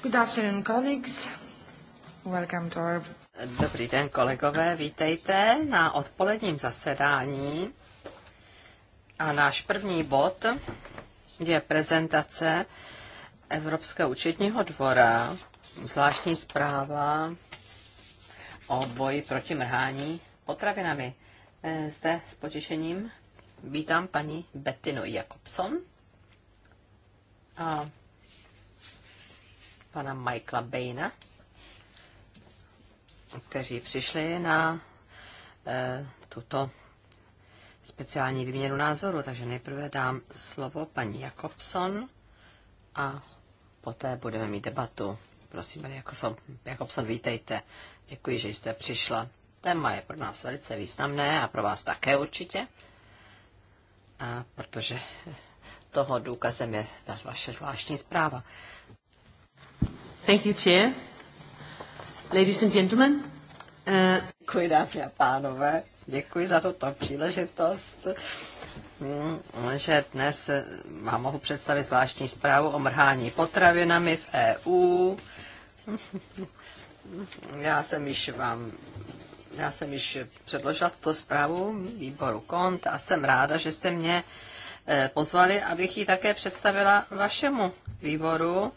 Good afternoon, colleagues. Welcome to our... Dobrý den, kolegové, vítejte na odpoledním zasedání. A náš první bod je prezentace Evropského účetního dvora, zvláštní zpráva o boji proti mrhání potravinami. Zde s potěšením vítám paní Bettinu Jakobson. A pana Michaela Baina, kteří přišli na eh, tuto speciální výměnu názoru. Takže nejprve dám slovo paní Jakobson a poté budeme mít debatu. Prosím, paní Jakobson, Jakobson, vítejte. Děkuji, že jste přišla. Téma je pro nás velice významné a pro vás také určitě, a protože toho důkazem je ta vaše zvláštní zpráva. Thank you, Chair. Ladies and gentlemen. Uh... Děkuji, dámy a pánové. Děkuji za tuto příležitost, mm, že dnes eh, vám mohu představit zvláštní zprávu o mrhání potravinami v EU. Já jsem již vám já jsem již předložila tuto zprávu výboru KONT a jsem ráda, že jste mě eh, pozvali, abych ji také představila vašemu výboru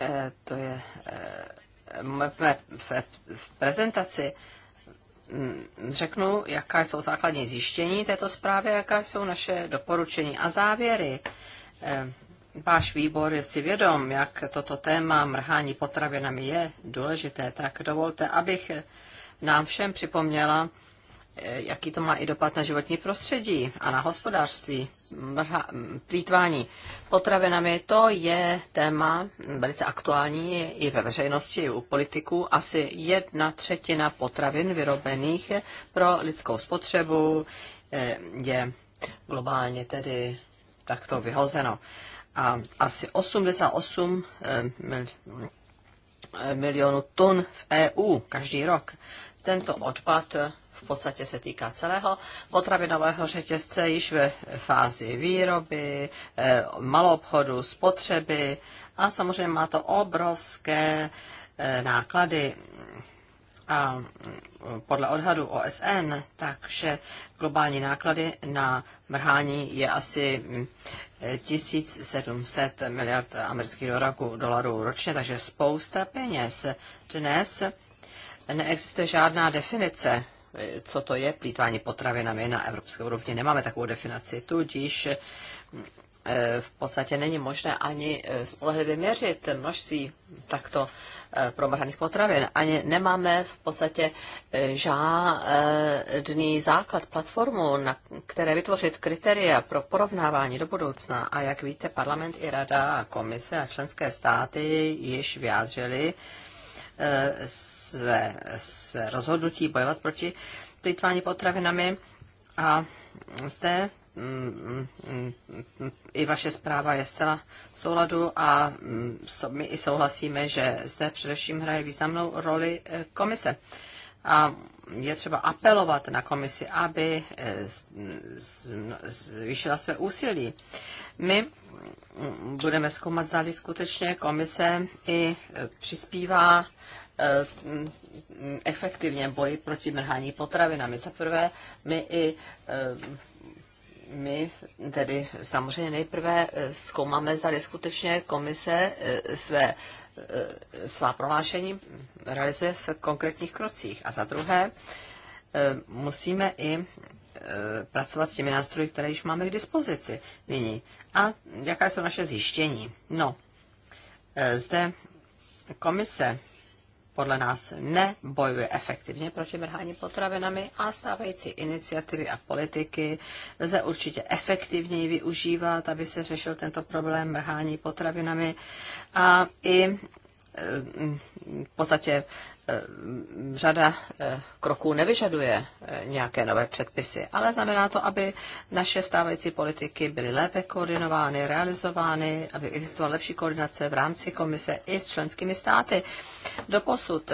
Eh, to je eh, v prezentaci mm, řeknu, jaká jsou základní zjištění této zprávy, jaká jsou naše doporučení a závěry. Eh, váš výbor je si vědom, jak toto téma mrhání potravinami je důležité, tak dovolte, abych nám všem připomněla Eh, jaký to má i dopad na životní prostředí a na hospodářství, mrha, plítvání potravinami, to je téma velice aktuální i ve veřejnosti, i u politiků. Asi jedna třetina potravin vyrobených pro lidskou spotřebu eh, je globálně tedy takto vyhozeno. A asi 88 eh, milionů tun v EU každý rok. Tento odpad podstatě se týká celého potravinového řetězce již ve fázi výroby, eh, maloobchodu, spotřeby a samozřejmě má to obrovské eh, náklady a eh, podle odhadu OSN, takže globální náklady na mrhání je asi 1700 hm, miliard amerických dolarů ročně, takže spousta peněz. Dnes neexistuje žádná definice co to je plítvání potravinami na evropské úrovni. Nemáme takovou definici, tudíž eh, v podstatě není možné ani eh, spolehlivě měřit množství takto eh, promrhaných potravin. Ani nemáme v podstatě žádný základ, platformu, na které vytvořit kritéria pro porovnávání do budoucna. A jak víte, parlament i rada, komise a členské státy již vyjádřili, Eh, své, své rozhodnutí bojovat proti plýtvání potravinami. A zde mm, mm, mm, i vaše zpráva je zcela v souladu a my i souhlasíme, že zde především hraje významnou roli eh, komise. A je třeba apelovat na komisi, aby eh, zvýšila své úsilí. My budeme zkoumat, zda skutečně komise i e, přispívá e, efektivně boji proti mrhání potravinami. Za prvé, my i e, my tedy samozřejmě nejprve zkoumáme, zda skutečně komise své svá prohlášení realizuje v konkrétních krocích. A za druhé, musíme i Eh, pracovat s těmi nástroji, které již máme k dispozici nyní. A jaká jsou naše zjištění? No, eh, zde komise podle nás nebojuje efektivně proti mrhání potravinami a stávající iniciativy a politiky lze určitě efektivněji využívat, aby se řešil tento problém mrhání potravinami a i eh, v podstatě Eh, řada eh, kroků nevyžaduje eh, nějaké nové předpisy, ale znamená to, aby naše stávající politiky byly lépe koordinovány, realizovány, aby existovala lepší koordinace v rámci komise i s členskými státy. Doposud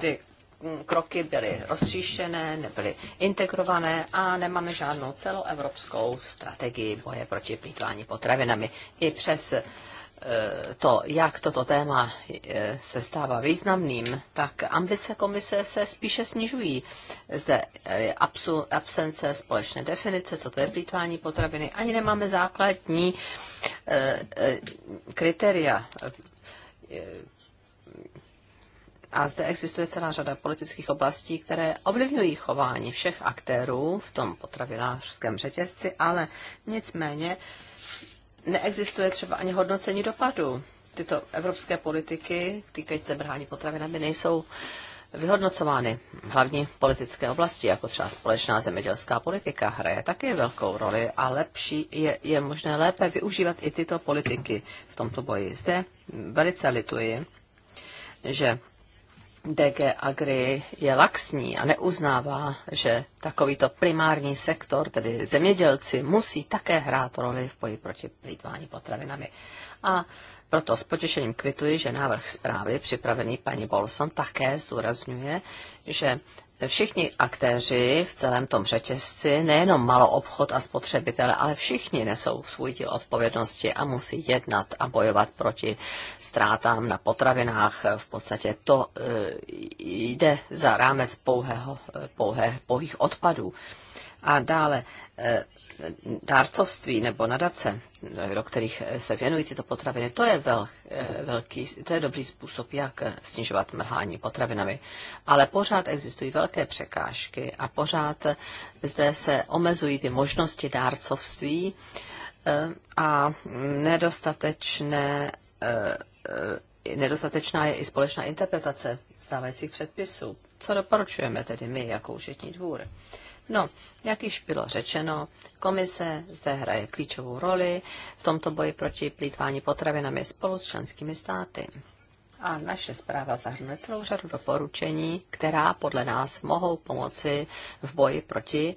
ty mm, kroky byly rozstříšené, nebyly integrované a nemáme žádnou celoevropskou strategii boje proti plýtvání potravinami. I přes uh, Eh, to, jak toto téma eh, se stává významným, tak ambice komise se spíše snižují. Zde je eh, absence společné definice, co to je plítvání potraviny. Ani nemáme základní kritéria. A zde existuje celá řada politických oblastí, které ovlivňují chování všech aktérů v tom potravinářském řetězci, ale nicméně neexistuje třeba ani hodnocení dopadu. Tyto evropské politiky týkající se brání potravinami nejsou vyhodnocovány. Hlavní politické oblasti, jako třeba společná zemědělská politika, hraje také velkou roli a lepší je, je možné lépe využívat i tyto politiky v tomto boji. Zde velice lituji, že DG Agri je laxní a neuznává, že takovýto primární sektor, tedy zemědělci, musí také hrát roli v boji proti plýtvání potravinami. A proto s potěšením kvituji, že návrh zprávy připravený paní Bolson také zúrazňuje, že všichni aktéři v celém tom řetězci, nejenom maloobchod a spotřebitele, ale všichni nesou svůj díl odpovědnosti a musí jednat a bojovat proti ztrátám na potravinách. V podstatě to e, jde za rámec pouhého, e, pouhé, pouhých odpadů. A dále eh, dárcovství nebo nadace, do kterých se věnují tyto potraviny, to je vel, eh, velký, to je dobrý způsob, jak snižovat mrhání potravinami. Ale pořád existují velké překážky a pořád zde se omezují ty možnosti dárcovství eh, a nedostatečné nedostatečná je i společná interpretace stávajících předpisů. Co doporučujeme tedy my jako účetní dvůr? No, jak již bylo řečeno, komise zde hraje klíčovou roli v tomto boji proti plýtvání potravinami spolu s členskými státy. A naše zpráva zahrnuje celou řadu doporučení, která podle nás mohou pomoci v boji proti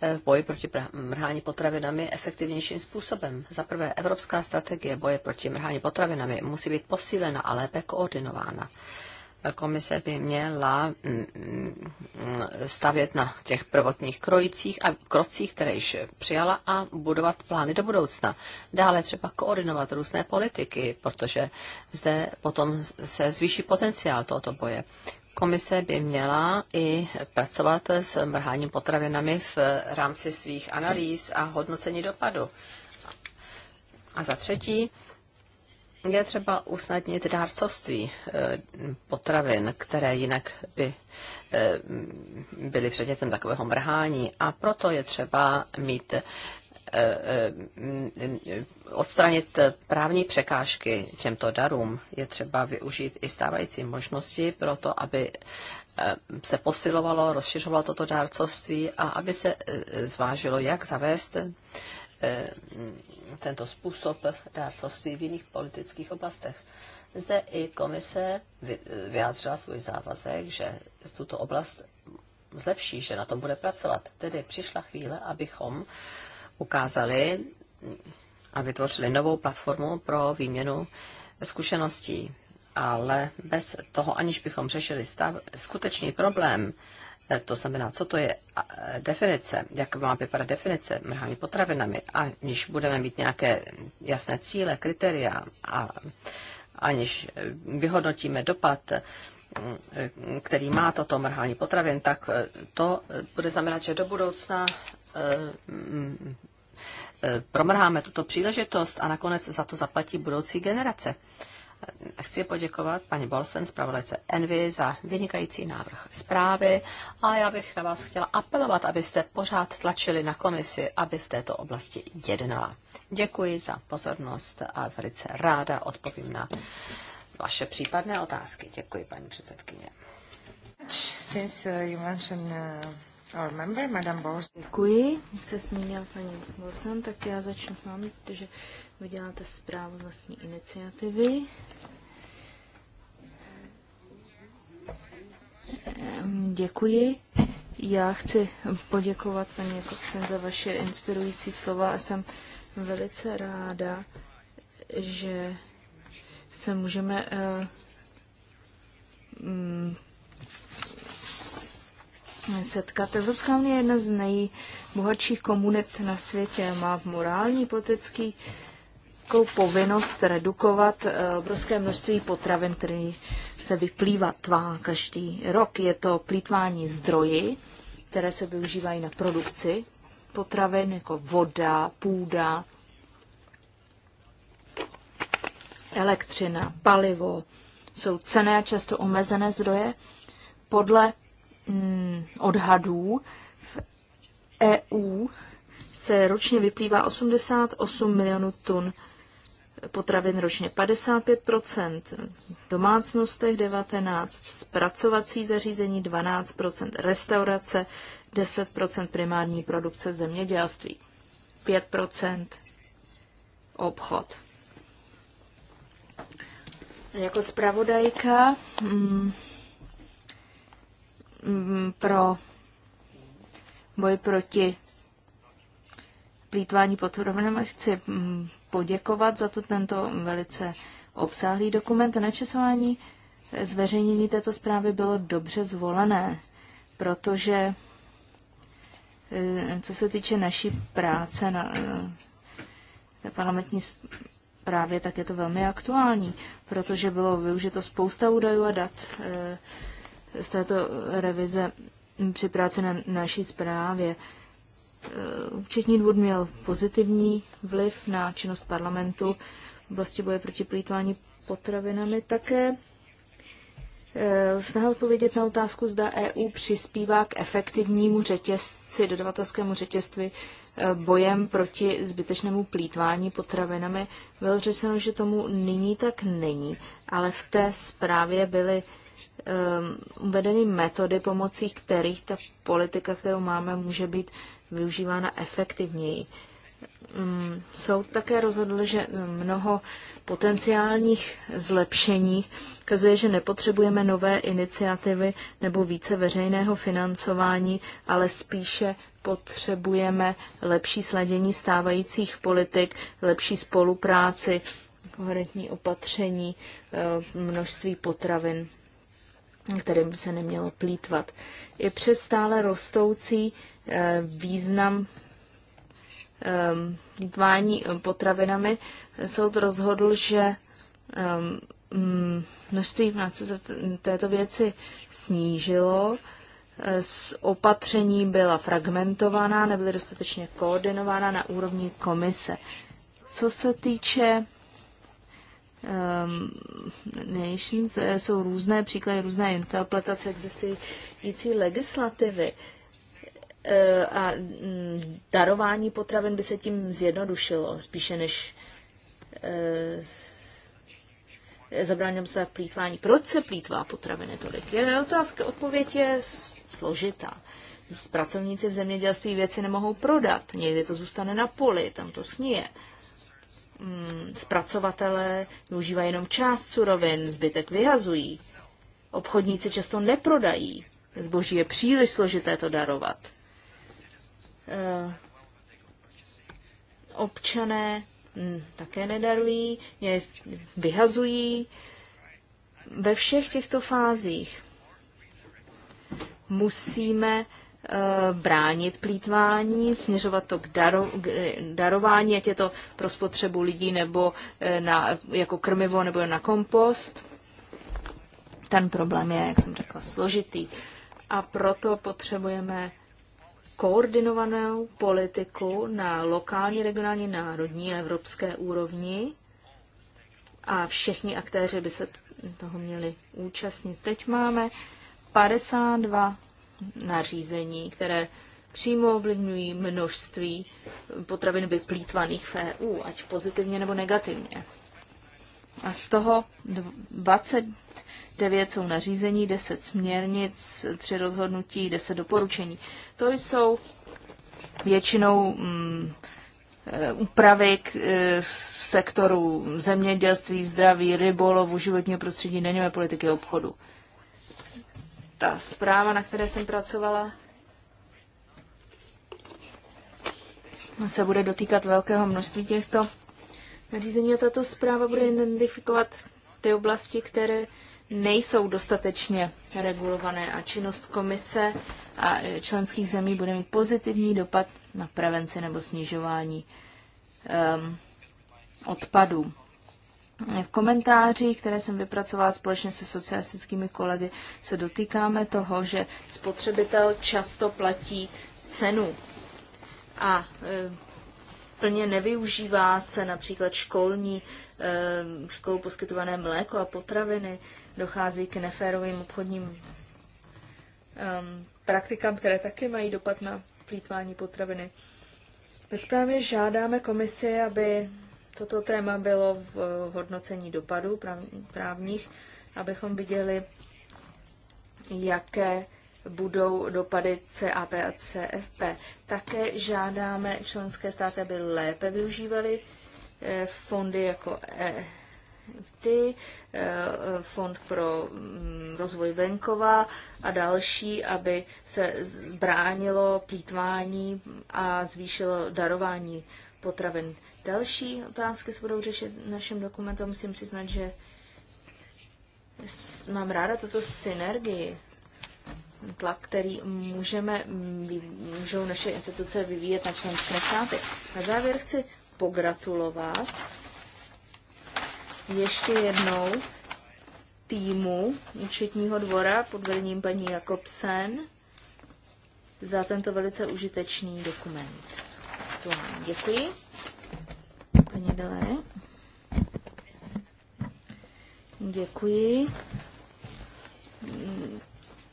eh, v boji proti mrhání potravinami efektivnějším způsobem. Za prvé, evropská strategie boje proti mrhání potravinami musí být posílena a lépe koordinována komise by měla mm, mm, stavět na těch prvotních krojicích a krocích, které již přijala a budovat plány do budoucna. Dále třeba koordinovat různé politiky, protože zde potom se zvýší potenciál tohoto boje. Komise by měla i pracovat s mrháním potravinami v rámci svých analýz a hodnocení dopadu. A za třetí, je třeba usnadnit dárcovství eh, potravin, které jinak by eh, byly předmětem takového mrhání. A proto je třeba mít eh, odstranit právní překážky těmto darům. Je třeba využít i stávající možnosti pro to, aby se posilovalo, rozšiřovalo toto dárcovství a aby se zvážilo, jak zavést tento způsob dárcovství v jiných politických oblastech. Zde i komise vyjádřila svůj závazek, že tuto oblast zlepší, že na tom bude pracovat. Tedy přišla chvíle, abychom ukázali a vytvořili novou platformu pro výměnu zkušeností. Ale bez toho, aniž bychom řešili stav, skutečný problém, E, to znamená, co to je e, definice, jak má vypadat definice mrhání potravinami. A když budeme mít nějaké jasné cíle, kritéria a aniž e, vyhodnotíme dopad, který má toto mrhání potravin, tak to bude znamenat, že do budoucna promrháme tuto příležitost a nakonec za to zaplatí budoucí generace chci poděkovat paní Bolsen, zpravodajce Envy, za vynikající návrh zprávy a já bych na vás chtěla apelovat, abyste pořád tlačili na komisi, aby v této oblasti jednala. Děkuji za pozornost a velice ráda odpovím na vaše případné otázky. Děkuji, paní předsedkyně. Since uh, you mentioned uh, our member, Madame Děkuji, jste zmínil paní Borsan, tak já začnu s vámi, protože vy děláte zprávu z vlastní iniciativy. Děkuji. Já chci poděkovat paní Jakobsen za vaše inspirující slova a jsem velice ráda, že se můžeme uh, setkat. Evropská unie je jedna z nejbohatších komunit na světě. Má morální, politický povinnost redukovat eh, obrovské množství potravin, které se vyplývá tvá každý rok. Je to plítvání zdroji, které se využívají na produkci potravin, jako voda, půda, elektřina, palivo. Jsou cené a často omezené zdroje. Podle mm, odhadů v EU se ročně vyplývá 88 milionů tun potravin ročně 55 v domácnostech 19 zpracovací zařízení 12 restaurace 10 primární produkce zemědělství 5 obchod. Jako zpravodajka mm, mm, pro boj proti plítvání potravinami chci mm, poděkovat za to tento velice obsáhlý dokument. Načasování zveřejnění této zprávy bylo dobře zvolené, protože eh, co se týče naší práce na, na eh, parlamentní zprávě, tak je to velmi aktuální, protože bylo využito spousta údajů a dat eh, z této revize při práci na naší zprávě. Eh, účetní dvůr měl pozitivní vliv na činnost parlamentu v oblasti boje proti plýtvání potravinami také. Eh, snaha odpovědět na otázku, zda EU přispívá k efektivnímu řetězci, dodavatelskému řetězství eh, bojem proti zbytečnému plítvání potravinami. Bylo řečeno, že tomu nyní tak není, ale v té zprávě byly um, uvedeny metody, pomocí kterých ta politika, kterou máme, může být využívána efektivněji. Mm, soud také rozhodl, že mnoho potenciálních zlepšení ukazuje, že nepotřebujeme nové iniciativy nebo více veřejného financování, ale spíše potřebujeme lepší sladění stávajících politik, lepší spolupráci, koherentní opatření, eh, množství potravin, kterým se nemělo plítvat. I přes stále rostoucí Eh, význam plýtvání eh, potravinami, soud rozhodl, že eh, mm, množství práce za této věci snížilo, z opatření byla fragmentovaná, nebyly dostatečně koordinována na úrovni komise. Co se týče um, nations, jsou různé příklady, různé interpretace existující legislativy. Eh, a mm, darování potravin by se tím zjednodušilo, spíše než eh, zabráním se plítvání. Proč se plítvá potraviny tolik? Je otázka, odpověď je složitá. Z pracovníci v zemědělství věci nemohou prodat, někdy to zůstane na poli, tam to sníje. Mm, zpracovatelé využívají jenom část surovin, zbytek vyhazují. Obchodníci často neprodají. Zboží je příliš složité to darovat. Eh, občané hm, také nedarují, je vyhazují. Ve všech těchto fázích musíme eh, bránit plítvání, směřovat to k, daro, k eh, darování, ať je to pro spotřebu lidí nebo na, jako krmivo nebo na kompost. Ten problém je, jak jsem řekla, složitý. A proto potřebujeme koordinovanou politiku na lokální, regionální, národní a evropské úrovni a všichni aktéři by se toho měli účastnit. Teď máme 52 nařízení, které přímo ovlivňují množství potravin vyplýtvaných v EU, ať pozitivně nebo negativně. A z toho 20 9 jsou nařízení, 10 směrnic, 3 rozhodnutí, 10 doporučení. To jsou většinou mm, eh, úpravy k eh, sektoru zemědělství, zdraví, rybolovu, životního prostředí, daňové politiky, obchodu. Ta zpráva, na které jsem pracovala, se bude dotýkat velkého množství těchto nařízení a tato zpráva bude identifikovat ty oblasti, které nejsou dostatečně regulované a činnost komise a e, členských zemí bude mít pozitivní dopad na prevenci nebo snižování um, odpadů. V komentáři, které jsem vypracovala společně se socialistickými kolegy, se dotýkáme toho, že spotřebitel často platí cenu a e, plně nevyužívá se například školní, školou poskytované mléko a potraviny dochází k neférovým obchodním um, praktikám, které taky mají dopad na plítvání potraviny. Ve zprávě žádáme komisi, aby toto téma bylo v hodnocení dopadů právních, abychom viděli, jaké budou dopady CAP a CFP. Také žádáme členské státy, aby lépe využívali eh, fondy jako e- Charity, eh, Fond pro mm, rozvoj venkova a další, aby se zbránilo plítvání a zvýšilo darování potravin. Další otázky se budou řešit v našem dokumentu. Musím přiznat, že mám ráda tuto synergii tlak, který můžeme, můžou naše instituce vyvíjet na členské státy. Na závěr chci pogratulovat ještě jednou týmu účetního dvora pod vedením paní Jakobsen za tento velice užitečný dokument. Děkuji. Paní Delé. Děkuji.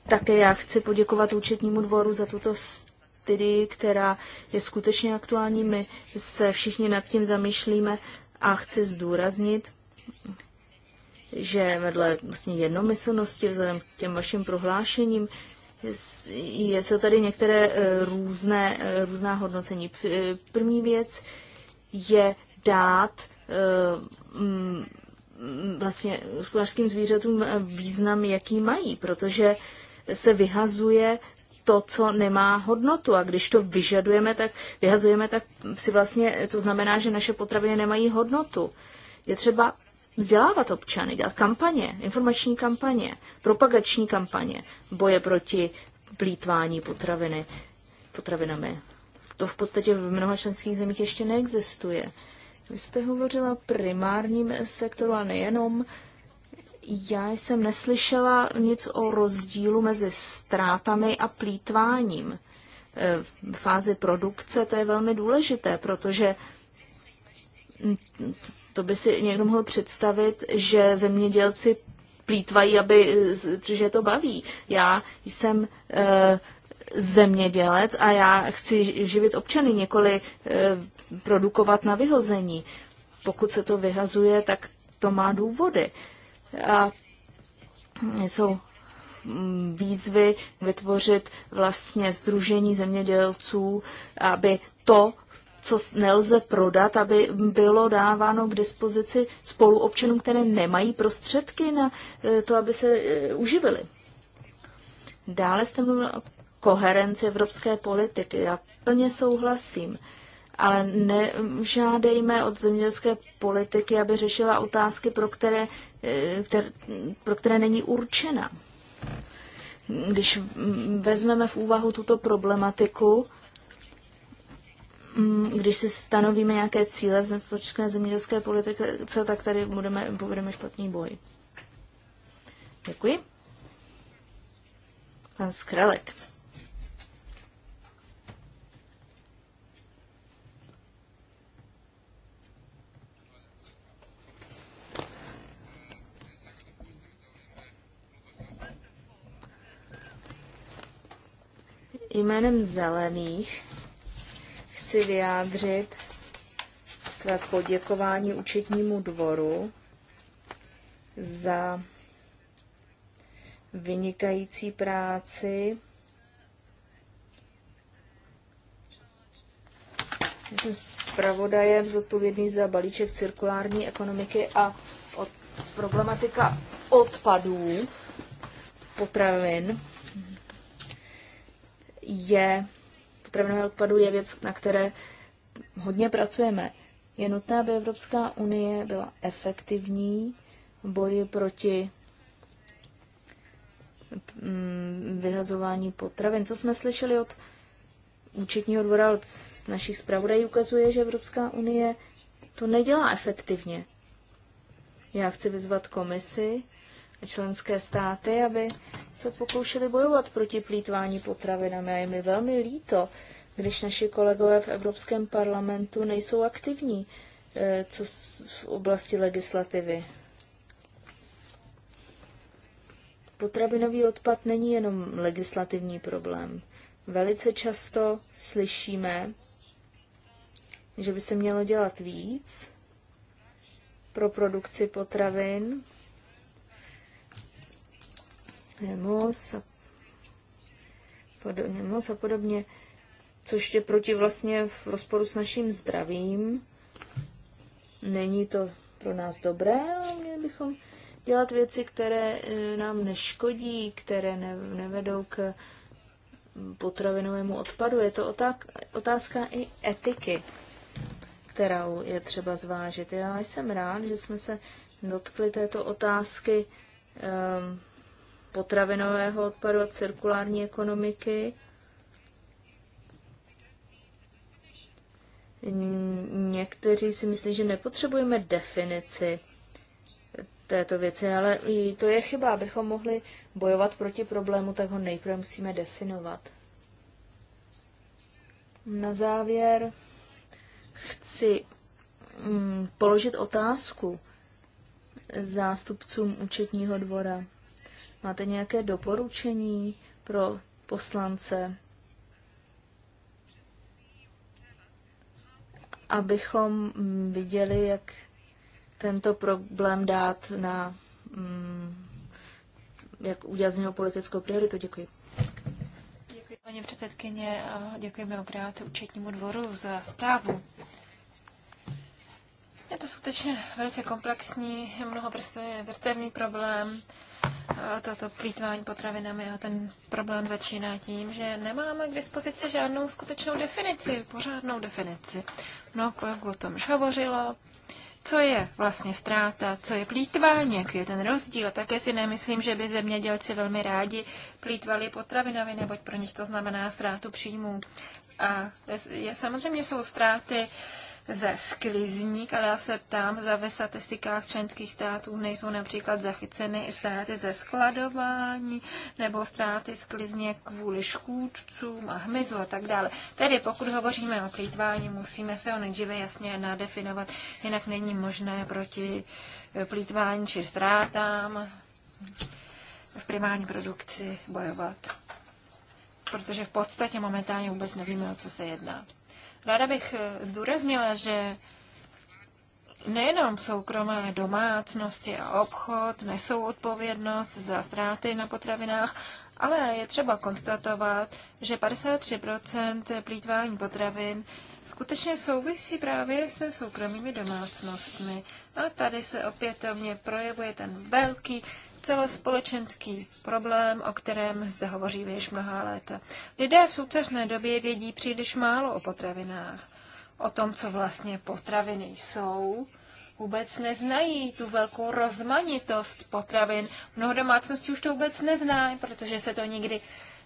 Také já chci poděkovat účetnímu dvoru za tuto tedy, která je skutečně aktuální. My se všichni nad tím zamýšlíme a chci zdůraznit, že vedle vlastně jednomyslnosti vzhledem k těm vašim prohlášením je, se tady některé eh, různé, eh, různá hodnocení. Eh, první věc je dát mm, mm, vlastně hospodářským zvířatům význam, jaký mají, protože se vyhazuje to, co nemá hodnotu. A když to vyžadujeme, tak vyhazujeme, tak si vlastně to znamená, že naše potraviny nemají hodnotu. Je třeba vzdělávat občany, dělat kampaně, informační kampaně, propagační kampaně, boje proti plítvání potraviny, potravinami. To v podstatě v mnoha členských zemích ještě neexistuje. Vy jste hovořila primárním sektoru a nejenom. Já jsem neslyšela nic o rozdílu mezi ztrátami a plítváním. V e, fázi produkce to je velmi důležité, protože to by si někdo mohl představit, že zemědělci plítvají, aby, že to baví. Já jsem e, zemědělec a já chci živit občany, nikoli e, produkovat na vyhození. Pokud se to vyhazuje, tak to má důvody. A jsou mm, výzvy vytvořit vlastně združení zemědělců, aby to co nelze prodat, aby bylo dáváno k dispozici spoluobčanům, které nemají prostředky na e, to, aby se e, uživili. Dále jste mluvil o koherenci evropské politiky. Já plně souhlasím, ale nežádejme od zemědělské politiky, aby řešila otázky, pro které, e, které, pro které není určena. Když vezmeme v úvahu tuto problematiku, Mm, když si stanovíme nějaké cíle v zemědělské politice, tak tady budeme, povedeme špatný boj. Děkuji. Pan Skralek. Jménem zelených chci vyjádřit své poděkování účetnímu dvoru za vynikající práci. Já jsem zpravodajem zodpovědný za balíček cirkulární ekonomiky a od problematika odpadů potravin je potravinového odpadu je věc, na které hodně pracujeme. Je nutné, aby Evropská unie byla efektivní v boji proti mm, vyhazování potravin. Co jsme slyšeli od účetního dvora, od našich zpravodajů, ukazuje, že Evropská unie to nedělá efektivně. Já chci vyzvat komisi, členské státy, aby se pokoušeli bojovat proti plítvání potravinami. A je mi velmi líto, když naši kolegové v Evropském parlamentu nejsou aktivní eh, co v oblasti legislativy. Potravinový odpad není jenom legislativní problém. Velice často slyšíme, že by se mělo dělat víc pro produkci potravin, nemoc a podobně, a podobně, což je proti vlastně v rozporu s naším zdravím. Není to pro nás dobré, ale měli bychom dělat věci, které e, nám neškodí, které ne, nevedou k potravinovému odpadu. Je to otázka i etiky, kterou je třeba zvážit. Já jsem rád, že jsme se dotkli této otázky um, potravinového odpadu a cirkulární ekonomiky. Někteří si myslí, že nepotřebujeme definici této věci, ale to je chyba. Abychom mohli bojovat proti problému, tak ho nejprve musíme definovat. Na závěr chci mm, položit otázku zástupcům účetního dvora. Máte nějaké doporučení pro poslance, abychom viděli, jak tento problém dát na, mm, jak udělat z něho politickou prioritu. Děkuji. Děkuji, paní předsedkyně, a děkuji mnohokrát účetnímu dvoru za zprávu. Je to skutečně velice komplexní, mnoho vrstevní problém toto plítvání potravinami a ten problém začíná tím, že nemáme k dispozici žádnou skutečnou definici, pořádnou definici. No kolegu o tom už hovořilo. Co je vlastně ztráta, co je plítvání, jaký je ten rozdíl. A také si nemyslím, že by zemědělci velmi rádi plítvali potravinami, neboť pro ně to znamená ztrátu příjmů. A je, samozřejmě jsou ztráty ze sklizník, ale já se ptám, za ve statistikách členských států nejsou například zachyceny i ztráty ze skladování nebo ztráty sklizně kvůli škůdcům a hmyzu a tak dále. Tedy pokud hovoříme o plítvání, musíme se o nejdříve jasně nadefinovat, jinak není možné proti eh, plítvání či ztrátám v primární produkci bojovat. Protože v podstatě momentálně vůbec nevíme, o co se jedná. Ráda bych eh, zdůraznila, že nejenom soukromé domácnosti a obchod nesou odpovědnost za ztráty na potravinách, ale je třeba konstatovat, že 53% plítvání potravin skutečně souvisí právě se soukromými domácnostmi. A tady se opětovně projevuje ten velký celospolečenský problém, o kterém zde hovoříme již mnoha léta. Lidé v současné době vědí příliš málo o potravinách, o tom, co vlastně potraviny jsou, vůbec neznají tu velkou rozmanitost potravin. Mnoho domácností už to vůbec nezná, protože se to nikdy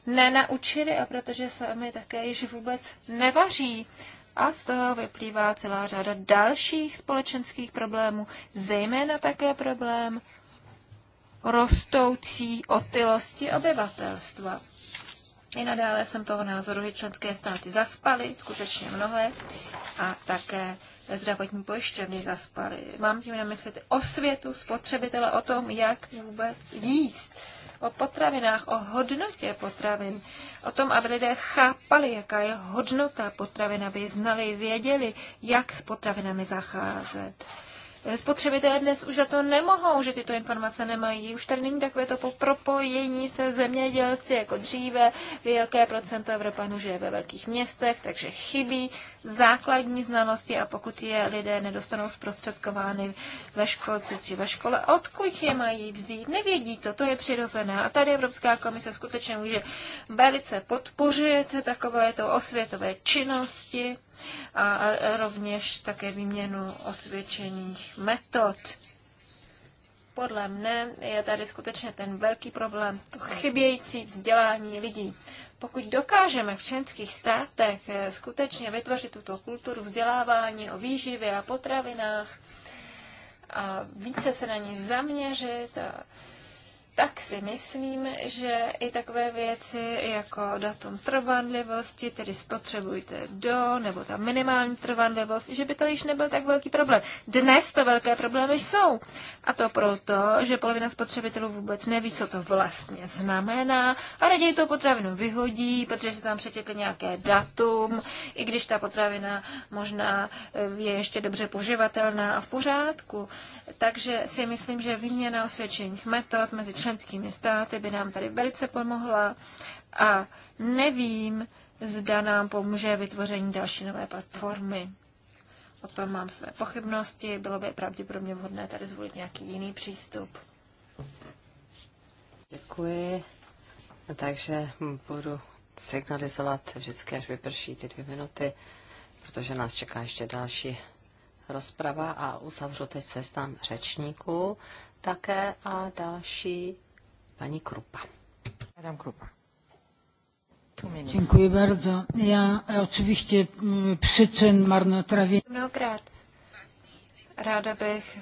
nenaučili a protože sami také již vůbec nevaří. A z toho vyplývá celá řada dalších společenských problémů, zejména také problém rostoucí otylosti obyvatelstva. I nadále jsem toho názoru, že členské státy zaspaly, skutečně mnohé, a také zdravotní pojišťovny zaspaly. Mám tím na mysli osvětu spotřebitele o tom, jak vůbec jíst, o potravinách, o hodnotě potravin, o tom, aby lidé chápali, jaká je hodnota potravin, aby znali, věděli, jak s potravinami zacházet. Spotřebitelé dnes už za to nemohou, že tyto informace nemají. Už tady není takové to propojení se zemědělci jako dříve. Velké procento Evropanů žije ve velkých městech, takže chybí základní znalosti a pokud je lidé nedostanou zprostředkovány ve školce či ve škole, odkud je mají vzít? Nevědí to, to je přirozené. A tady Evropská komise skutečně může velice podpořit takovéto osvětové činnosti a rovněž také výměnu osvědčených metod. Podle mne je tady skutečně ten velký problém, to chybějící vzdělání lidí. Pokud dokážeme v členských státech eh, skutečně vytvořit tuto kulturu vzdělávání o výživě a potravinách a více se na ní zaměřit, a tak si myslím, že i takové věci jako datum trvanlivosti, tedy spotřebujte do, nebo ta minimální trvanlivost, že by to již nebyl tak velký problém. Dnes to velké problémy jsou. A to proto, že polovina spotřebitelů vůbec neví, co to vlastně znamená a raději tu potravinu vyhodí, protože se tam přečetli nějaké datum, i když ta potravina možná eh, je ještě dobře poživatelná a v pořádku. Takže si myslím, že výměna osvědčených metod mezi členskými státy by nám tady velice pomohla a nevím, zda nám pomůže vytvoření další nové platformy. O tom mám své pochybnosti, bylo by pravděpodobně vhodné tady zvolit nějaký jiný přístup. Děkuji. Takže budu signalizovat vždycky, až vyprší ty dvě minuty, protože nás čeká ještě další rozprava a uzavřu teď seznam řečníků také a další paní Krupa. Adam Krupa. Dziękuję bardzo. Ja e, oczywiście mm, przyczyn marnotrawienia. Mnohokrát. Ráda bych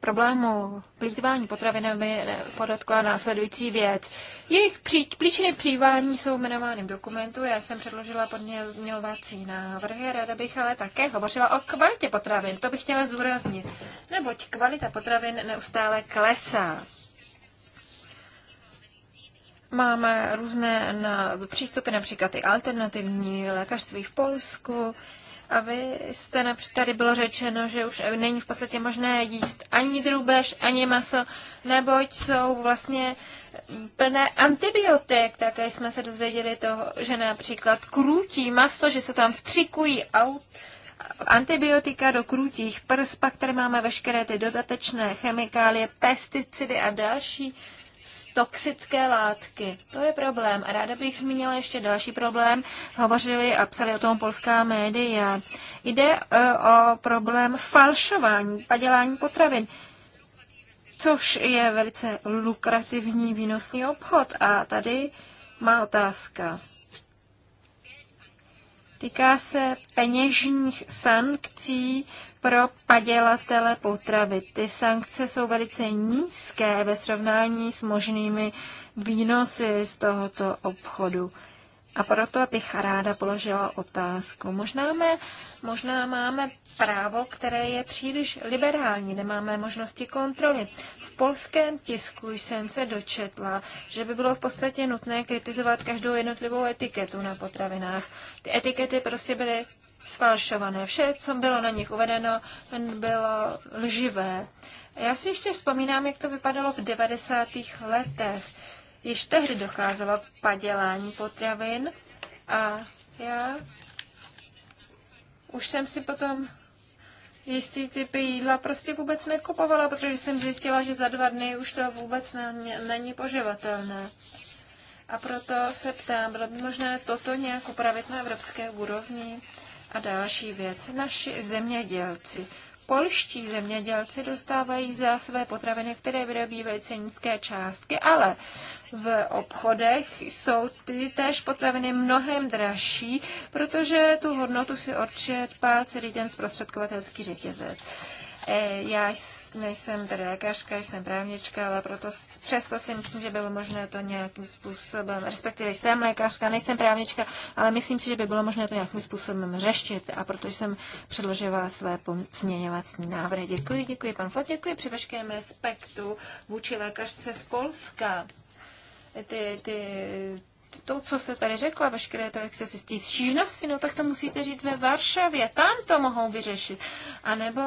problému plýtvání potravinami podotkla následující věc. Jejich pří, příčiny plývání jsou jmenovány v dokumentu. Já jsem předložila podmělovací návrhy, ráda bych ale také hovořila o kvalitě potravin. To bych chtěla zúraznit, neboť kvalita potravin neustále klesá. Máme různé na, přístupy, například i alternativní lékařství v Polsku, a vy jste například tady bylo řečeno, že už není v podstatě možné jíst ani drůbež, ani maso, neboť jsou vlastně plné antibiotik. Také jsme se dozvěděli toho, že například krutí maso, že se tam vtřikují aut, antibiotika do krutých prs, pak tady máme veškeré ty dodatečné chemikálie, pesticidy a další toxické látky. To je problém. A ráda bych zmínila ještě další problém. Hovořili a psali o tom polská média. Jde e, o problém falšování, padělání potravin což je velice lukrativní výnosný obchod. A tady má otázka. Týká se peněžních sankcí pro padělatele potravy. Ty sankce jsou velice nízké ve srovnání s možnými výnosy z tohoto obchodu. A proto bych ráda položila otázku. Možná, mé, možná máme právo, které je příliš liberální, nemáme možnosti kontroly. V polském tisku jsem se dočetla, že by bylo v podstatě nutné kritizovat každou jednotlivou etiketu na potravinách. Ty etikety prostě byly sfalšované. Vše, co bylo na nich uvedeno, bylo lživé. Já si ještě vzpomínám, jak to vypadalo v 90. letech. Již tehdy docházelo k padělání potravin a já už jsem si potom jistý typy jídla prostě vůbec nekupovala, protože jsem zjistila, že za dva dny už to vůbec není poživatelné. A proto se ptám, bylo by možné toto nějak upravit na evropské úrovni? A další věc. Naši zemědělci. Polští zemědělci dostávají za své potraviny, které vyrobí velice nízké částky, ale v obchodech jsou ty též potraviny mnohem dražší, protože tu hodnotu si odčerpá celý ten zprostředkovatelský řetězec. E, já jsem Nejsem tedy lékařka, jsem právnička, ale proto přesto si myslím, že bylo možné to nějakým způsobem, respektive jsem lékařka, nejsem právnička, ale myslím si, že by bylo možné to nějakým způsobem řešit a proto jsem předložila své pozměňovací návrhy. Děkuji, děkuji pan Flot, děkuji při veškerém respektu vůči lékařce z Polska. Ty, ty, to, co se tady řekla, veškeré to, jak se si stížnosti, no tak to musíte říct ve Varšavě, tam to mohou vyřešit. A nebo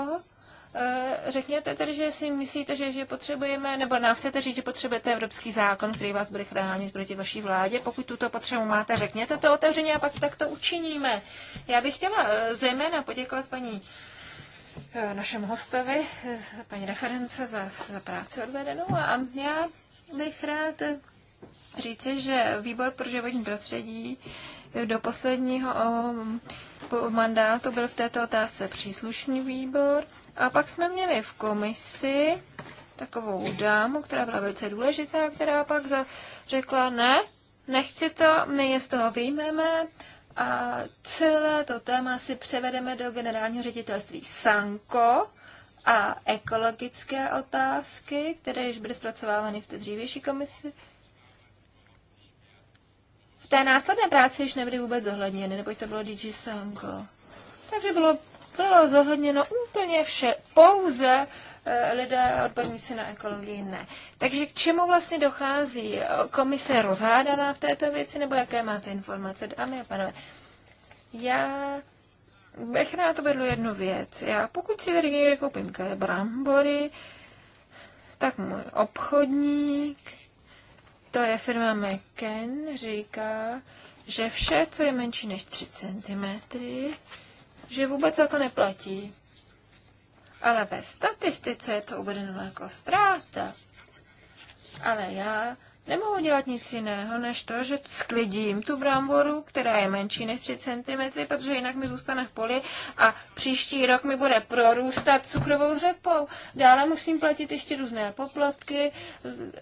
Eh, řekněte tedy, že si myslíte, že, že potřebujeme, nebo nám chcete říct, že potřebujete evropský zákon, který vás bude chránit proti vaší vládě. Pokud tuto potřebu máte, řekněte to otevřeně a pak tak to učiníme. Já bych chtěla eh, zejména poděkovat paní eh, našemu hostovi, paní reference za, za práci odvedenou a já bych rád říci, že výbor pro životní prostředí do posledního mandátu byl v této otázce příslušný výbor a pak jsme měli v komisi takovou dámu, která byla velice důležitá, která pak řekla, ne, nechci to, my je z toho vyjmeme a celé to téma si převedeme do generálního ředitelství Sanko a ekologické otázky, které již byly zpracovávány v té dřívější komisi. V té následné práci již nebyly vůbec zohledněny, neboť to bylo DG Sanko. Takže bylo bylo zohledněno úplně vše, pouze eh, lidé odborníci na ekologii ne. Takže k čemu vlastně dochází? Komise je rozhádaná v této věci, nebo jaké máte informace, dámy a pánové? Já bych rád vedl jednu věc. Já pokud si tady někde koupím brambory, tak můj obchodník, to je firma McKen, říká, že vše, co je menší než 3 cm, že vůbec za to neplatí. Ale ve statistice je to uvedeno jako ztráta. Ale já nemohu dělat nic jiného, než to, že sklidím tu bramboru, která je menší než 3 cm, protože jinak mi zůstane v poli a příští rok mi bude prorůstat cukrovou řepou. Dále musím platit ještě různé poplatky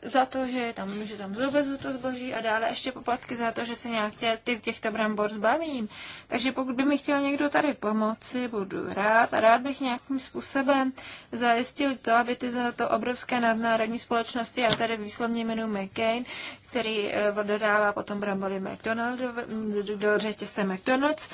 za to, že tam, že tam zovezu to zboží a dále ještě poplatky za to, že se nějak tě, ty, těchto brambor zbavím. Takže pokud by mi chtěl někdo tady pomoci, budu rád a rád bych nějakým způsobem zajistil to, aby tyto to obrovské nadnárodní společnosti, já tady výslovně jmenuji McCain, Klein, který eh, dodává potom brambory McDonald, do řetězce McDonald's,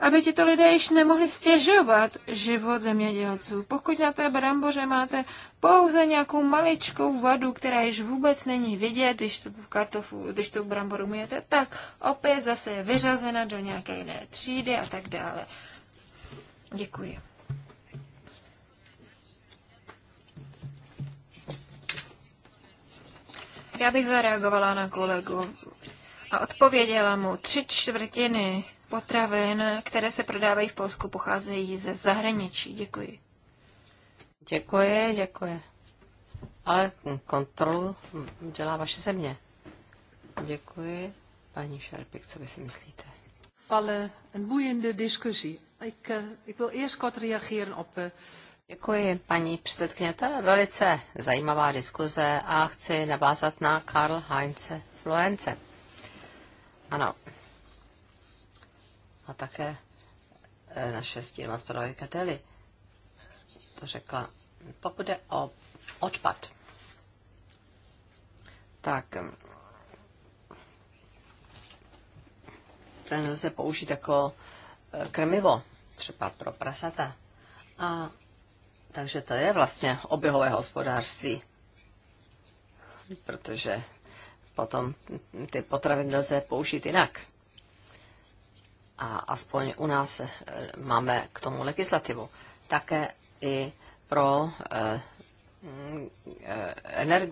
aby to lidé již nemohli stěžovat život zemědělců. Pokud na té bramboře máte pouze nějakou maličkou vadu, která již vůbec není vidět, když tu, kartofu, když tu bramboru mujete, tak opět zase je vyřazena do nějaké jiné třídy a tak dále. Děkuji. Já bych zareagovala na kolegu a odpověděla mu, tři čtvrtiny potravin, které se prodávají v Polsku, pocházejí ze zahraničí. Děkuji. Děkuji, děkuji. Ale kontrolu dělá vaše země. Děkuji. Paní Šerpik, co vy si myslíte? Fale, en boeiende discussie. Ik, uh, ik wil eerst kort reageren op uh, Děkuji, paní předsedkyně. To je velice zajímavá diskuze a chci navázat na Karl Heinze Florence. Ano. A také e, naše stínová zpravodajka Deli to řekla. Pokud jde o odpad, tak e, ten lze použít jako e, krmivo, třeba pro prasata. A takže to je vlastně oběhové hospodářství, protože potom ty potraviny lze použít jinak. A aspoň u nás eh, máme k tomu legislativu. Také i pro eh, eh,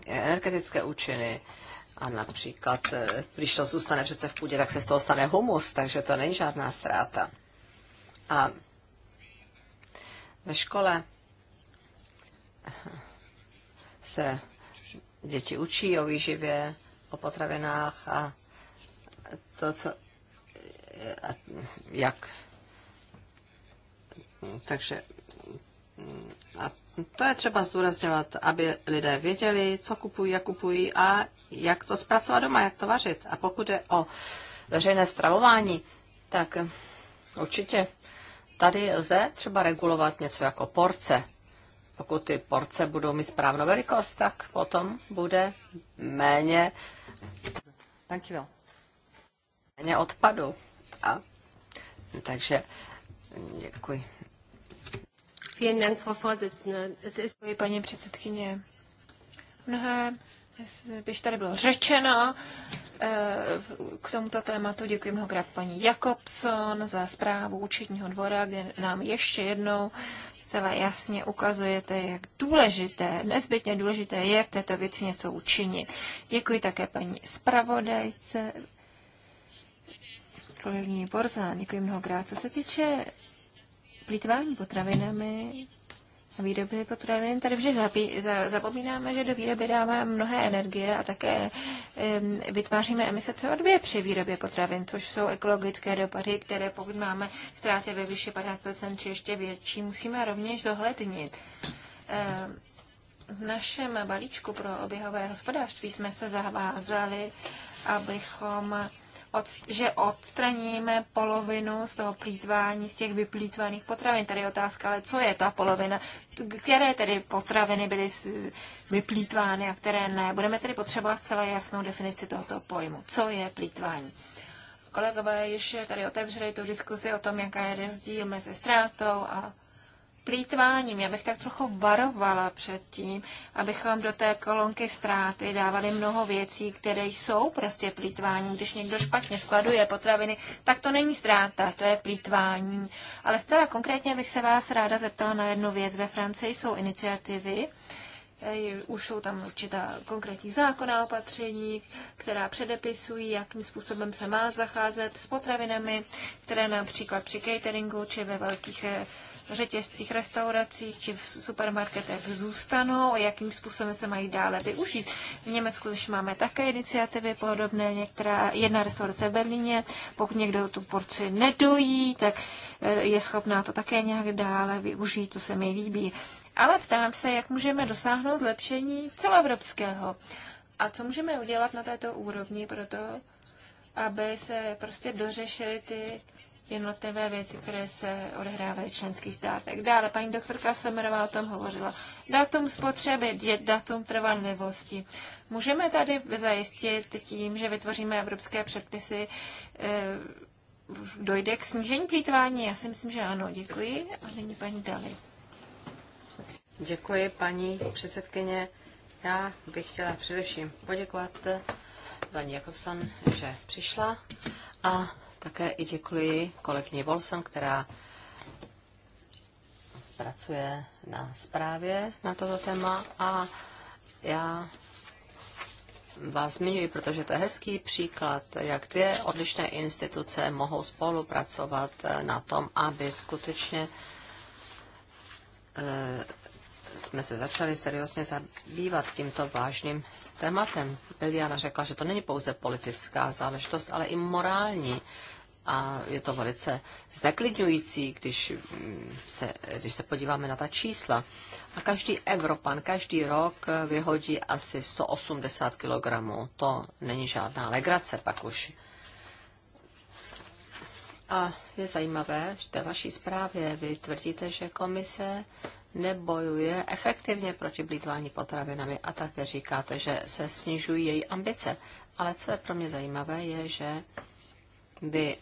energetické účiny, a například, když to zůstane přece v půdě, tak se z toho stane humus, takže to není žádná ztráta. A ve škole se děti učí o výživě, o potravinách a to, co, a jak. Takže a to je třeba zdůrazňovat, aby lidé věděli, co kupují, jak kupují a jak to zpracovat doma, jak to vařit. A pokud je o veřejné stravování, tak určitě tady lze třeba regulovat něco jako porce, pokud ty porce budou mít správnou velikost, tak potom bude méně, méně odpadu. A, takže děkuji. Děkuji, paní předsedkyně. Mnohé, když tady bylo řečeno, eh, k tomuto tématu děkuji mnohokrát paní Jakobson za zprávu účetního dvora, kde nám ještě jednou zcela jasně ukazujete, jak důležité, nezbytně důležité je v této věci něco učinit. Děkuji také paní zpravodajce, kolegyni Borzán. Děkuji mnohokrát. Co se týče plýtvání potravinami, výroby potravin. Tady vždy zapomínáme, že do výroby dáme mnohé energie a také um, vytváříme emise CO2 při výrobě potravin, což jsou ekologické dopady, které pokud máme ztráty ve výši 50% či ještě větší, musíme rovněž zohlednit. Um, v našem balíčku pro oběhové hospodářství jsme se zavázali, abychom od, že odstraníme polovinu z toho plítvání, z těch vyplítvaných potravin. Tady je otázka, ale co je ta polovina? Které tedy potraviny byly vyplítvány a které ne? Budeme tedy potřebovat celé jasnou definici tohoto pojmu. Co je plítvání? Kolegové již tady otevřeli tu diskusi o tom, jaká je rozdíl mezi ztrátou a plítváním. Já bych tak trochu varovala před tím, abychom do té kolonky ztráty dávali mnoho věcí, které jsou prostě plítvání. Když někdo špatně skladuje potraviny, tak to není ztráta, to je plítvání. Ale zcela konkrétně bych se vás ráda zeptala na jednu věc. Ve Francii jsou iniciativy, už jsou tam určitá konkrétní zákona opatření, která předepisují, jakým způsobem se má zacházet s potravinami, které například při cateringu či ve velkých eh, řetězcích, restauracích či v supermarketech zůstanou a jakým způsobem se mají dále využít. V Německu už máme také iniciativy podobné, některá, jedna restaurace v Berlíně, pokud někdo tu porci nedojí, tak eh, je schopná to také nějak dále využít, to se mi líbí. Ale ptám se, jak můžeme dosáhnout zlepšení celoevropského a co můžeme udělat na této úrovni pro to, aby se prostě dořešily ty jednotlivé věci, které se odehrávají v členských státech. Dále paní doktorka Somerová o tom hovořila. Datum spotřeby datum trvanlivosti. Můžeme tady zajistit tím, že vytvoříme evropské předpisy, eh, dojde k snížení plítvání? Já si myslím, že ano. Děkuji. A nyní paní Dali. Děkuji, paní předsedkyně. Já bych chtěla především poděkovat eh, paní Jakobson, že přišla a také i děkuji kolegyni Volson, která pracuje na zprávě na toto téma a já vás zmiňuji, protože to je hezký příklad, jak dvě odlišné instituce mohou spolupracovat na tom, aby skutečně eh, jsme se začali seriózně zabývat tímto vážným tématem. Liliana řekla, že to není pouze politická záležitost, ale i morální. A je to velice zneklidňující, když mm, se, když se podíváme na ta čísla. A každý Evropan každý rok vyhodí asi 180 kg. To není žádná legrace pak už. A je zajímavé, že v té vaší zprávě vy tvrdíte, že komise nebojuje efektivně proti blítvání potravinami a také říkáte, že se snižují její ambice. Ale co je pro mě zajímavé, je, že vy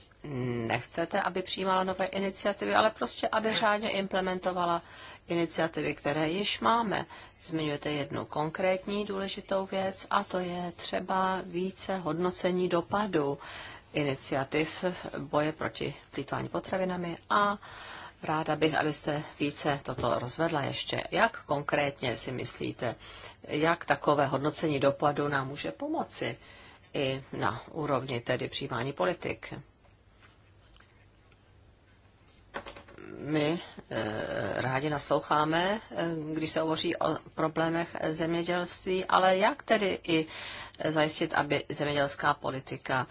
nechcete, aby přijímala nové iniciativy, ale prostě, aby řádně implementovala iniciativy, které již máme. Zmiňujete jednu konkrétní důležitou věc a to je třeba více hodnocení dopadu iniciativ boje proti plítvání potravinami a Ráda bych, abyste více toto rozvedla ještě. Jak konkrétně si myslíte, jak takové hodnocení dopadu nám může pomoci i na úrovni tedy přijímání politik? My eh, rádi nasloucháme, eh, když se hovoří o problémech zemědělství, ale jak tedy i zajistit, aby zemědělská politika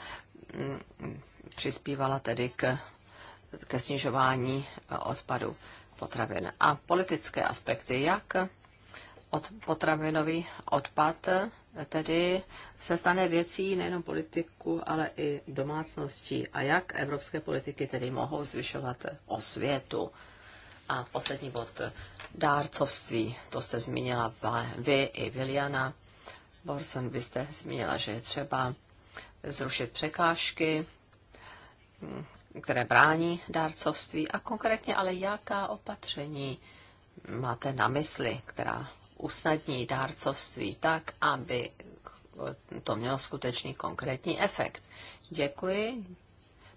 mm, přispívala tedy k ke snižování e, odpadu potravin. A politické aspekty, jak od potravinový odpad e, tedy se stane věcí nejenom politiku, ale i domácností a jak evropské politiky tedy mohou zvyšovat osvětu. A poslední bod, dárcovství, to jste zmínila vy i Viliana. Borson, vy jste zmínila, že je třeba zrušit překážky, které brání dárcovství a konkrétně ale jaká opatření máte na mysli, která usnadní dárcovství tak, aby to mělo skutečný konkrétní efekt. Děkuji.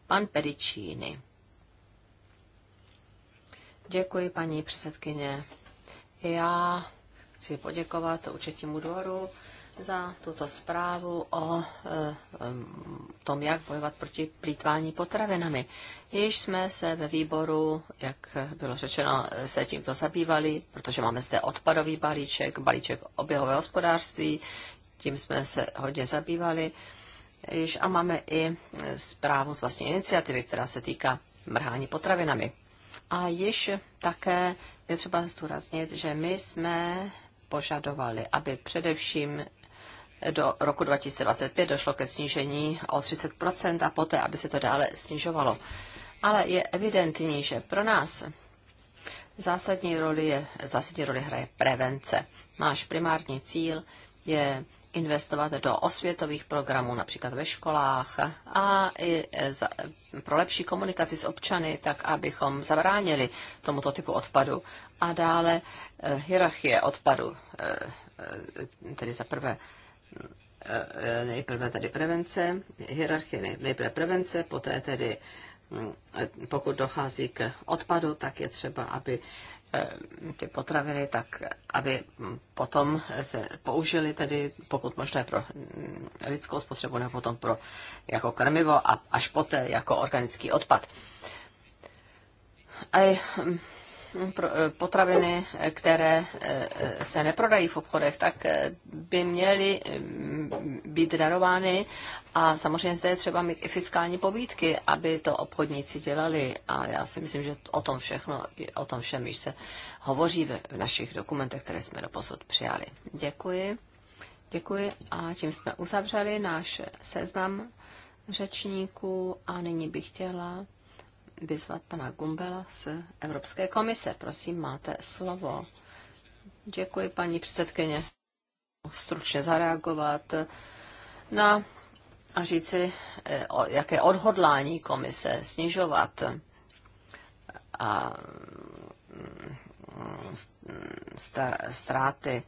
Pan Pedicini. Děkuji, paní předsedkyně. Já chci poděkovat určitému dvoru za tuto zprávu o e, tom, jak bojovat proti plítvání potravinami. Již jsme se ve výboru, jak bylo řečeno, se tímto zabývali, protože máme zde odpadový balíček, balíček oběhového hospodářství, tím jsme se hodně zabývali. Již a máme i zprávu z vlastní iniciativy, která se týká mrhání potravinami. A již také je třeba zdůraznit, že my jsme požadovali, aby především do roku 2025 došlo ke snížení o 30% a poté, aby se to dále snižovalo. Ale je evidentní, že pro nás zásadní roli, je, zásadní roli hraje prevence. Máš primární cíl je investovat do osvětových programů, například ve školách, a i za, pro lepší komunikaci s občany, tak abychom zabránili tomuto typu odpadu. A dále eh, hierarchie odpadu, eh, eh, tedy za prvé Eh, eh, nejprve tedy prevence, hierarchie nejprve prevence, poté tedy hm, eh, pokud dochází k odpadu, tak je třeba, aby ty potraviny, tak aby hm, potom se použili tedy, pokud možné pro hm, lidskou spotřebu, nebo potom pro jako krmivo a až poté jako organický odpad. A Eh, potraviny, eh, které eh, se neprodají v obchodech, tak by měly mm, být darovány a samozřejmě zde je třeba mít i fiskální povídky, aby to obchodníci dělali a já si myslím, že o tom všechno, o tom všem již se hovoří v našich dokumentech, které jsme doposud přijali. Děkuji. Děkuji a tím jsme uzavřeli náš seznam řečníků a nyní bych chtěla vyzvat pana Gumbela z Evropské komise. Prosím, máte slovo. Děkuji, paní předsedkyně. Stručně zareagovat na a říci, eh, jaké odhodlání komise snižovat a mm, ztráty star,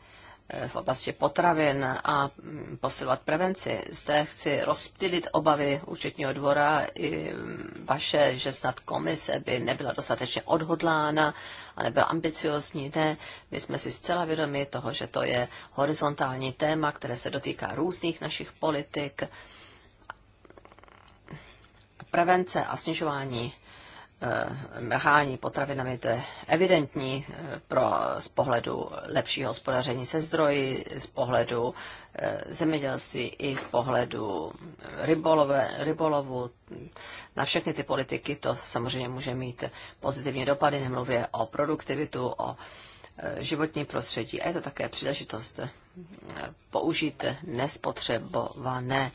Eh, v oblasti potravin a mm, posilovat prevenci. Zde chci rozptýlit obavy účetního dvora i mm, vaše, že snad komise by nebyla dostatečně odhodlána a nebyla ambiciozní. Ne, my jsme si zcela vědomi toho, že to je horizontální téma, které se dotýká různých našich politik. Prevence a snižování Eh, mrhání potravinami, to je evidentní eh, pro, z pohledu lepšího hospodaření se zdroji, z pohledu eh, zemědělství i z pohledu rybolové, rybolovu. Na všechny ty politiky to samozřejmě může mít pozitivní dopady, nemluvě o produktivitu, o životní prostředí. A je to také příležitost použít nespotřebované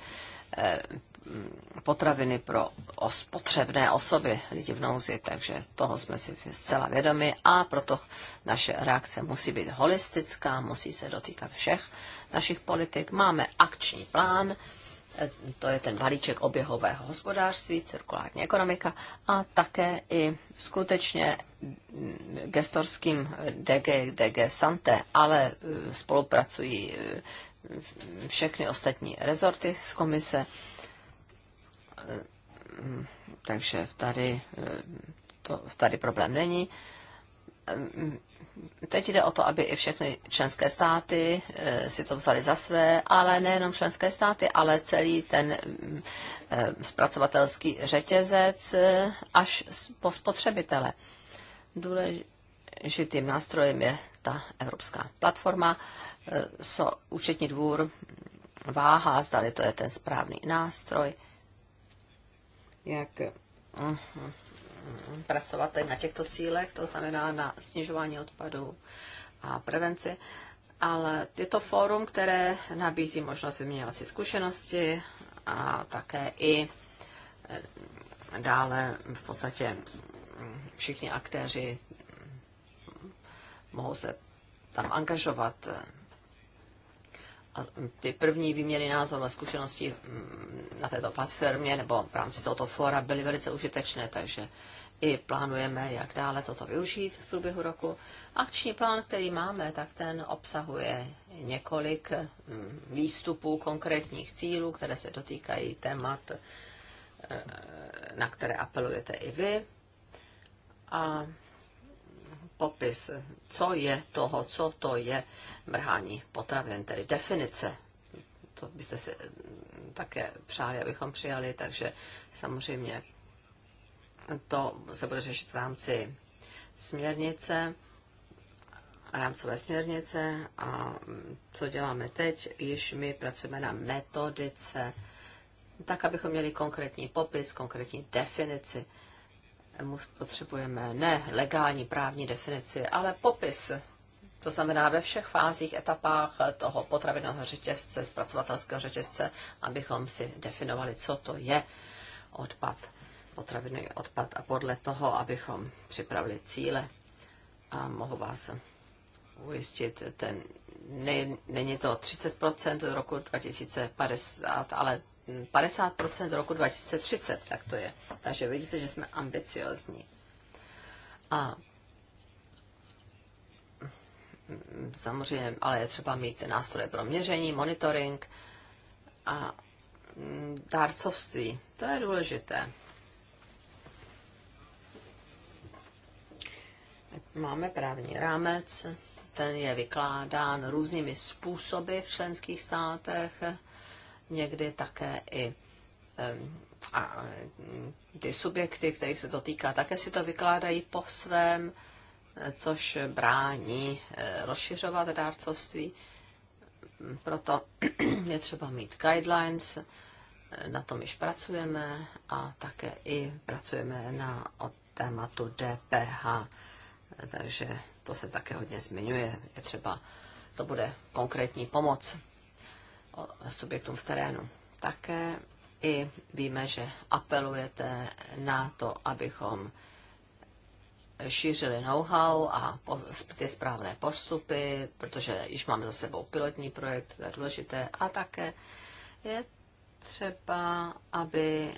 potraviny pro spotřebné osoby, lidi v nouzi, takže toho jsme si zcela vědomi a proto naše reakce musí být holistická, musí se dotýkat všech našich politik. Máme akční plán, to je ten balíček oběhového hospodářství, cirkulární ekonomika a také i skutečně gestorským DG, DG Sante, ale e, spolupracují e, všechny ostatní rezorty z komise takže tady, eh, to, tady problém není. Teď jde o to, aby i všechny členské státy eh, si to vzali za své, ale nejenom členské státy, ale celý ten eh, zpracovatelský řetězec až po spotřebitele. Důležitým nástrojem je ta evropská platforma, So účetní dvůr váhá, zdali to je ten správný nástroj jak eh, eh, pracovat na těchto cílech, to znamená na snižování odpadů a prevenci. Ale je to fórum, které nabízí možnost vyměňovat si zkušenosti a také i eh, dále v podstatě hm, všichni aktéři hm, mohou se tam angažovat a ty první výměny názorů a zkušeností mm, na této platformě nebo v rámci tohoto fóra byly velice užitečné, takže i plánujeme, jak dále toto využít v průběhu roku. Akční plán, který máme, tak ten obsahuje několik mm, výstupů konkrétních cílů, které se dotýkají témat, eh, na které apelujete i vy. A popis, co je toho, co to je mrhání potravin, tedy definice. To byste si mm, také přáli, abychom přijali, takže samozřejmě to se bude řešit v rámci směrnice, rámcové směrnice a co děláme teď, již my pracujeme na metodice, tak, abychom měli konkrétní popis, konkrétní definici potřebujeme ne legální právní definici, ale popis. To znamená ve všech fázích, etapách toho potravinového řetězce, zpracovatelského řetězce, abychom si definovali, co to je odpad, potravinový odpad a podle toho, abychom připravili cíle. A mohu vás ujistit, ten, ne, není to 30% roku 2050, ale 50% do roku 2030, tak to je. Takže vidíte, že jsme ambiciozní. A samozřejmě, ale je třeba mít nástroje pro měření, monitoring a dárcovství. To je důležité. Máme právní rámec, ten je vykládán různými způsoby v členských státech někdy také i a ty subjekty, kterých se to týká, také si to vykládají po svém, což brání eh, rozšiřovat dárcovství. Proto je třeba mít guidelines, eh, na tom již pracujeme a také i pracujeme na tématu DPH, takže to se také hodně zmiňuje. Je třeba, to bude konkrétní pomoc subjektům v terénu. Také i víme, že apelujete na to, abychom šířili know-how a ty správné postupy, protože již máme za sebou pilotní projekt, to je důležité, a také je třeba, aby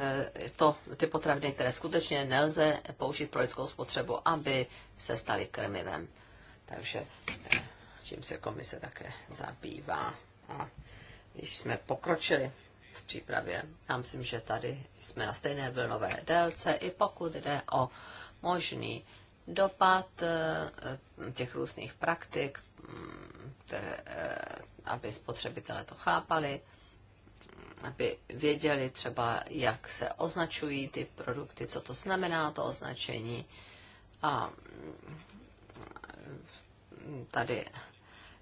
e, to, ty potraviny, které skutečně nelze použít pro lidskou spotřebu, aby se staly krmivem. Takže e, tím se komise také zabývá a když jsme pokročili v přípravě, já myslím, že tady jsme na stejné vlnové délce, i pokud jde o možný dopad eh, těch různých praktik, mm, které, eh, aby spotřebitelé to chápali, aby věděli třeba, jak se označují ty produkty, co to znamená to označení. A mm, tady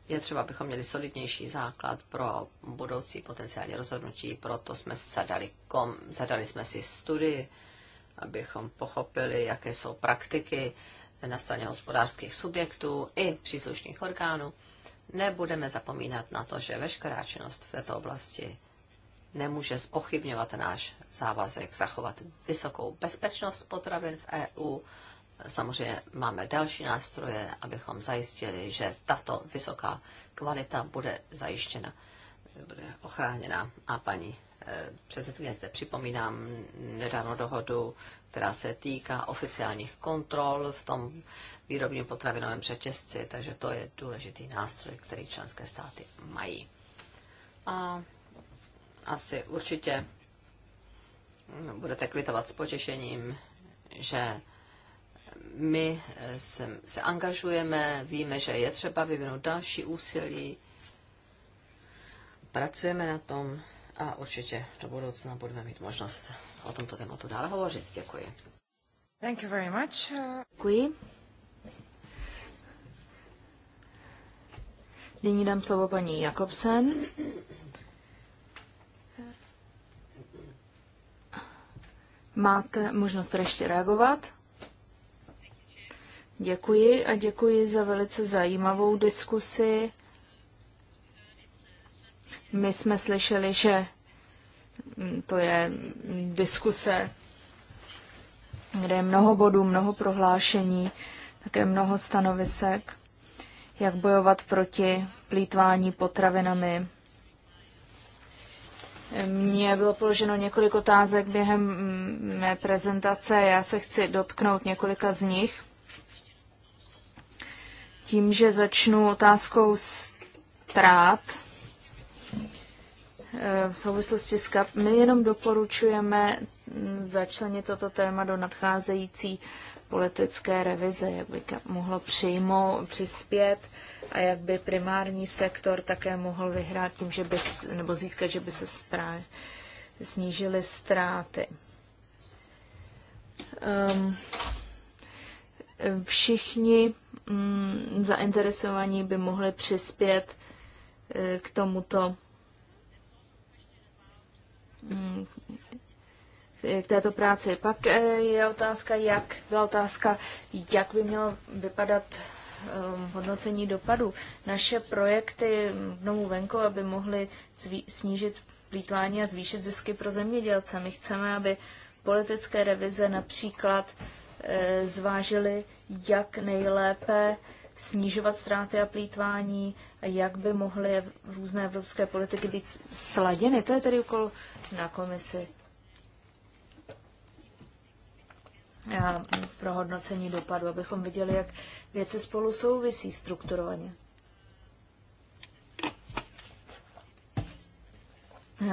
je třeba, abychom měli solidnější základ pro budoucí potenciální rozhodnutí, proto jsme zadali, kom, zadali jsme si studii, abychom pochopili, jaké jsou praktiky na straně hospodářských subjektů i příslušných orgánů. Nebudeme zapomínat na to, že veškerá činnost v této oblasti nemůže zpochybňovat náš závazek zachovat vysokou bezpečnost potravin v EU, Samozřejmě máme další nástroje, abychom zajistili, že tato vysoká kvalita bude zajištěna, bude ochráněna. A paní eh, předsedkyně zde připomínám nedávno dohodu, která se týká oficiálních kontrol v tom výrobním potravinovém řetězci, takže to je důležitý nástroj, který členské státy mají. A asi určitě budete kvitovat s potěšením, že my eh, se, se angažujeme, víme, že je třeba vyvinout další úsilí, pracujeme na tom a určitě do budoucna budeme mít možnost o tomto tématu dále hovořit. Děkuji. Thank you very much. Děkuji. Nyní dám slovo paní Jakobsen. Máte možnost ještě reagovat? Děkuji a děkuji za velice zajímavou diskusi. My jsme slyšeli, že mm, to je mm, diskuse, kde je mnoho bodů, mnoho prohlášení, také mnoho stanovisek, jak bojovat proti plítvání potravinami. Mně bylo položeno několik otázek během mm, mé prezentace, já se chci dotknout několika z nich tím, že začnu otázkou ztrát eh, v souvislosti s KAP. My jenom doporučujeme začlenit toto téma do nadcházející politické revize, jak by KAP mohlo přijmout, přispět a jak by primární sektor také mohl vyhrát tím, že by, nebo získat, že by se strá, snížily ztráty. Um, všichni mm, zainteresovaní by mohli přispět eh, k tomuto mm, k této práci. Pak eh, je otázka, jak byla otázka, jak by mělo vypadat eh, hodnocení dopadu. Naše projekty v mm, Novu venku, aby mohly snížit plítvání a zvýšit zisky pro zemědělce. My chceme, aby politické revize například Eh, zvážili, jak nejlépe snižovat ztráty a plítvání, jak by mohly různé evropské politiky být sladěny. To je tedy úkol na komisi. A pro hodnocení dopadu, abychom viděli, jak věci spolu souvisí strukturovaně.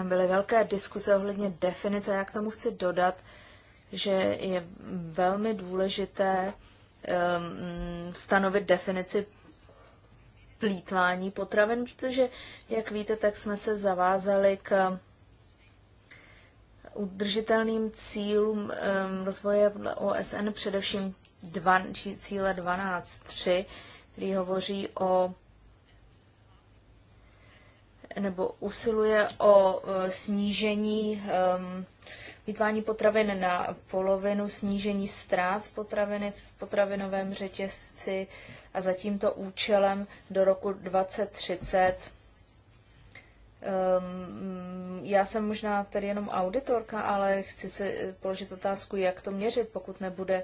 Byly velké diskuse ohledně definice, jak tomu chci dodat, že je velmi důležité um, stanovit definici plítvání potravin, protože, jak víte, tak jsme se zavázali k udržitelným cílům um, rozvoje OSN, především dva, cíle 12.3, který hovoří o nebo usiluje o uh, snížení um, vytváření potravin na polovinu, snížení ztrát potraviny v potravinovém řetězci a za tímto účelem do roku 2030. Um, ehm, já jsem možná tady jenom auditorka, ale chci se eh, položit otázku, jak to měřit, pokud nebude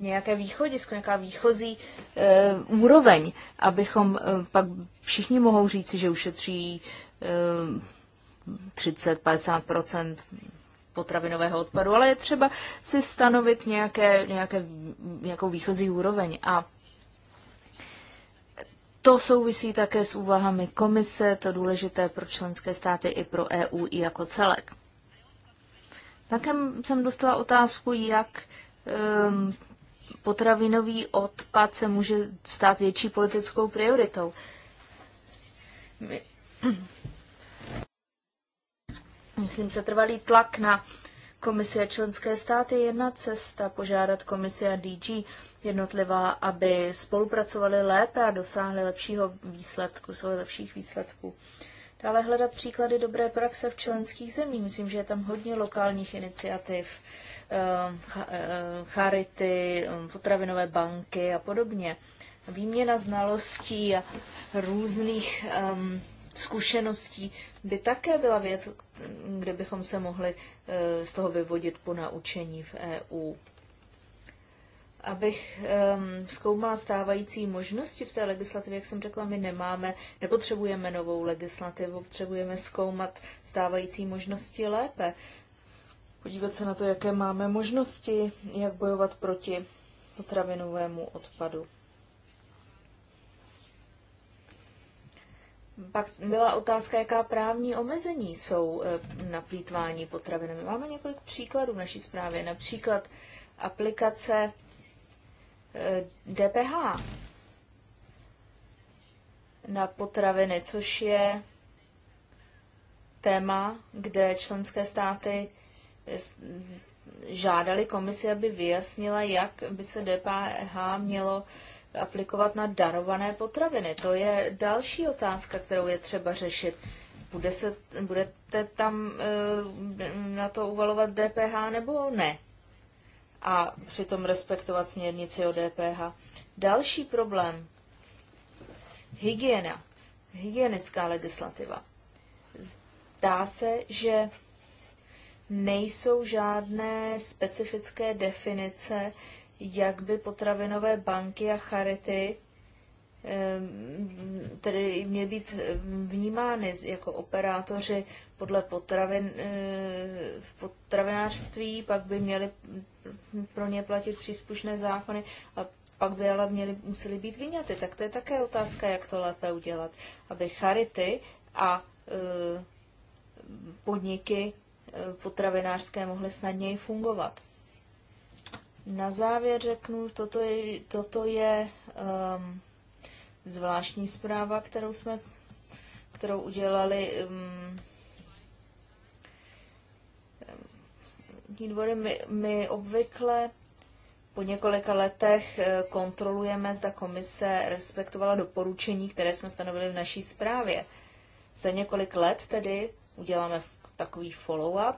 nějaké východisko, nějaká výchozí e, úroveň, abychom e, pak všichni mohou říci, že ušetří e, ehm, 30-50 potravinového odpadu, ale je třeba si stanovit nějaké, nějaké, nějakou výchozí úroveň. A to souvisí také s úvahami komise, to důležité pro členské státy i pro EU i jako celek. Také jsem dostala otázku, jak um, potravinový odpad se může stát větší politickou prioritou. My, myslím se, trvalý tlak na komisi a členské státy je jedna cesta požádat komisi a DG jednotlivá, aby spolupracovali lépe a dosáhli lepšího výsledku, svoje lepších výsledků. Dále hledat příklady dobré praxe v členských zemích. Myslím, že je tam hodně lokálních iniciativ, ehm, ehm, charity, ehm, potravinové banky a podobně. Výměna znalostí a různých um, zkušeností by také byla věc, kde bychom se mohli eh, z toho vyvodit po naučení v EU. Abych ehm, zkoumala stávající možnosti v té legislativě, jak jsem řekla, my nemáme, nepotřebujeme novou legislativu, potřebujeme zkoumat stávající možnosti lépe. Podívat se na to, jaké máme možnosti, jak bojovat proti potravinovému odpadu. Pak byla otázka, jaká právní omezení jsou eh, na plítvání potravinami. Máme několik příkladů v naší zprávě. Například aplikace DPH eh, na potraviny, což je téma, kde členské státy eh, žádali komisi, aby vyjasnila, jak by se DPH mělo aplikovat na darované potraviny? To je další otázka, kterou je třeba řešit. Bude se, budete tam eh, na to uvalovat DPH nebo ne? A přitom respektovat směrnici o DPH. Další problém. Hygiena. Hygienická legislativa. Zdá se, že nejsou žádné specifické definice jak by potravinové banky a charity tedy měly být vnímány jako operátoři podle potravin, eh, v potravinářství, pak by měly pro ně platit příslušné zákony a pak by ale měly, museli být vyňaty. Tak to je také otázka, jak to lépe udělat, aby charity a eh, podniky eh, potravinářské mohly snadněji fungovat. Na závěr řeknu, toto je, toto je um, zvláštní zpráva, kterou jsme, kterou udělali um, dvory. Um, my, my obvykle po několika letech eh, kontrolujeme, zda komise respektovala doporučení, které jsme stanovili v naší zprávě. Za několik let tedy uděláme takový follow-up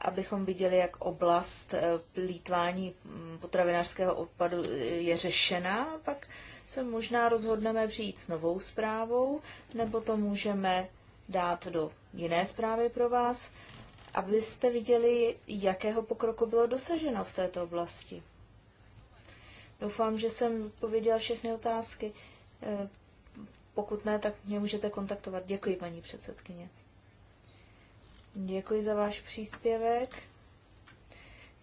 abychom viděli, jak oblast eh, plítvání mm, potravinářského odpadu eh, je řešena, pak se možná rozhodneme přijít s novou zprávou, nebo to můžeme dát do jiné zprávy pro vás, abyste viděli, jakého pokroku bylo dosaženo v této oblasti. Doufám, že jsem odpověděla všechny otázky. Eh, Pokud ne, tak mě můžete kontaktovat. Děkuji, paní předsedkyně. Děkuji za váš příspěvek,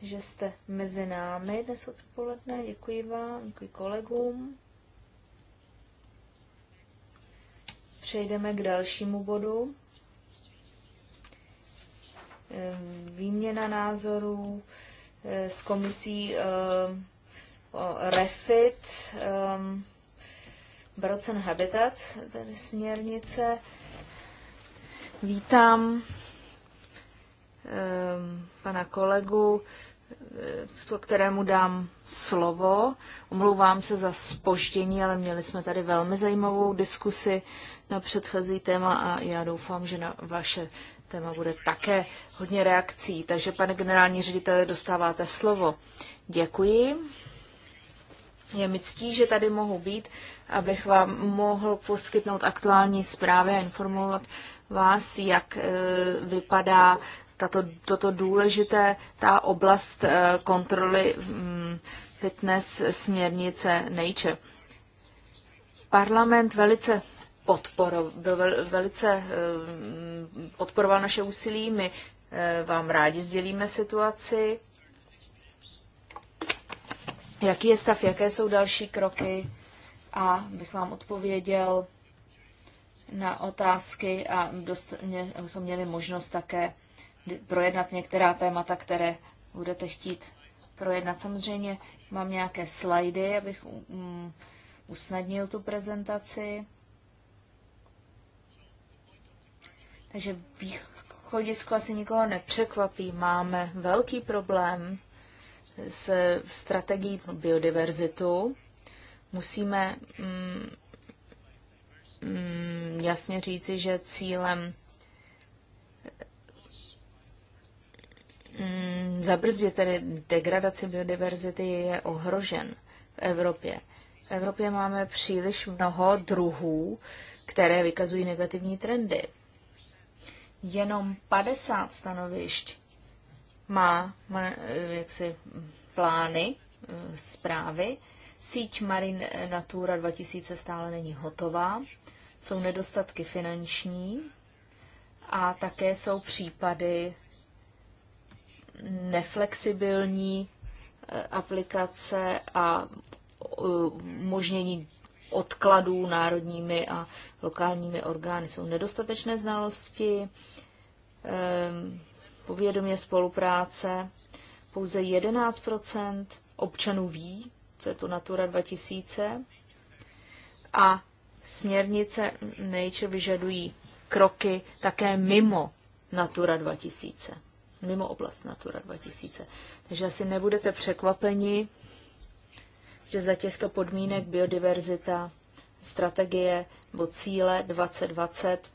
že jste mezi námi dnes odpoledne. Děkuji vám, děkuji kolegům. Přejdeme k dalšímu bodu. Výměna názorů eh, s komisí eh, REFIT, eh, Brocen Habitats, tedy směrnice. Vítám Ehm, pana kolegu, eh, kterému dám slovo. Omlouvám se za spoždění, ale měli jsme tady velmi zajímavou diskusi na předchozí téma a já doufám, že na vaše téma bude také hodně reakcí. Takže, pane generální ředitele, dostáváte slovo. Děkuji. Je mi ctí, že tady mohu být, abych vám mohl poskytnout aktuální zprávy a informovat vás, jak eh, vypadá tato, toto důležité, ta oblast eh, kontroly mm, fitness směrnice Nature. Parlament velice podporoval, velice eh, podporoval naše úsilí, my eh, vám rádi sdělíme situaci. Jaký je stav, jaké jsou další kroky? A bych vám odpověděl na otázky a dost, mě, abychom měli možnost také projednat některá témata, které budete chtít projednat. Samozřejmě mám nějaké slajdy, abych mm, usnadnil tu prezentaci. Takže východisko asi nikoho nepřekvapí. Máme velký problém s strategií biodiverzitu. Musíme mm, mm, jasně říci, že cílem Mm, zabrzdit tedy degradaci biodiverzity je ohrožen v Evropě. V Evropě máme příliš mnoho druhů, které vykazují negativní trendy. Jenom 50 stanovišť má eh, jaksi plány, eh, zprávy. Síť Marin Natura 2000 stále není hotová. Jsou nedostatky finanční a také jsou případy neflexibilní eh, aplikace a eh, umožnění odkladů národními a lokálními orgány. Jsou nedostatečné znalosti, ehm, povědomě spolupráce. Pouze 11 občanů ví, co je to Natura 2000. A směrnice Nature vyžadují kroky také mimo Natura 2000 mimo oblast Natura 2000. Takže asi nebudete překvapeni, že za těchto podmínek biodiverzita, strategie nebo cíle 2020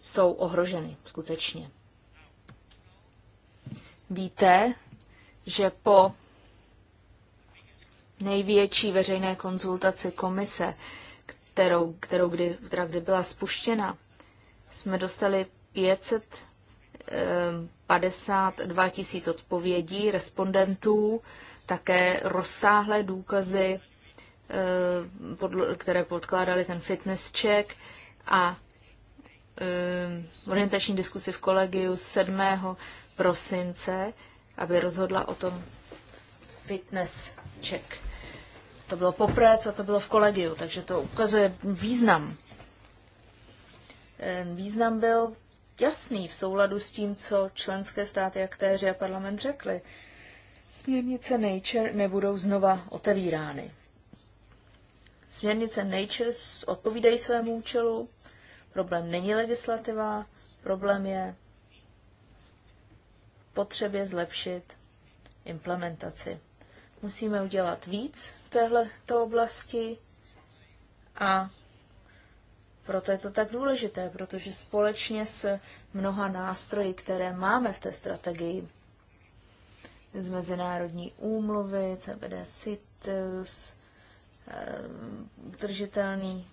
jsou ohroženy skutečně. Víte, že po největší veřejné konzultaci komise, kterou, kterou kdy, která kdy byla spuštěna, jsme dostali 500 52 tisíc odpovědí respondentů, také rozsáhlé důkazy, eh, které podkládali ten fitness check a eh, orientační diskusi v kolegiu 7. prosince, aby rozhodla o tom fitness check. To bylo poprvé, co to bylo v kolegiu, takže to ukazuje význam. Eh, význam byl jasný v souladu s tím, co členské státy, aktéři a parlament řekli. Směrnice Nature nebudou znova otevírány. Směrnice Nature odpovídají svému účelu. Problém není legislativa, problém je potřebě zlepšit implementaci. Musíme udělat víc v této oblasti a proto je to tak důležité, protože společně s mnoha nástroji, které máme v té strategii, z mezinárodní úmluvy, CBD CITUS, eh, udržitelný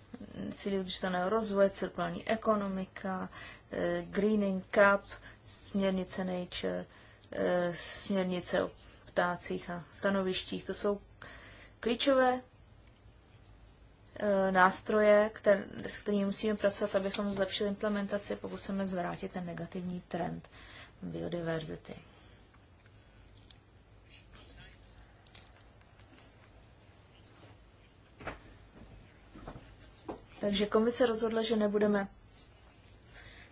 cíly udržitelného rozvoje, cirkulární ekonomika, eh, Greening Cup, směrnice Nature, eh, směrnice o ptácích a stanovištích. To jsou klíčové Eh, nástroje, který, s kterými musíme pracovat, abychom zlepšili implementaci, pokud chceme zvrátit ten negativní trend biodiverzity. Takže komise rozhodla, že nebudeme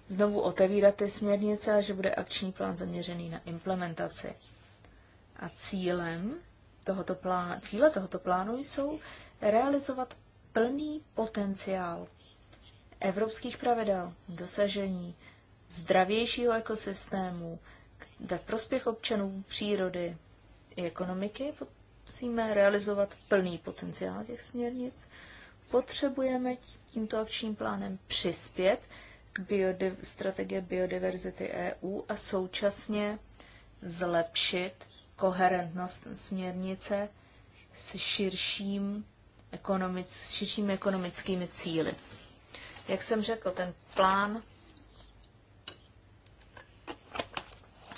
znovu otevírat ty směrnice a že bude akční plán zaměřený na implementaci. A cílem tohoto plánu, cíle tohoto plánu jsou realizovat plný potenciál evropských pravidel, dosažení zdravějšího ekosystému ve prospěch občanů, přírody i ekonomiky, musíme realizovat plný potenciál těch směrnic. Potřebujeme tímto akčním plánem přispět k biodiv- strategie biodiverzity EU a současně zlepšit koherentnost směrnice s širším ekonomic, širšími ekonomickými cíly. Jak jsem řekl, ten plán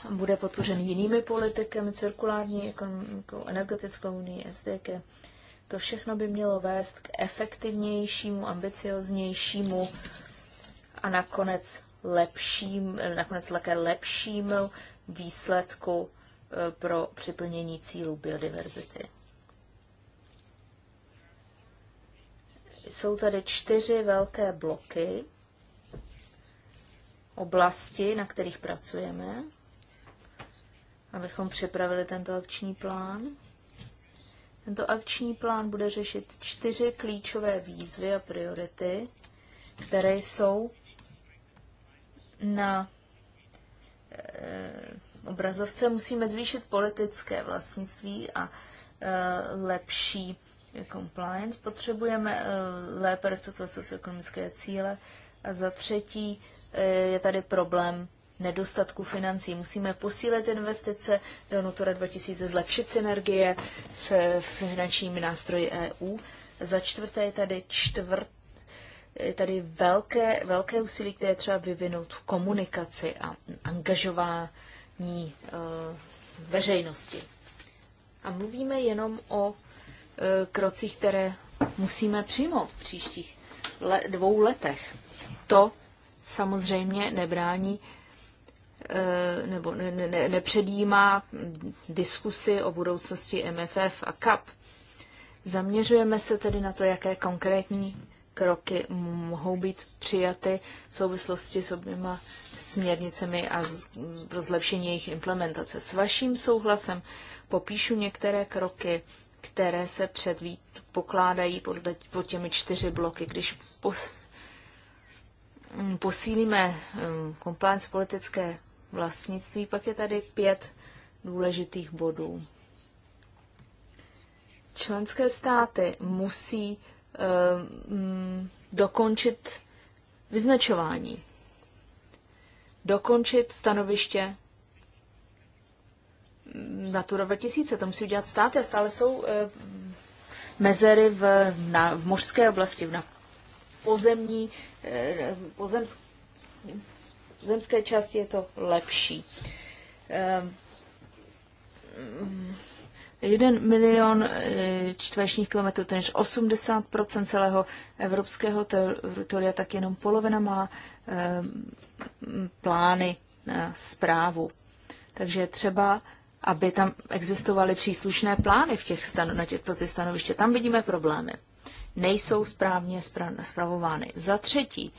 bude podpořen jinými politikami, cirkulární ekonomikou, energetickou unii, SDK. To všechno by mělo vést k efektivnějšímu, ambicioznějšímu a nakonec lepším, nakonec také lepšímu výsledku eh, pro připlnění cílů biodiverzity. Jsou tady čtyři velké bloky, oblasti, na kterých pracujeme, abychom připravili tento akční plán. Tento akční plán bude řešit čtyři klíčové výzvy a priority, které jsou na e, obrazovce. Musíme zvýšit politické vlastnictví a e, lepší E, compliance, potřebujeme e, lépe respektovat socioekonomické cíle a za třetí e, je tady problém nedostatku financí. Musíme posílit investice do Natura 2000, zlepšit synergie s finančními nástroji EU. Za čtvrté je tady čtvrt je tady velké, velké úsilí, které je třeba vyvinout v komunikaci a angažování e, veřejnosti. A mluvíme jenom o Eh, krocích, které musíme přijmout v příštích le- dvou letech. To samozřejmě nebrání eh, nebo ne, ne, nepředjímá diskusy o budoucnosti MFF a CAP. Zaměřujeme se tedy na to, jaké konkrétní kroky mohou být přijaty v souvislosti s oběma směrnicemi a pro zlepšení jejich implementace. S vaším souhlasem popíšu některé kroky, které se předpokládají pokládají pod těmi čtyři bloky. Když pos, mm, posílíme mm, compliance politické vlastnictví, pak je tady pět důležitých bodů. Členské státy musí um, dokončit vyznačování, dokončit stanoviště Natura 2000, to musí udělat státy a stále jsou e, mezery v, na, v mořské oblasti, na pozemní, e, eh, pozemské, pozemské části je to lepší. E, jeden milion čtverečních kilometrů, téměř 80 celého evropského teritoria, tak jenom polovina má plány na zprávu. Takže třeba aby tam existovaly příslušné plány v těch stano, na těchto ty stanoviště. Tam vidíme problémy. Nejsou správně spra- spravovány. Za třetí,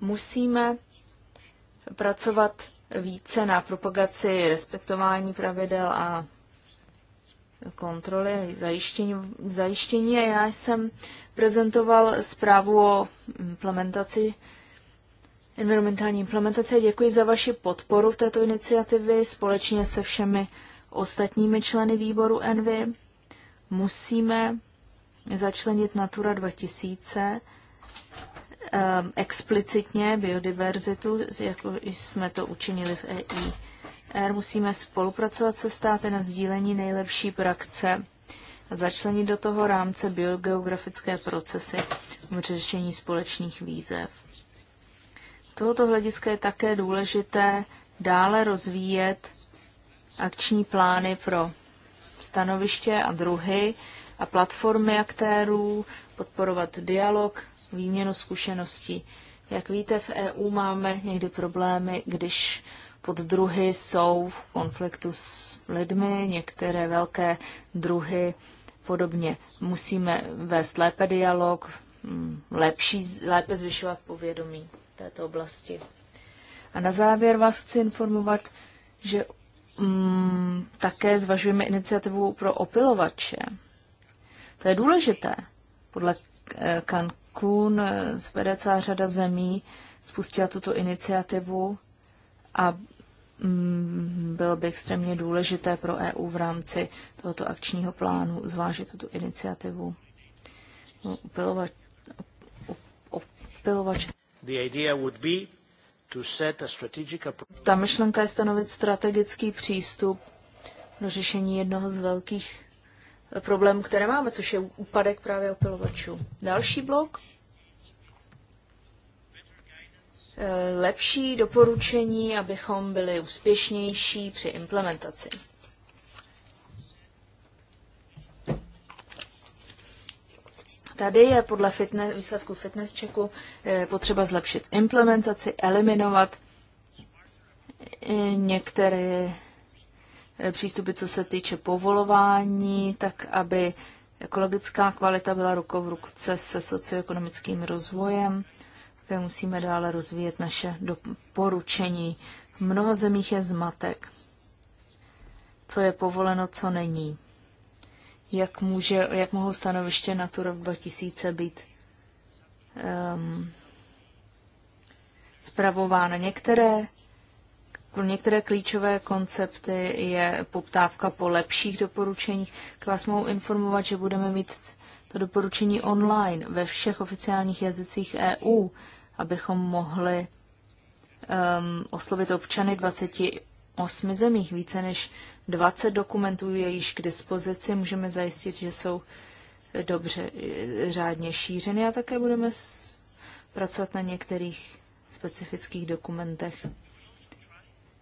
musíme pracovat více na propagaci respektování pravidel a kontroly, zajištění, zajištění a já jsem prezentoval zprávu o implementaci environmentální implementace. Děkuji za vaši podporu v této iniciativy společně se všemi ostatními členy výboru Envy. Musíme začlenit Natura 2000 ehm, explicitně biodiverzitu, jako jsme to učinili v EI. Musíme spolupracovat se státy na sdílení nejlepší praxe a začlenit do toho rámce biogeografické procesy v řešení společných výzev. Tohoto hlediska je také důležité dále rozvíjet akční plány pro stanoviště a druhy a platformy aktérů, podporovat dialog, výměnu zkušeností. Jak víte, v EU máme někdy problémy, když pod druhy jsou v konfliktu s lidmi, některé velké druhy podobně. Musíme vést lépe dialog, mm, lepší, lépe zvyšovat povědomí této oblasti. A na závěr vás chci informovat, že mm, také zvažujeme iniciativu pro opilovače. To je důležité. Podle eh, Cancún eh, zvede celá řada zemí spustila tuto iniciativu a mm, bylo by extrémně důležité pro EU v rámci tohoto akčního plánu zvážit tuto iniciativu. No, opilovač. op, op, opilovač. The idea would be ta myšlenka je stanovit strategický přístup do řešení jednoho z velkých eh, problémů, které máme, což je úpadek právě opilovačů. Další blok. Eh, lepší doporučení, abychom byli úspěšnější při implementaci. Tady je podle fitness, výsledku fitness checku eh, potřeba zlepšit implementaci, eliminovat eh, některé eh, přístupy, co se týče povolování, tak aby ekologická kvalita byla rukou v ruce se socioekonomickým rozvojem. Také musíme dále rozvíjet naše doporučení. V mnoha zemích je zmatek, co je povoleno, co není jak, může, jak mohou stanoviště Natura 2000 být um, ehm, zpravována. Některé, pro některé klíčové koncepty je poptávka po lepších doporučeních. K vás mohu informovat, že budeme mít to doporučení online ve všech oficiálních jazycích EU, abychom mohli um, oslovit občany 28 zemích. Více než 20 dokumentů je již k dispozici, můžeme zajistit, že jsou dobře řádně šířeny a také budeme pracovat na některých specifických dokumentech.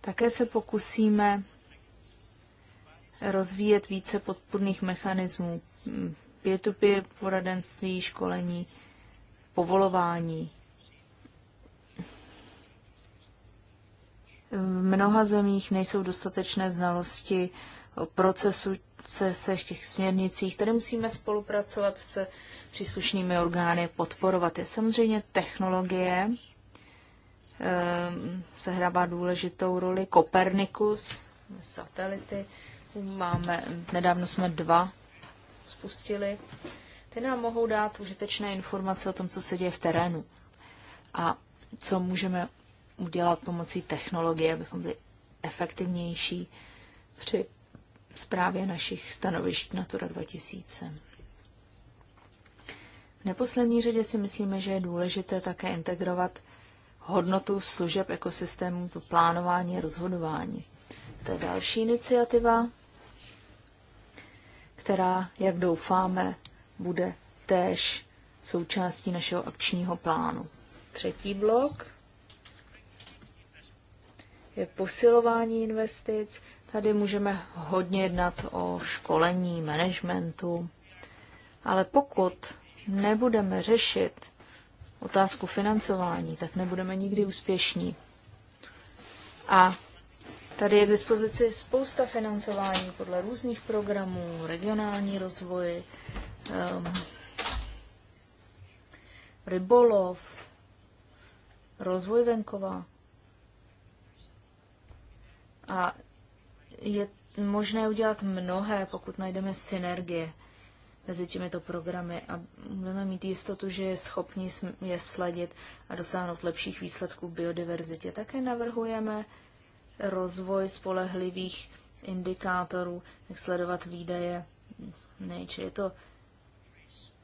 Také se pokusíme rozvíjet více podpůrných mechanismů, mm, peer poradenství, školení, povolování V mnoha zemích nejsou dostatečné znalosti o procesu se v těch směrnicích, které musíme spolupracovat se příslušnými orgány, podporovat. Je samozřejmě technologie, ehm, sehrává důležitou roli Kopernikus, satelity. Máme, nedávno jsme dva spustili. Ty nám mohou dát užitečné informace o tom, co se děje v terénu a co můžeme udělat pomocí technologie, abychom byli efektivnější při zprávě našich stanovišť Natura 2000. V neposlední řadě si myslíme, že je důležité také integrovat hodnotu služeb ekosystému, pro plánování a rozhodování. To je další iniciativa, která, jak doufáme, bude též součástí našeho akčního plánu. Třetí blok je posilování investic. Tady můžeme hodně jednat o školení, managementu, ale pokud nebudeme řešit otázku financování, tak nebudeme nikdy úspěšní. A tady je k dispozici spousta financování podle různých programů, regionální rozvoj, um, rybolov, rozvoj venkova. A je možné udělat mnohé, pokud najdeme synergie mezi těmito programy a budeme mít jistotu, že je schopni je sledit a dosáhnout lepších výsledků v biodiverzitě. Také navrhujeme rozvoj spolehlivých indikátorů, jak sledovat výdaje Ne, Je to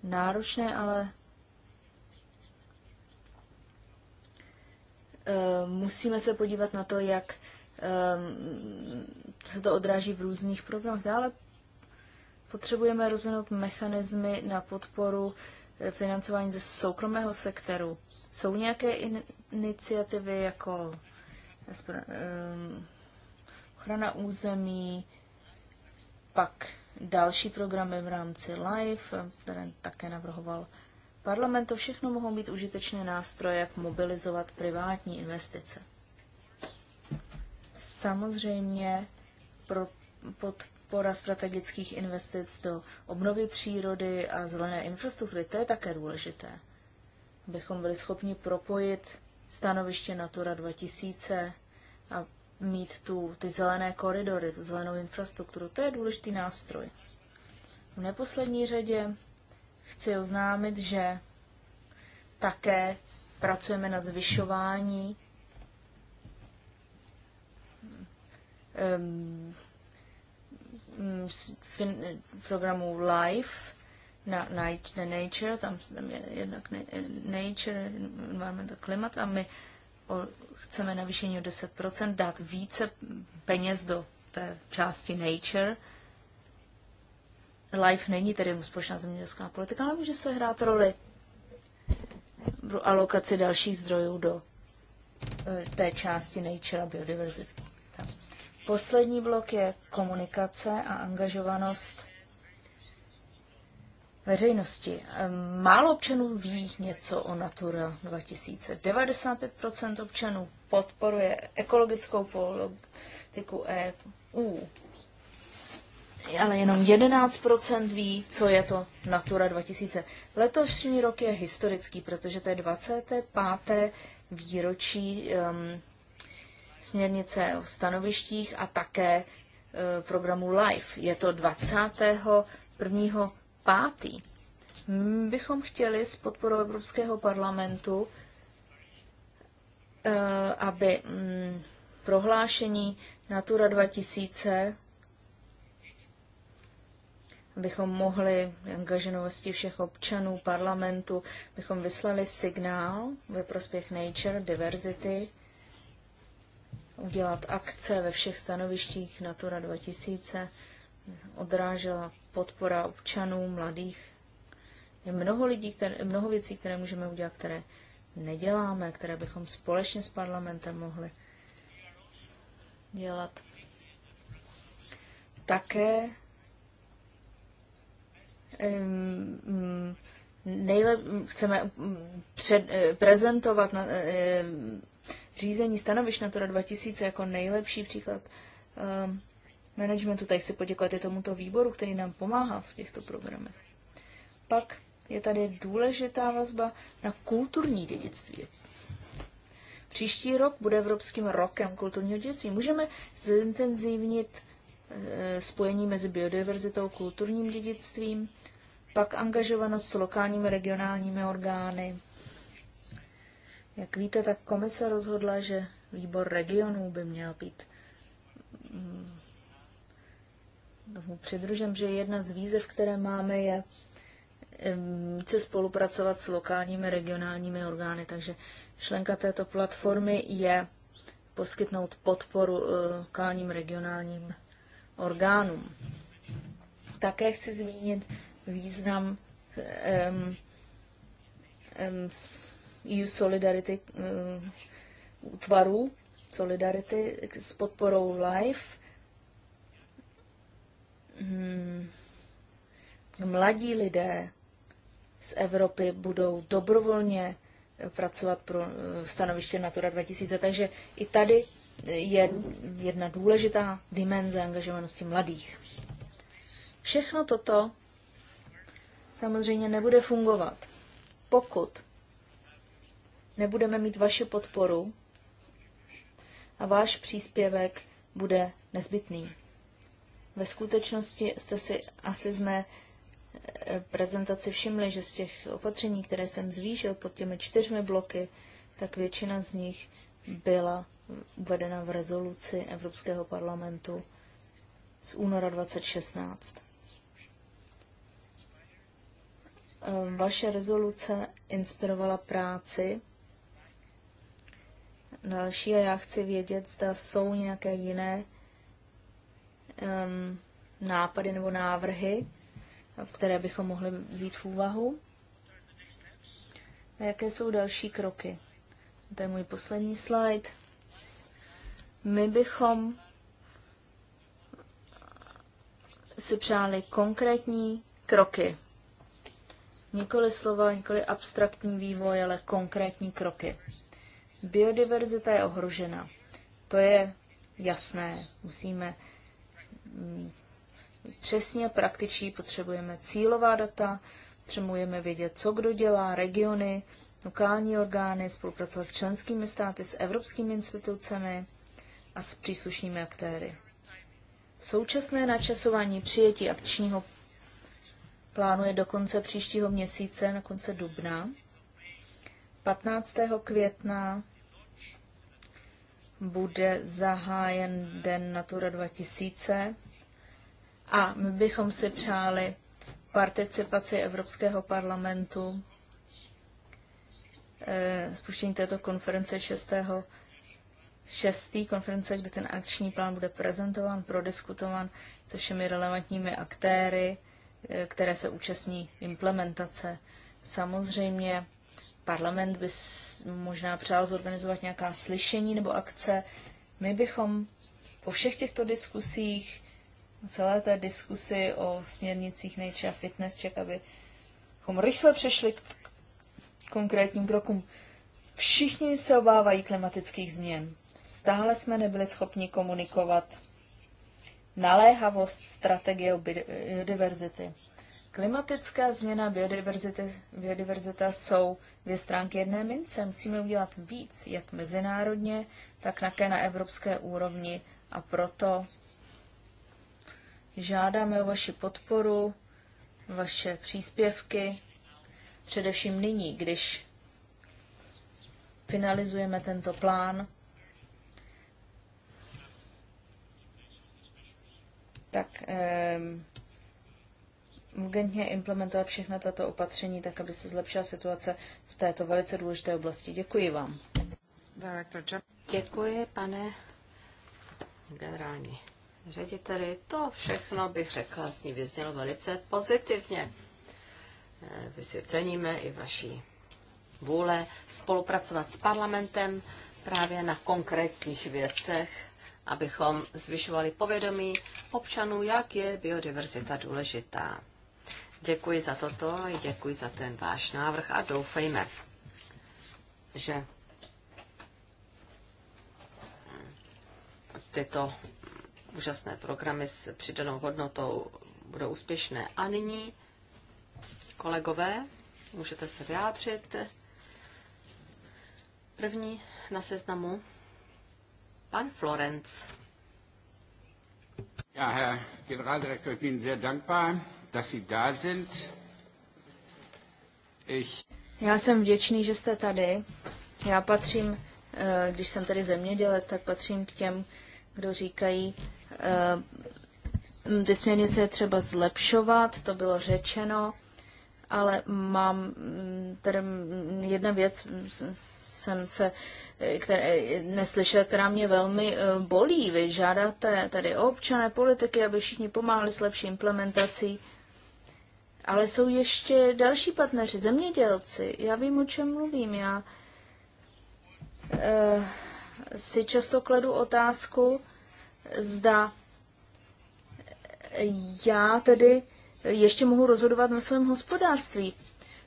náročné, ale eh, musíme se podívat na to, jak Ehm, se to odráží v různých programech. Dále potřebujeme rozvinout mechanismy na podporu eh, financování ze soukromého sektoru. Jsou nějaké iniciativy jako ehm, ochrana území, pak další programy v rámci LIFE, eh, které také navrhoval parlament. To všechno mohou být užitečné nástroje, jak mobilizovat privátní investice. Samozřejmě pro podpora strategických investic do obnovy přírody a zelené infrastruktury, to je také důležité. Abychom byli schopni propojit stanoviště Natura 2000 a mít tu, ty zelené koridory, tu zelenou infrastrukturu, to je důležitý nástroj. V neposlední řadě chci oznámit, že také pracujeme na zvyšování Mm, programu LIFE na, na na Nature, tam tam je jednak Nature, environment a klimat a my o, chceme navýšení o 10%, dát více peněz do té části Nature. Life není tedy společná zemědělská politika, ale může se hrát roli pro alokaci dalších zdrojů do eh, té části Nature a biodiverzity. Poslední blok je komunikace a angažovanost veřejnosti. Ehm, málo občanů ví něco o Natura 2000. 95% občanů podporuje ekologickou politiku EU. Ale jenom 11% ví, co je to Natura 2000. Letošní rok je historický, protože to je 25. výročí um, směrnice o stanovištích a také e, programu LIFE. Je to 21.5. My bychom chtěli s podporou Evropského parlamentu, e, aby prohlášení Natura 2000 abychom mohli angažovanosti všech občanů parlamentu, bychom vyslali signál ve prospěch nature, diversity udělat akce ve všech stanovištích Natura 2000, odrážela podpora občanů, mladých. Je mnoho, lidí, které, mnoho věcí, které můžeme udělat, které neděláme, které bychom společně s parlamentem mohli dělat. Také nejlep, chceme před, eh, prezentovat na, eh, Řízení stanoviš Natura 2000 jako nejlepší příklad um, managementu. Tady chci poděkovat i tomuto výboru, který nám pomáhá v těchto programech. Pak je tady důležitá vazba na kulturní dědictví. Příští rok bude Evropským rokem kulturního dědictví. Můžeme zintenzivnit eh, spojení mezi biodiverzitou, kulturním dědictvím, pak angažovanost s lokálními regionálními orgány, jak víte, tak komise rozhodla, že výbor regionů by měl být mm, tomu přidružen, že jedna z výzev, které máme, je více mm, spolupracovat s lokálními regionálními orgány. Takže šlenka této platformy je poskytnout podporu eh, lokálním regionálním orgánům. Také chci zmínit význam um, um, EU Solidarity eh, útvaru Solidarity s podporou LIFE. Hmm. Mladí lidé z Evropy budou dobrovolně pracovat pro eh, stanoviště Natura 2000. Takže i tady je jedna důležitá dimenze angažovanosti mladých. Všechno toto samozřejmě nebude fungovat, pokud nebudeme mít vaši podporu a váš příspěvek bude nezbytný. Ve skutečnosti jste si asi z mé eh, prezentaci všimli, že z těch opatření, které jsem zvýšil pod těmi čtyřmi bloky, tak většina z nich byla uvedena v rezoluci Evropského parlamentu z února 2016. Eh, vaše rezoluce inspirovala práci další a já chci vědět, zda jsou nějaké jiné um, nápady nebo návrhy, které bychom mohli vzít v úvahu. A jaké jsou další kroky? To je můj poslední slide. My bychom si přáli konkrétní kroky. Nikoli slova, nikoli abstraktní vývoj, ale konkrétní kroky. Biodiverzita je ohrožena. To je jasné. Musíme mm, přesně praktičí potřebujeme cílová data, potřebujeme vědět, co kdo dělá, regiony, lokální orgány, spolupracovat s členskými státy, s evropskými institucemi a s příslušnými aktéry. Současné načasování přijetí akčního plánu je do konce příštího měsíce, na konce dubna. 15. května bude zahájen Den Natura 2000 a my bychom si přáli participaci Evropského parlamentu eh, spuštění této konference 6. 6. konference, kde ten akční plán bude prezentován, prodiskutován se všemi relevantními aktéry, eh, které se účastní implementace. Samozřejmě Parlament by možná přál zorganizovat nějaká slyšení nebo akce. My bychom po všech těchto diskusích, celé té diskusi o směrnicích Nature a Fitness Check, abychom rychle přešli k konkrétním krokům. Všichni se obávají klimatických změn. Stále jsme nebyli schopni komunikovat naléhavost strategie biodiverzity. Klimatická změna biodiverzity, biodiverzita jsou dvě stránky jedné mince. Musíme udělat víc, jak mezinárodně, tak také na evropské úrovni. A proto žádáme o vaši podporu, vaše příspěvky, především nyní, když finalizujeme tento plán. Tak. Eh, urgentně implementovat všechna tato opatření, tak aby se zlepšila situace v této velice důležité oblasti. Děkuji vám. Děkuji, pane generální řediteli. To všechno bych řekla, s ní vyznělo velice pozitivně. Vy eh, si ceníme i vaší vůle spolupracovat s parlamentem právě na konkrétních věcech, abychom zvyšovali povědomí občanů, jak je biodiverzita důležitá. Děkuji za toto, děkuji za ten váš návrh a doufejme, že tyto úžasné programy s přidanou hodnotou budou úspěšné. A nyní, kolegové, můžete se vyjádřit. První na seznamu pan Florenc. Ja, Herr Generaldirektor, ich bin sehr dankbar dass Sie da sind. Ich... Já jsem vděčný, že jste tady. Já patřím, eh, když jsem tady zemědělec, tak patřím k těm, kdo říkají, eh, ty směrnice je třeba zlepšovat, to bylo řečeno, ale mám mm, tady mm, jedna věc, mm, jsem se které, neslyšel, která mě velmi eh, bolí. Vy žádáte tady občané politiky, aby všichni pomáhali s lepší implementací ale jsou ještě další partneři, zemědělci. Já vím, o čem mluvím. Já uh, si často kladu otázku, zda já tedy ještě mohu rozhodovat na svém hospodářství.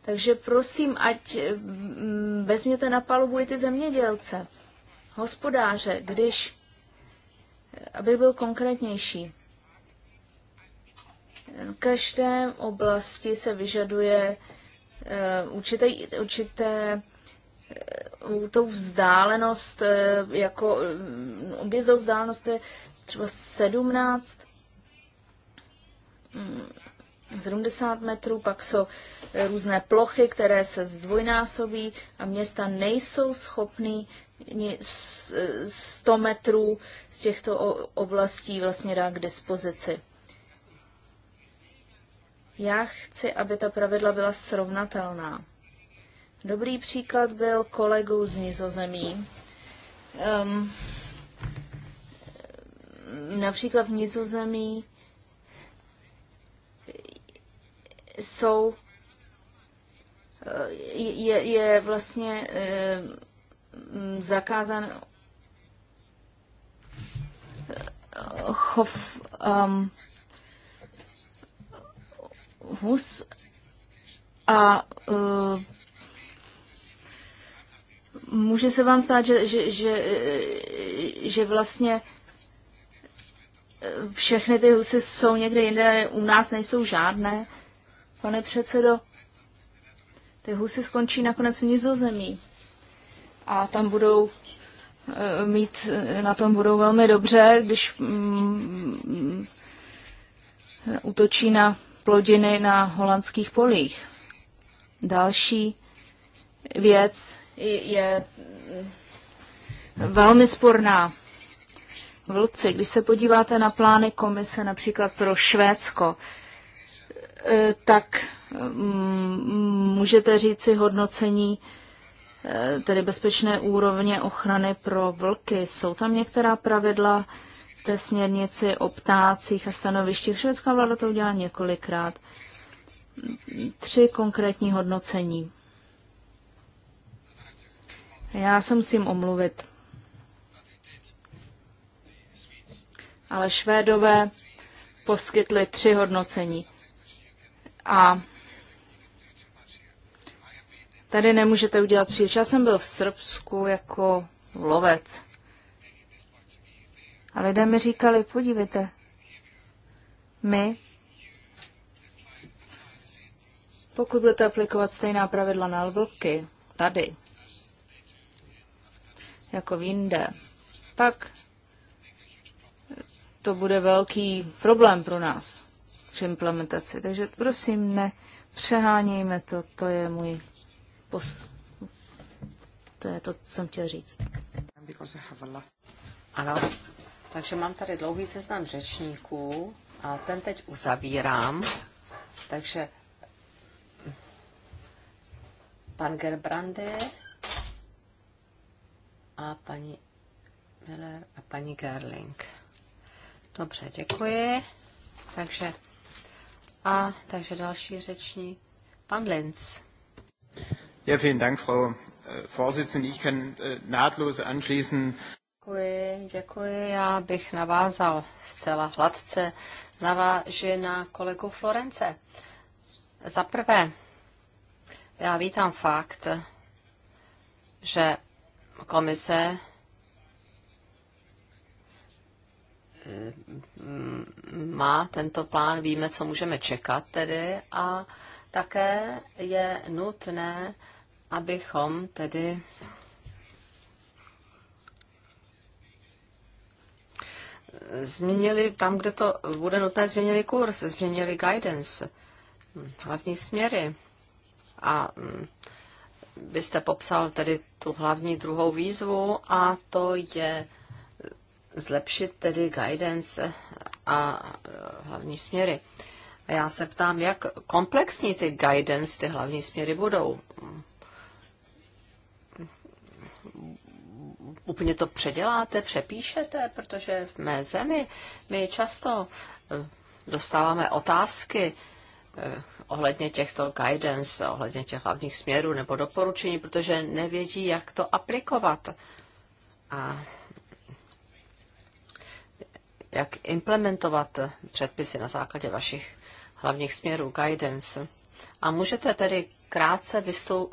Takže prosím, ať mm, vezměte na palubu i ty zemědělce, hospodáře, když, aby byl konkrétnější. V každé oblasti se vyžaduje eh, určité, eh, určité tou vzdálenost, eh, jako mm, objezdou vzdálenost je třeba 17 70 mm, metrů, pak jsou různé plochy, které se zdvojnásobí a města nejsou schopny 100 metrů z těchto oblastí vlastně dát k dispozici. Já chci, aby ta pravidla byla srovnatelná. Dobrý příklad byl kolegou z Nizozemí. Um, například v Nizozemí jsou je, je vlastně zakázán chov um, Hus a uh, může se vám stát, že, že, že, e, že vlastně všechny ty husy jsou někde jinde, u nás nejsou žádné. Pane předsedo, ty husy skončí nakonec v Nizozemí a tam budou e, mít, na tom budou velmi dobře, když mm, útočí na plodiny na holandských polích. Další věc je velmi sporná. Vlci, když se podíváte na plány komise například pro Švédsko, eh, tak mm, můžete říci hodnocení eh, tedy bezpečné úrovně ochrany pro vlky. Jsou tam některá pravidla, té směrnici o ptácích a stanovištích. Švédská vláda to udělala několikrát. Tři konkrétní hodnocení. Já se musím omluvit. Ale Švédové poskytli tři hodnocení. A tady nemůžete udělat příliš. Já jsem byl v Srbsku jako lovec. A lidé mi říkali, podívejte, my, pokud budete aplikovat stejná pravidla na vlky, tady, jako v jinde, pak to bude velký problém pro nás při implementaci. Takže prosím, ne přehánějme to, to je můj post. To je to, co jsem chtěl říct. Ano, takže mám tady dlouhý seznam řečníků a ten teď uzavírám. Takže pan Gerbrande a paní Miller a paní Gerling. Dobře, děkuji. Takže a takže další řečník, pan Linz. Ja, vielen Dank, Frau äh, Vorsitzende. Ich kann äh, nahtlos anschließen. Děkuji, děkuji. Já bych navázal zcela hladce. Naváži na kolegu Florence. Za prvé, já vítám fakt, že komise mm, má tento plán, víme, co můžeme čekat tedy a také je nutné, abychom tedy změnili, tam, kde to bude nutné, změnili kurz, změnili guidance, hlavní směry. A byste mm, popsal tedy tu hlavní druhou výzvu a to je zlepšit tedy guidance a eh, hlavní směry. A já se ptám, jak komplexní ty guidance, ty hlavní směry budou. úplně to předěláte, přepíšete, protože v mé zemi my často eh, dostáváme otázky eh, ohledně těchto guidance, ohledně těch hlavních směrů nebo doporučení, protože nevědí, jak to aplikovat a jak implementovat předpisy na základě vašich hlavních směrů guidance. A můžete tedy krátce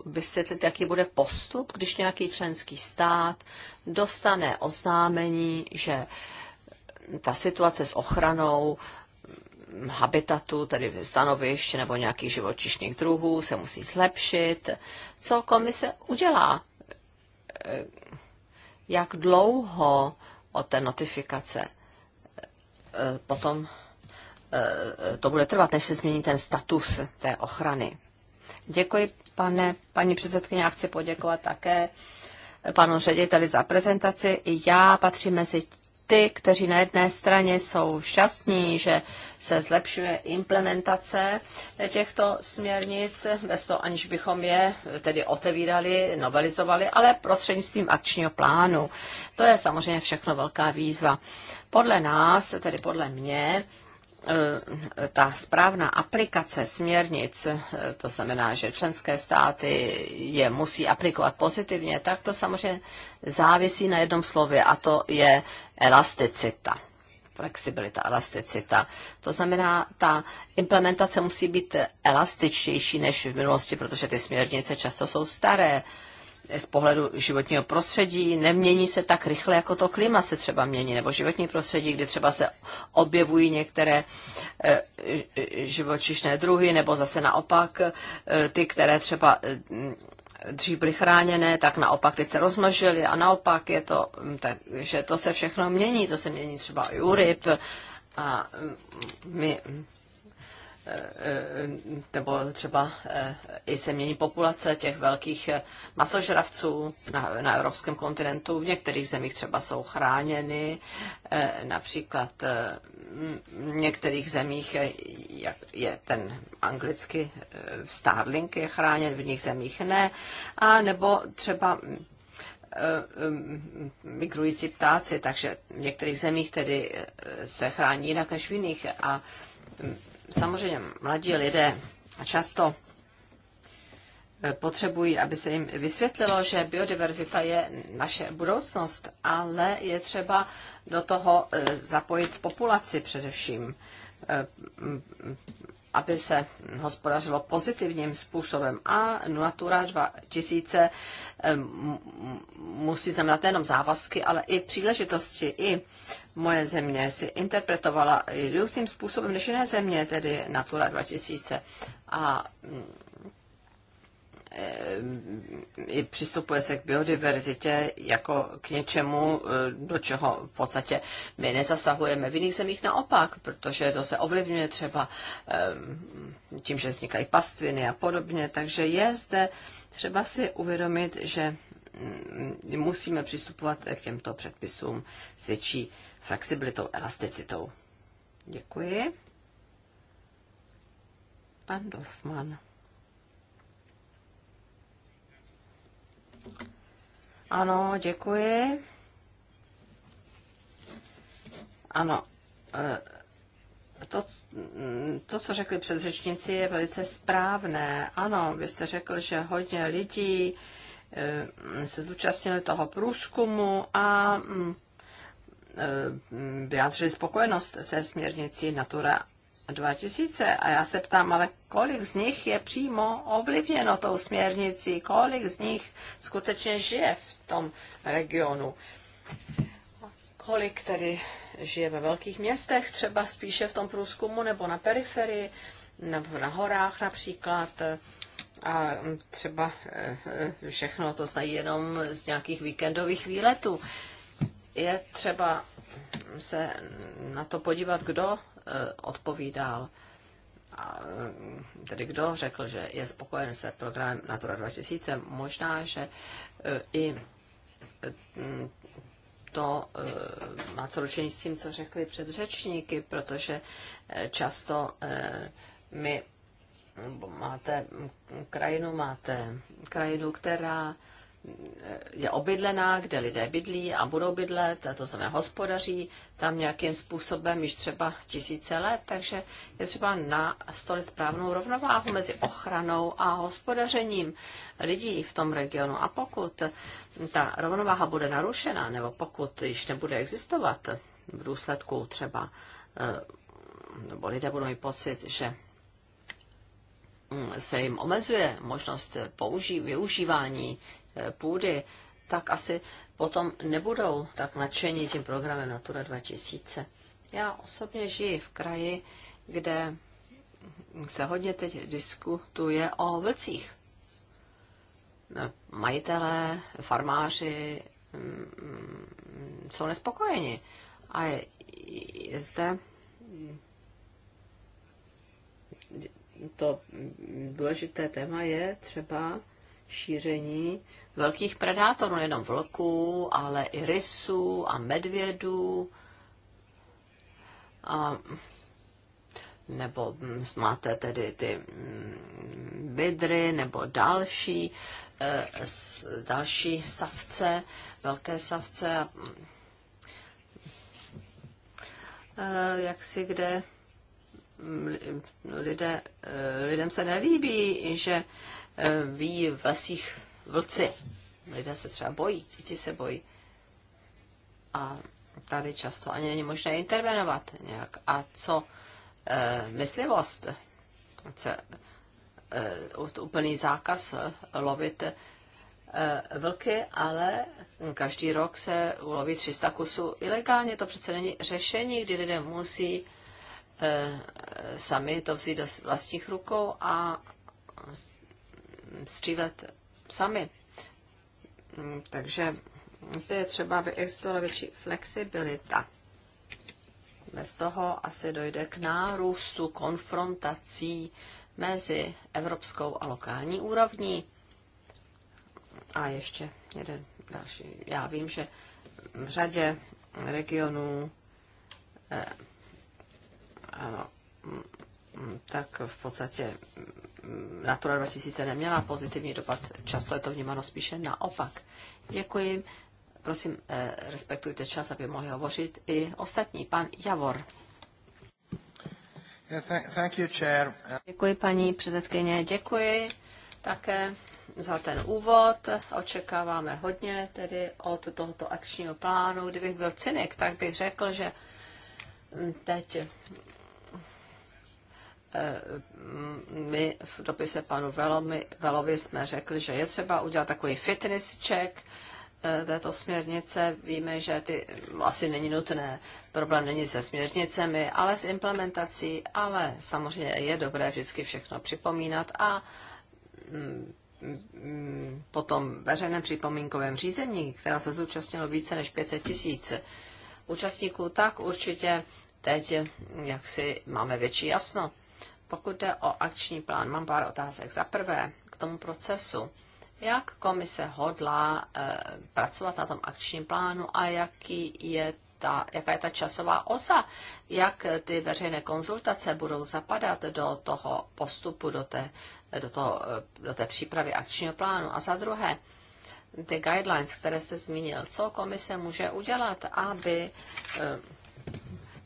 vysvětlit, jaký bude postup, když nějaký členský stát dostane oznámení, že ta situace s ochranou habitatu, tedy stanovišť nebo nějakých živočišných druhů, se musí zlepšit. Co komise udělá? Jak dlouho od té notifikace potom Eh, to bude trvat, než se změní ten status té ochrany. Děkuji, pane, paní předsedkyně, já chci poděkovat také panu řediteli za prezentaci. Já patřím mezi ty, kteří na jedné straně jsou šťastní, že se zlepšuje implementace těchto směrnic, bez toho aniž bychom je tedy otevírali, novelizovali, ale prostřednictvím akčního plánu. To je samozřejmě všechno velká výzva. Podle nás, tedy podle mě, Eh, ta správná aplikace směrnic, eh, to znamená, že členské státy je musí aplikovat pozitivně, tak to samozřejmě závisí na jednom slově a to je elasticita. Flexibilita, elasticita. To znamená, ta implementace musí být elastičtější než v minulosti, protože ty směrnice často jsou staré z pohledu životního prostředí nemění se tak rychle, jako to klima se třeba mění, nebo životní prostředí, kde třeba se objevují některé eh, živočišné druhy, nebo zase naopak eh, ty, které třeba eh, dřív byly chráněné, tak naopak teď se rozmnožily a naopak je to, hm, takže to se všechno mění, to se mění třeba i u ryb a hm, my hm, nebo třeba eh, i se mění populace těch velkých eh, masožravců na, na evropském kontinentu. V některých zemích třeba jsou chráněny, eh, například v některých zemích jak je ten anglicky starling je chráněn, v jiných zemích ne. A nebo třeba migrující ptáci, takže v některých zemích tedy se chrání jinak než v jiných. A samozřejmě mladí lidé často e, potřebují, aby se jim vysvětlilo, že biodiverzita je naše budoucnost, ale je třeba do toho e, zapojit populaci především, e, aby se hospodařilo pozitivním způsobem. A Natura 2000 musí znamenat nejenom závazky, ale i příležitosti. I moje země si interpretovala různým způsobem než jiné země, tedy Natura 2000. A Eh, i přistupuje se k biodiverzitě jako k něčemu, eh, do čeho v podstatě my nezasahujeme. V jiných zemích naopak, protože to se ovlivňuje třeba eh, tím, že vznikají pastviny a podobně. Takže je zde třeba si uvědomit, že mm, musíme přistupovat k těmto předpisům s větší flexibilitou, elasticitou. Děkuji. Pan Dorfman. Ano, děkuji. Ano, eh, to, to, co řekli předřečníci, je velice správné. Ano, vy jste řekl, že hodně lidí eh, se zúčastnili toho průzkumu a mm, eh, vyjádřili spokojenost se směrnicí Natura 2000. A já se ptám, ale kolik z nich je přímo ovlivněno tou směrnicí, kolik z nich skutečně žije v tom regionu. Kolik tedy žije ve velkých městech, třeba spíše v tom průzkumu, nebo na periferii, nebo na horách například. A třeba eh, eh, všechno to znají jenom z nějakých víkendových výletů. Je třeba se na to podívat, kdo Eh, odpovídal. A, eh, tedy kdo řekl, že je spokojen se programem Natura 2000, možná, že eh, i to má co dočení s tím, co řekli předřečníky, protože často my máte krajinu, máte krajinu, která je obydlená, kde lidé bydlí a budou bydlet, a to znamená hospodaří tam nějakým způsobem již třeba tisíce let, takže je třeba nastolit správnou rovnováhu mezi ochranou a hospodařením lidí v tom regionu. A pokud ta rovnováha bude narušena, nebo pokud již nebude existovat v důsledku třeba, eh, nebo lidé budou mít pocit, že mm, se jim omezuje možnost použí, využívání půdy, tak asi potom nebudou tak nadšení tím programem Natura 2000. Já osobně žiji v kraji, kde se hodně teď diskutuje o vlcích. Majitelé, farmáři mm, jsou nespokojeni. A je, je zde to důležité téma je třeba šíření velkých predátorů, nejenom vlků, ale i rysů a medvědů. A nebo hm, máte tedy ty hm, vidry nebo další, eh, další savce, velké savce a eh, jak si kde hm, lidé, eh, lidem se nelíbí, že ví v lesích vlci. Lidé se třeba bojí, děti se bojí. A tady často ani není možné intervenovat nějak. A co e, myslivost? Co, e, úplný zákaz eh, lovit e, vlky, ale každý rok se uloví 300 kusů ilegálně. To přece není řešení, kdy lidé musí e, sami to vzít do vlastních rukou a střílet sami. Mm, takže zde je třeba, aby existovala větší flexibilita. Bez toho asi dojde k nárůstu konfrontací mezi evropskou a lokální úrovní. A ještě jeden další. Já vím, že v řadě regionů eh, ano, mm, mm, tak v podstatě Natura 2000 neměla pozitivní dopad. Často je to vnímáno spíše naopak. Děkuji. Prosím, eh, respektujte čas, aby mohli hovořit i ostatní. Pan Javor. Děkuji, paní předsedkyně. Děkuji také za ten úvod. Očekáváme hodně tedy od tohoto akčního plánu. Kdybych byl cynik, tak bych řekl, že teď Eh, my v dopise panu Velovi, Velovi jsme řekli, že je třeba udělat takový fitness check eh, této směrnice. Víme, že ty asi není nutné. Problém není se směrnicemi, ale s implementací, ale samozřejmě je dobré vždycky všechno připomínat a mm, mm, po tom veřejném připomínkovém řízení, která se zúčastnilo více než 500 tisíc účastníků, tak určitě teď jak si máme větší jasno. Pokud jde o akční plán, mám pár otázek. Za prvé, k tomu procesu. Jak komise hodlá e, pracovat na tom akčním plánu a jaký je ta, jaká je ta časová osa, jak ty veřejné konzultace budou zapadat do toho postupu, do té, do toho, eh, do té přípravy akčního plánu. A za druhé, ty guidelines, které jste zmínil, co komise může udělat, aby eh,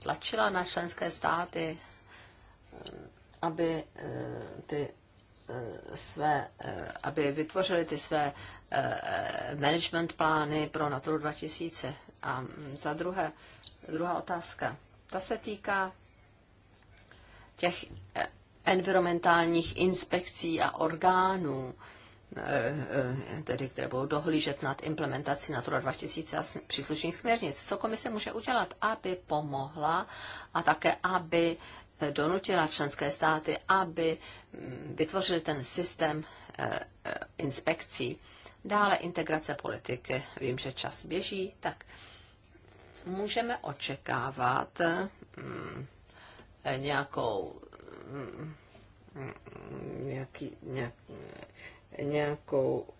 tlačila na členské státy aby eh, ty eh, své, eh, aby vytvořili ty své management plány pro Natura 2000. A mm, za druhé, druhá otázka. Ta se týká těch environmentálních inspekcí a orgánů, tedy které budou dohlížet nad implementací Natura 2000 a příslušných směrnic. Co komise může udělat, aby pomohla a také, aby donutila členské státy, aby mm, vytvořili ten systém eh, eh, inspekcí. Dále integrace politiky. Vím, že čas běží, tak můžeme očekávat mm, nějakou mm, nějaký, nějak, nějakou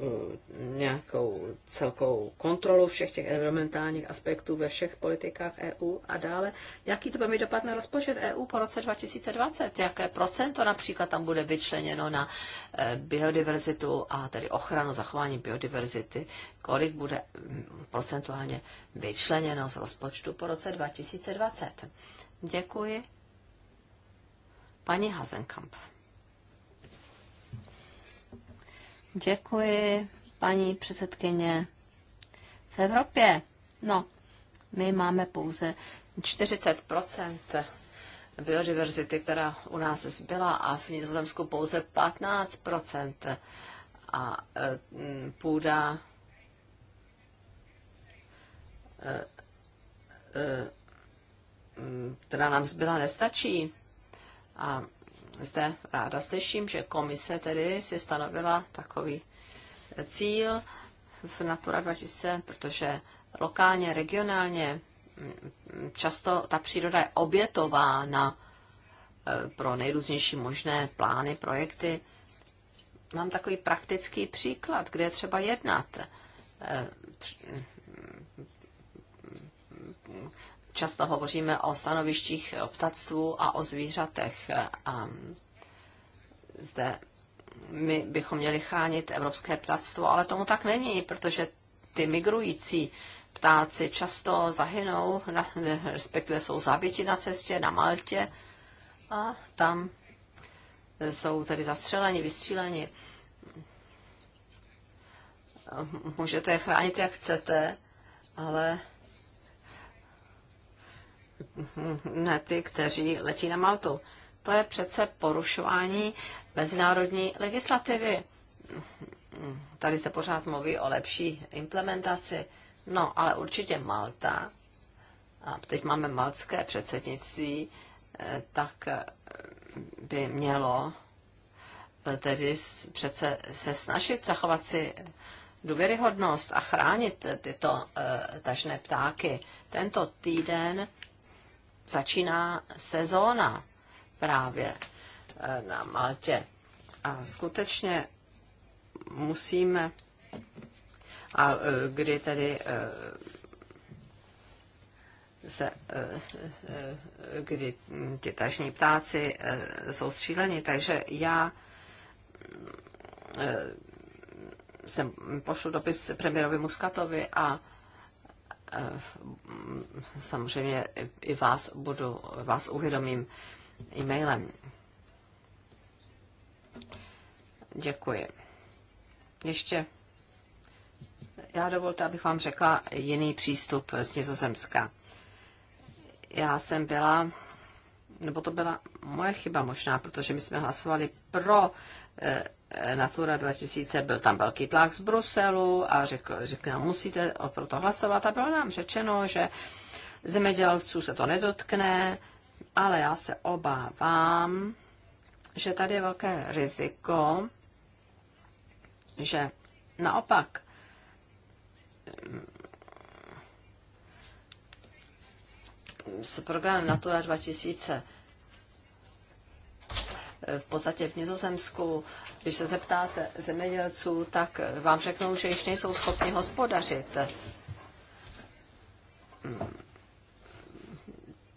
Eh, nějakou celkovou kontrolu všech těch environmentálních aspektů ve všech politikách EU a dále. Jaký to bude mít dopad na rozpočet EU po roce 2020? Jaké procento například tam bude vyčleněno na eh, biodiverzitu a tedy ochranu, zachování biodiverzity? Kolik bude hm, procentuálně vyčleněno z rozpočtu po roce 2020? Děkuji. pani Hazenkamp. Děkuji, paní předsedkyně. V Evropě, no, my máme pouze 40 biodiverzity, která u nás zbyla a v Nizozemsku pouze 15 a e, půda e, e, která nám zbyla, nestačí. A zde ráda slyším, že komise tedy si stanovila takový cíl v Natura 2000, protože lokálně, regionálně mm, často ta příroda je obětována e, pro nejrůznější možné plány, projekty. Mám takový praktický příklad, kde je třeba jednat e, často hovoříme o stanovištích o ptactvu a o zvířatech. A zde my bychom měli chránit evropské ptactvo, ale tomu tak není, protože ty migrující ptáci často zahynou, na, respektive jsou zabiti na cestě na Maltě a tam jsou tedy zastřeleni, vystříleni. Můžete je chránit, jak chcete, ale ne ty, kteří letí na Maltu. To je přece porušování mezinárodní legislativy. Tady se pořád mluví o lepší implementaci. No, ale určitě Malta, a teď máme maltské předsednictví, eh, tak eh, by mělo eh, tedy přece se snažit zachovat si důvěryhodnost a chránit tyto tažné ptáky. Tento týden začíná sezóna právě eh, na Maltě. A skutečně musíme, a eh, kdy tedy eh, se, kdy ti tažní ptáci jsou stříleni, takže já jsem pošlu dopis premiérovi Muskatovi a Eh, samozřejmě i vás budu, vás uvědomím e-mailem. Děkuji. Ještě já dovolte, abych vám řekla jiný přístup z Nizozemska. Já jsem byla, nebo to byla moje chyba možná, protože my jsme hlasovali pro eh, Eh, Natura 2000, byl tam velký tlak z Bruselu a řekl, řekl, nám, musíte pro to hlasovat a bylo nám řečeno, že zemědělců se to nedotkne, ale já se obávám, že tady je velké riziko, že naopak mm, s programem Natura 2000 v podstatě v Nizozemsku, když se zeptáte zemědělců, tak vám řeknou, že již nejsou schopni hospodařit.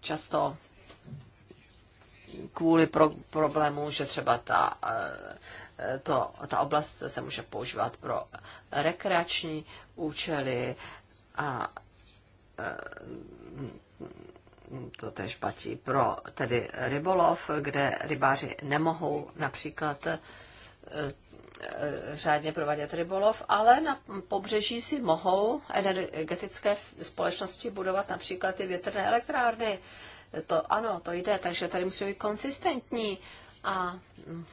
Často kvůli pro, problému, že třeba ta, eh, to, ta oblast se může používat pro rekreační účely a eh, to tež platí pro tedy rybolov, kde rybáři nemohou například eh, eh, řádně provádět rybolov, ale na pobřeží si mohou energetické společnosti budovat například ty větrné elektrárny. To ano, to jde, takže tady musíme být konsistentní a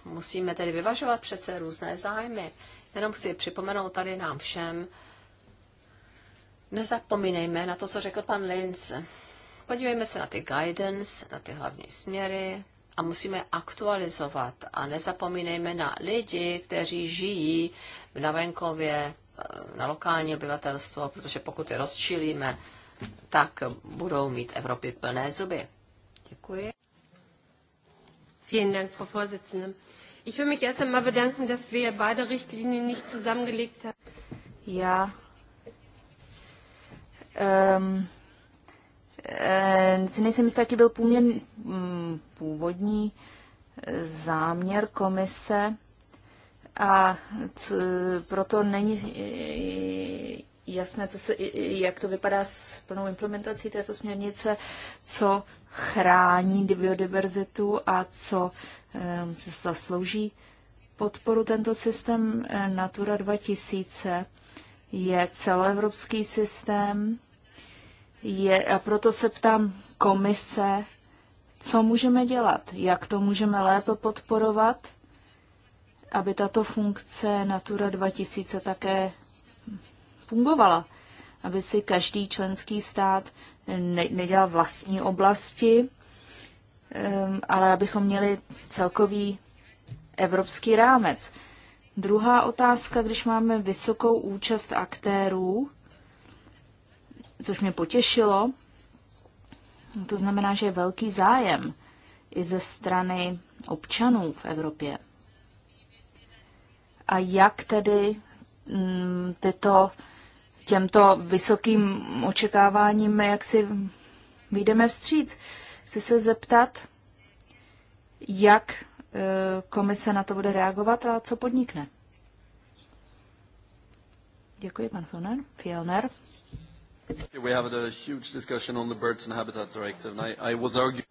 musíme tedy vyvažovat přece různé zájmy. Jenom chci připomenout tady nám všem, nezapomínejme na to, co řekl pan Linz Podívejme se na ty guidance, na ty hlavní směry a musíme aktualizovat a nezapomínejme na lidi, kteří žijí na venkově, eh, na lokální obyvatelstvo, protože pokud je rozčilíme, tak budou mít Evropy plné zuby. Děkuji. Vielen Dank, Frau Vorsitzende. Ich will mich erst einmal bedanken, dass wir beide Richtlinien nicht zusammengelegt haben. Ja. Ähm, Eh, si nejsem jistá, jaký byl půměr, mm, původní eh, záměr komise a c, proto není eh, jasné, co se, jak to vypadá s plnou implementací této směrnice, co chrání biodiverzitu a co se slouží podporu tento systém Natura 2000 je celoevropský systém, je, a proto se ptám komise, co můžeme dělat, jak to můžeme lépe podporovat, aby tato funkce Natura 2000 také fungovala, aby si každý členský stát ne- nedělal vlastní oblasti, ehm, ale abychom měli celkový evropský rámec. Druhá otázka, když máme vysokou účast aktérů, což mě potěšilo. To znamená, že je velký zájem i ze strany občanů v Evropě. A jak tedy mm, tyto, těmto vysokým očekáváním, jak si vyjdeme vstříc? Chci se zeptat, jak e, komise na to bude reagovat a co podnikne. Děkuji, pan Fielner. Fielner.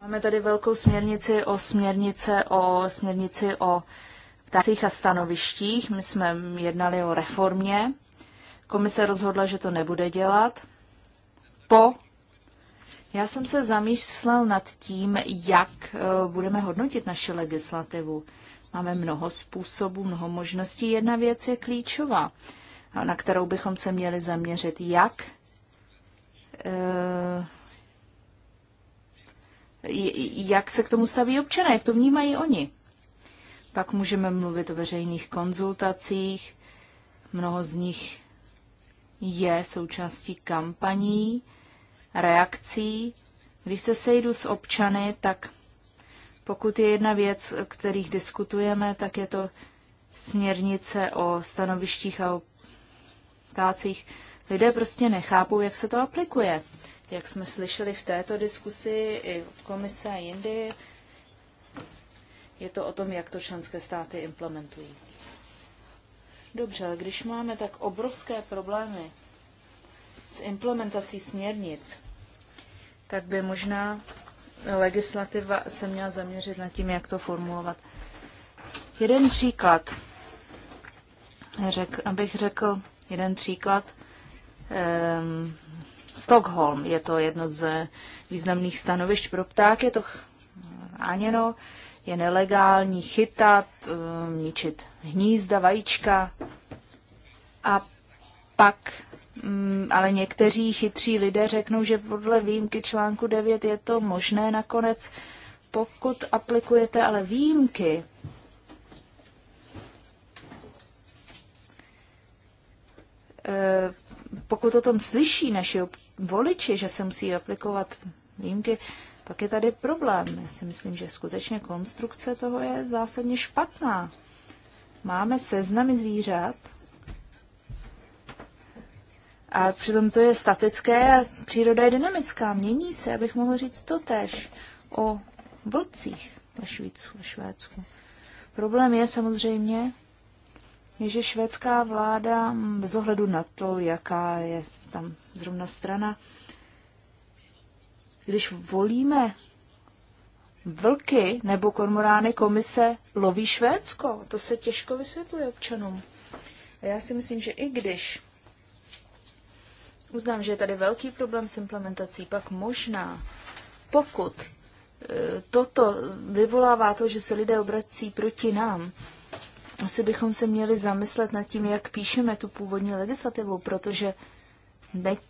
Máme tady velkou směrnici o směrnice o směrnici o ptacích a stanovištích. My jsme jednali o reformě. Komise rozhodla, že to nebude dělat. Po já jsem se zamýšlel nad tím, jak eh, budeme hodnotit naši legislativu. Máme mnoho způsobů, mnoho možností. Jedna věc je klíčová, na kterou bychom se měli zaměřit, jak Eh, jak se k tomu staví občané, jak to vnímají oni. Pak můžeme mluvit o veřejných konzultacích, mnoho z nich je součástí kampaní, reakcí. Když se sejdu s občany, tak pokud je jedna věc, o kterých diskutujeme, tak je to směrnice o stanovištích a o Lidé prostě nechápou, jak se to aplikuje. Jak jsme slyšeli v této diskusi i v komise a jindy, je to o tom, jak to členské státy implementují. Dobře, ale když máme tak obrovské problémy s implementací směrnic, tak by možná legislativa se měla zaměřit na tím, jak to formulovat. Jeden příklad, řek, abych řekl jeden příklad, um, Stockholm. Je to jedno z významných stanovišť pro ptáky, je to áněno, je nelegální chytat, um, ničit hnízda, vajíčka. A pak mm, ale někteří chytří lidé řeknou, že podle výjimky článku 9 je to možné nakonec, pokud aplikujete ale výjimky, ehm, pokud o tom slyší naši voliči, že se musí aplikovat výjimky, pak je tady problém. Já si myslím, že skutečně konstrukce toho je zásadně špatná. Máme seznamy zvířat a přitom to je statické a příroda je dynamická. Mění se, abych mohl říct to tež o vlcích ve Švýcu, ve Švédsku. Problém je samozřejmě, že švédská vláda, mm, bez ohledu na to, jaká je tam zrovna strana, když volíme vlky nebo kormorány, komise loví Švédsko. To se těžko vysvětluje občanům. A já si myslím, že i když uznám, že je tady velký problém s implementací, pak možná, pokud e, toto vyvolává to, že se lidé obrací proti nám, asi bychom se měli zamyslet nad tím, jak píšeme tu původní legislativu, protože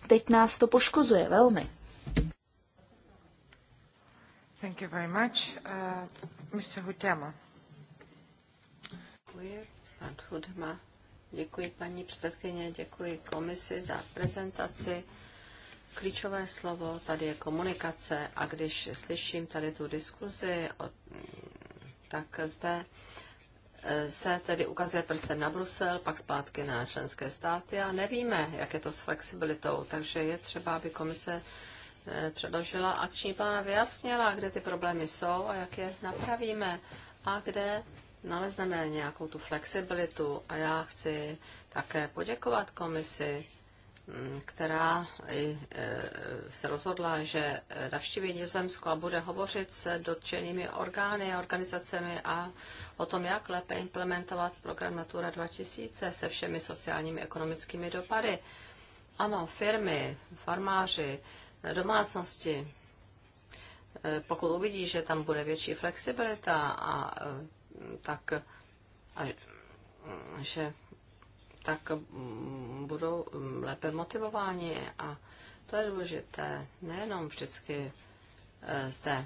teď nás to poškozuje velmi. Thank you very much. Uh, Mr. Hutema. Děkuji, pan Hudma. Děkuji, paní předsedkyně, děkuji komisi za prezentaci. Klíčové slovo tady je komunikace a když slyším tady tu diskuzi, tak zde se tedy ukazuje prstem na Brusel, pak zpátky na členské státy a nevíme, jak je to s flexibilitou, takže je třeba, aby komise eh, předložila akční plán a vyjasnila, kde ty problémy jsou a jak je napravíme a kde nalezneme nějakou tu flexibilitu. A já chci také poděkovat komisi která e, se rozhodla, že e, navštíví Nizozemsko a bude hovořit se dotčenými orgány a organizacemi a o tom, jak lépe implementovat program Natura 2000 se všemi sociálními ekonomickými dopady. Ano, firmy, farmáři, e, domácnosti, pokud uvidí, že tam bude větší flexibilita a tak a, že tak mm, budou mm, lépe motivováni a to je důležité nejenom vždycky eh, zde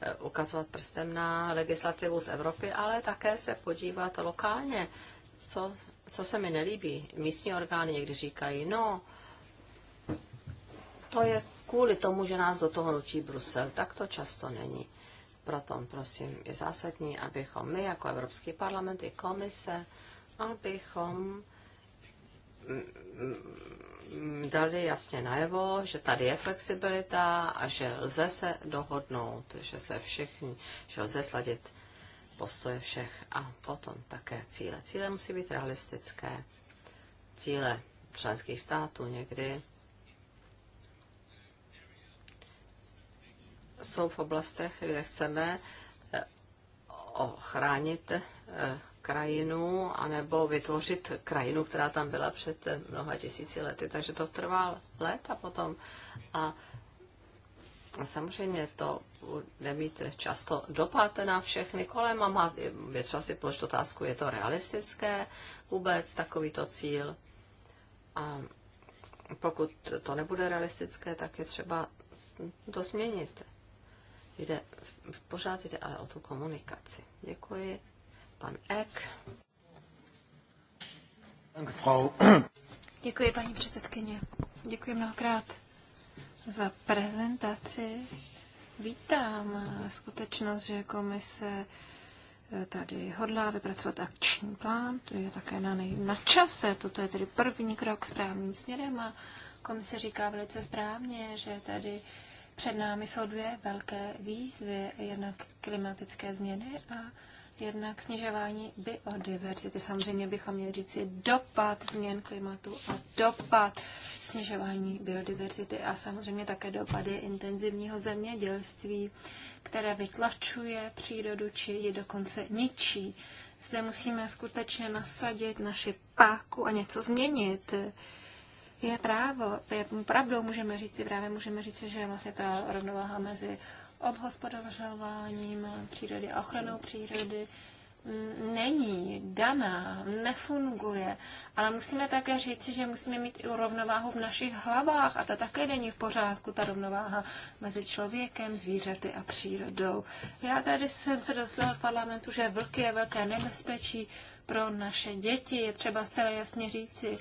eh, ukazovat prstem na legislativu z Evropy, ale také se podívat lokálně, co, co se mi nelíbí. Místní orgány někdy říkají, no, to je kvůli tomu, že nás do toho nutí Brusel. Tak to často není. Proto, prosím, je zásadní, abychom my jako Evropský parlament i komise abychom dali jasně najevo, že tady je flexibilita a že lze se dohodnout, že se všichni, že lze sladit postoje všech a potom také cíle. Cíle musí být realistické. Cíle členských států někdy jsou v oblastech, kde chceme eh, ochránit eh, krajinu, anebo vytvořit krajinu, která tam byla před mnoha tisíci lety. Takže to trvá léta potom. A samozřejmě to bude mít často dopad na všechny kolem a má, je třeba si položit otázku, je to realistické vůbec takovýto cíl. A pokud to nebude realistické, tak je třeba to změnit. Jde, pořád jde ale o tu komunikaci. Děkuji. Pan Ek. Děkuji, paní předsedkyně. Děkuji mnohokrát za prezentaci. Vítám skutečnost, že komise eh, tady hodlá vypracovat akční plán, to je také na, nej- na čase, toto je tedy první krok správným směrem a komise říká velice správně, že tady před námi jsou dvě velké výzvy, jednak klimatické změny a Jednak snižování biodiverzity. Samozřejmě bychom měli říci dopad změn klimatu a dopad snižování biodiverzity a samozřejmě také dopady intenzivního zemědělství, které vytlačuje přírodu či ji dokonce ničí. Zde musíme skutečně nasadit naši páku a něco změnit je právo, je pravdou můžeme říct, právě můžeme říct, že vlastně ta rovnováha mezi obhospodařováním přírody a ochranou přírody není daná, nefunguje. Ale musíme také říct, že musíme mít i rovnováhu v našich hlavách a ta také není v pořádku, ta rovnováha mezi člověkem, zvířaty a přírodou. Já tady jsem se dostala v parlamentu, že vlky je velké nebezpečí pro naše děti. Je třeba zcela jasně říci,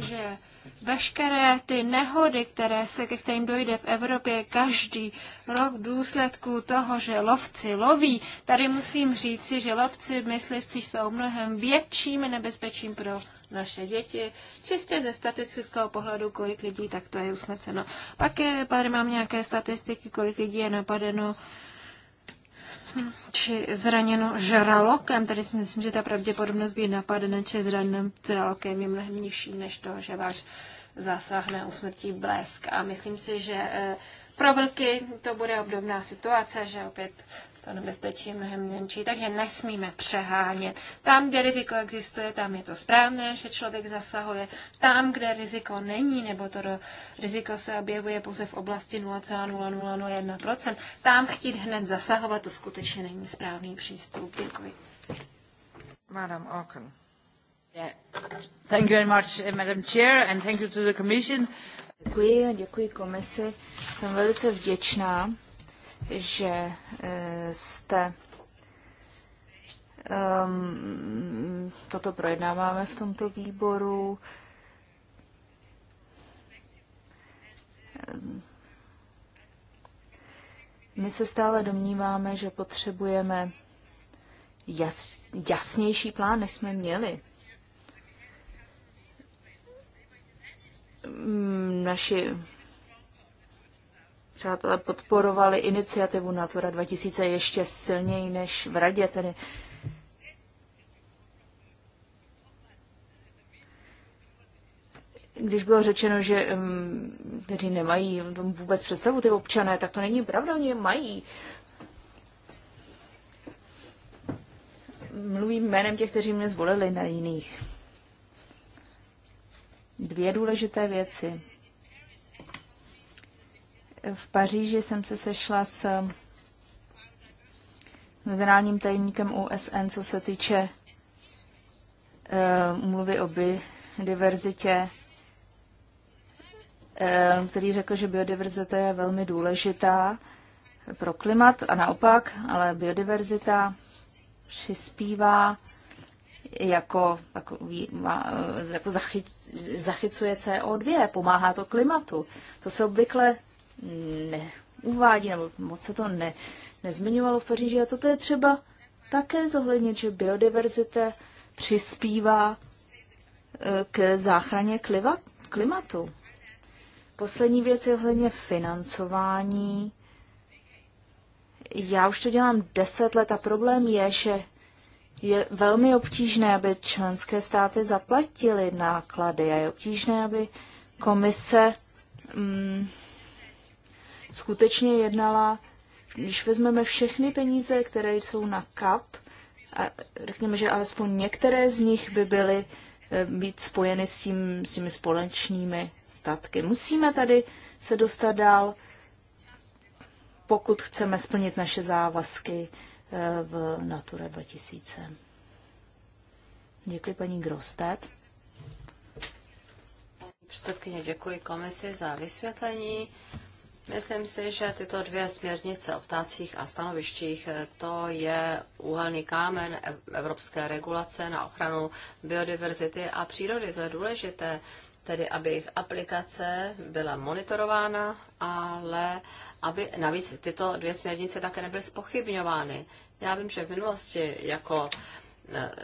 že veškeré ty nehody, které se, ke kterým dojde v Evropě každý rok v důsledku toho, že lovci loví, tady musím říci, že lovci, myslivci jsou mnohem větším nebezpečím pro naše děti. Čistě ze statistického pohledu, kolik lidí takto je usmrceno. Pak je, tady mám nějaké statistiky, kolik lidí je napadeno uh, či zraněno žralokem, tady si myslím, že ta pravděpodobnost být napadena či zraněn žralokem je mnohem nižší, než to, že váš zasáhne usmrtí blesk. A myslím si, že eh, pro vlky to bude obdobná situace, že opět to nebezpečí je mnohem menší, takže nesmíme přehánět. Tam, kde riziko existuje, tam je to správné, že člověk zasahuje. Tam, kde riziko není, nebo to riziko se objevuje pouze v oblasti 0,0001%, tam chtít hned zasahovat, to skutečně není správný přístup. Děkuji. Madam Oken. Yeah. Thank you very much, eh, Madam Chair, and thank you to the Commission. Děkuji a děkuji komisi. Jsem velice vděčná že eh, jste um, toto projednáváme v tomto výboru. Ehm, my se stále domníváme, že potřebujeme jas, jasnější plán, než jsme měli. Ehm, naši přátelé podporovali iniciativu Natura 2000 ještě silněji než v radě, tedy když bylo řečeno, že um, kteří nemají vůbec představu ty občané, tak to není pravda, oni mají. Mluvím jménem těch, kteří mě zvolili na jiných. Dvě důležité věci. V Paříži jsem se sešla s eh, generálním tajemníkem OSN, co se týče uh, eh, mluvy o biodiverzitě, uh, který řekl, že biodiverzita je velmi důležitá pro klimat a naopak, ale biodiverzita přispívá jako, takový, jako zachy, zachycuje CO2, pomáhá to klimatu. To se obvykle neuvádí, nebo moc se to ne, nezmiňovalo v Paříži. A toto je třeba také zohlednit, že biodiverzita přispívá e, k záchraně klimatu. Poslední věc je ohledně financování. Já už to dělám deset let a problém je, že je velmi obtížné, aby členské státy zaplatily náklady a je obtížné, aby komise mm, skutečně jednala, když vezmeme všechny peníze, které jsou na kap, a řekněme, že alespoň některé z nich by byly eh, být spojeny s, tím, s těmi společnými statky. Musíme tady se dostat dál, pokud chceme splnit naše závazky eh, v Natura 2000. Děkuji paní Grostet. Předsedkyně, děkuji komisi za vysvětlení. Myslím si, že tyto dvě směrnice o ptácích a stanovištích, eh, to je úhelný kámen evropské regulace na ochranu biodiverzity a přírody. To je důležité, tedy aby jejich aplikace byla monitorována, ale aby navíc tyto dvě směrnice také nebyly spochybňovány. Já vím, že v minulosti jako Eh,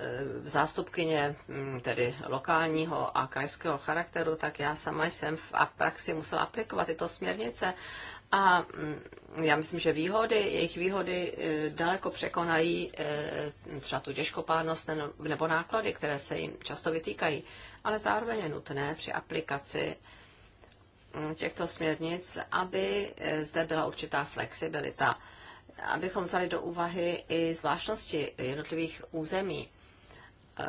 zástupkyně hm, tedy lokálního a krajského charakteru, tak já sama jsem v praxi musela aplikovat tyto směrnice a hm, já myslím, že výhody, jejich výhody eh, daleko překonají eh, třeba tu těžkopádnost nebo náklady, které se jim často vytýkají. Ale zároveň je nutné při aplikaci hm, těchto směrnic, aby zde byla určitá flexibilita abychom vzali do úvahy i zvláštnosti jednotlivých území.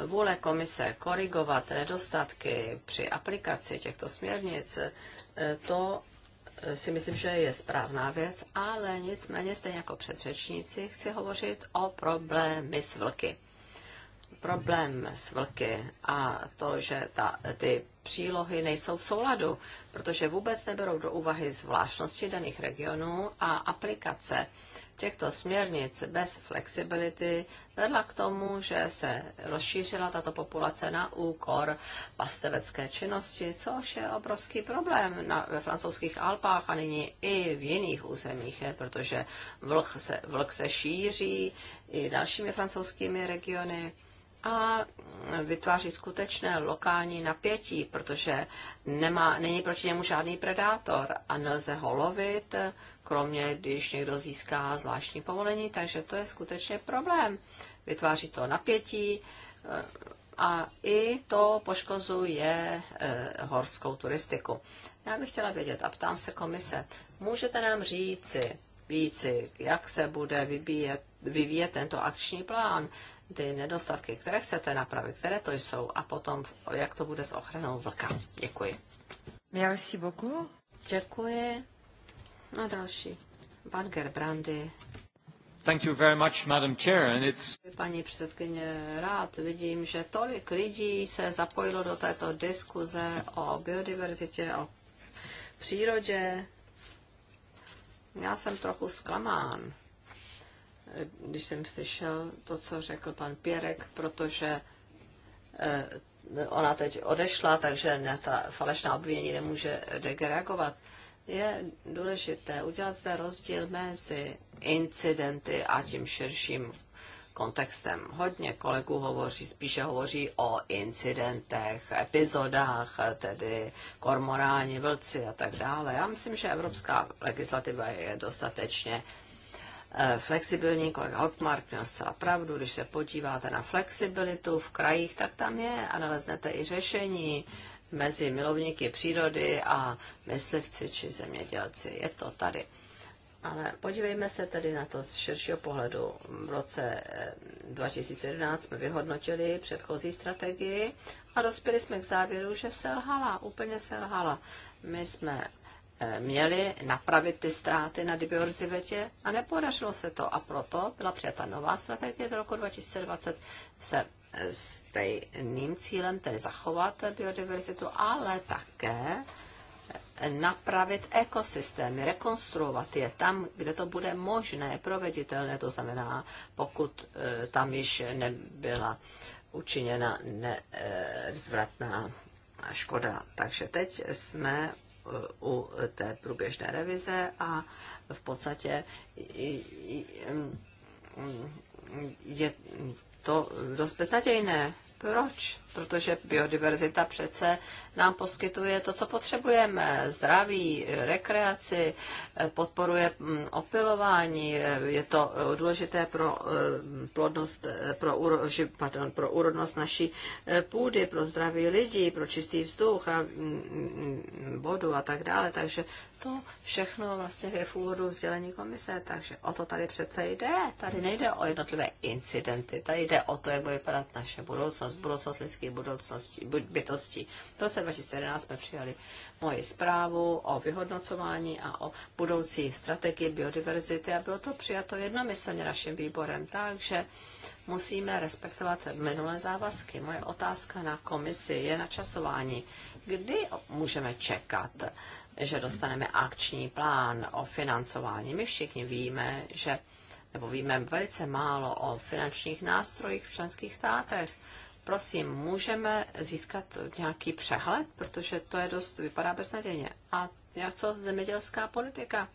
Vůle komise korigovat nedostatky při aplikaci těchto směrnic, to si myslím, že je správná věc, ale nicméně stejně jako předřečníci chci hovořit o problémy s vlky. Problém s vlky a to, že ta, ty přílohy nejsou v souladu, protože vůbec neberou do úvahy zvláštnosti daných regionů a aplikace těchto směrnic bez flexibility vedla k tomu, že se rozšířila tato populace na úkor pastevecké činnosti, což je obrovský problém na, ve francouzských Alpách a nyní i v jiných územích, je, eh, protože vlk se, vlh se šíří i dalšími francouzskými regiony a vytváří skutečné lokální napětí, protože nemá, není proti němu žádný predátor a nelze ho lovit, kromě když někdo získá zvláštní povolení, takže to je skutečně problém. Vytváří to napětí eh, a i to poškozuje eh, horskou turistiku. Já bych chtěla vědět a ptám se komise, můžete nám říci, víci, jak se bude vybíjet, vyvíjet tento akční plán, ty nedostatky, které chcete napravit, které to jsou a potom, jak to bude s ochranou vlka. Děkuji. Merci beaucoup. Děkuji. A no, další. Pan Gerbrandy. Thank you very much, Madam Chair, and it's... Paní předsedkyně, rád vidím, že tolik lidí se zapojilo do této diskuze o biodiverzitě, o přírodě. Já jsem trochu zklamán když jsem slyšel to, co řekl pan Pěrek, protože eh, ona teď odešla, takže na ta falešná obvinění nemůže reagovat. Je důležité udělat zde rozdíl mezi incidenty a tím širším kontextem. Hodně kolegů hovoří, spíše hovoří o incidentech, epizodách, tedy kormoráni, vlci a tak dále. Já myslím, že evropská legislativa je dostatečně Eh, flexibilní, kolega Altmark měl zcela pravdu, když se podíváte na flexibilitu v krajích, tak tam je a naleznete i řešení mezi milovníky přírody a myslivci či zemědělci. Je to tady. Ale podívejme se tedy na to z širšího pohledu. V roce 2011 eh, jsme vyhodnotili předchozí strategii a dospěli jsme k závěru, že selhala, úplně selhala. My jsme Eh, měli napravit ty ztráty na dibiorzivitě a nepodařilo se to. A proto byla přijata nová strategie do roku 2020 se eh, stejným cílem, tedy zachovat biodiverzitu, ale také eh, napravit ekosystémy, rekonstruovat je tam, kde to bude možné, proveditelné, to znamená, pokud tam již nebyla učiněna nezvratná škoda. Takže teď jsme u té průběžné revize a v podstatě mm, je to dost beznadějné, proč? Protože biodiverzita přece nám poskytuje to, co potřebujeme. Zdraví, rekreaci, podporuje mm, opilování, je to eh, důležité pro eh, plodnost, eh, pro, uroži, pardon, pro úrodnost naší půdy, pro zdraví lidí, pro čistý vzduch a mm, mm, vodu a tak dále. Takže to všechno vlastně je v úvodu sdělení komise, takže o to tady přece jde. Tady nejde o jednotlivé incidenty, tady jde o to, jak bude vypadat naše budoucnost, budoucnost lidských budoucností, bytostí. V roce 2011 jsme přijali moji zprávu o vyhodnocování a o budoucí strategii biodiverzity a bylo to přijato jednomyslně naším výborem, takže musíme respektovat minulé závazky. Moje otázka na komisi je na časování. Kdy můžeme čekat? že dostaneme akční plán o financování. My všichni víme, že nebo víme velice málo o finančních nástrojích v členských státech. Prosím, můžeme získat nějaký přehled, protože to je dost, vypadá beznadějně. A jak co zemědělská politika?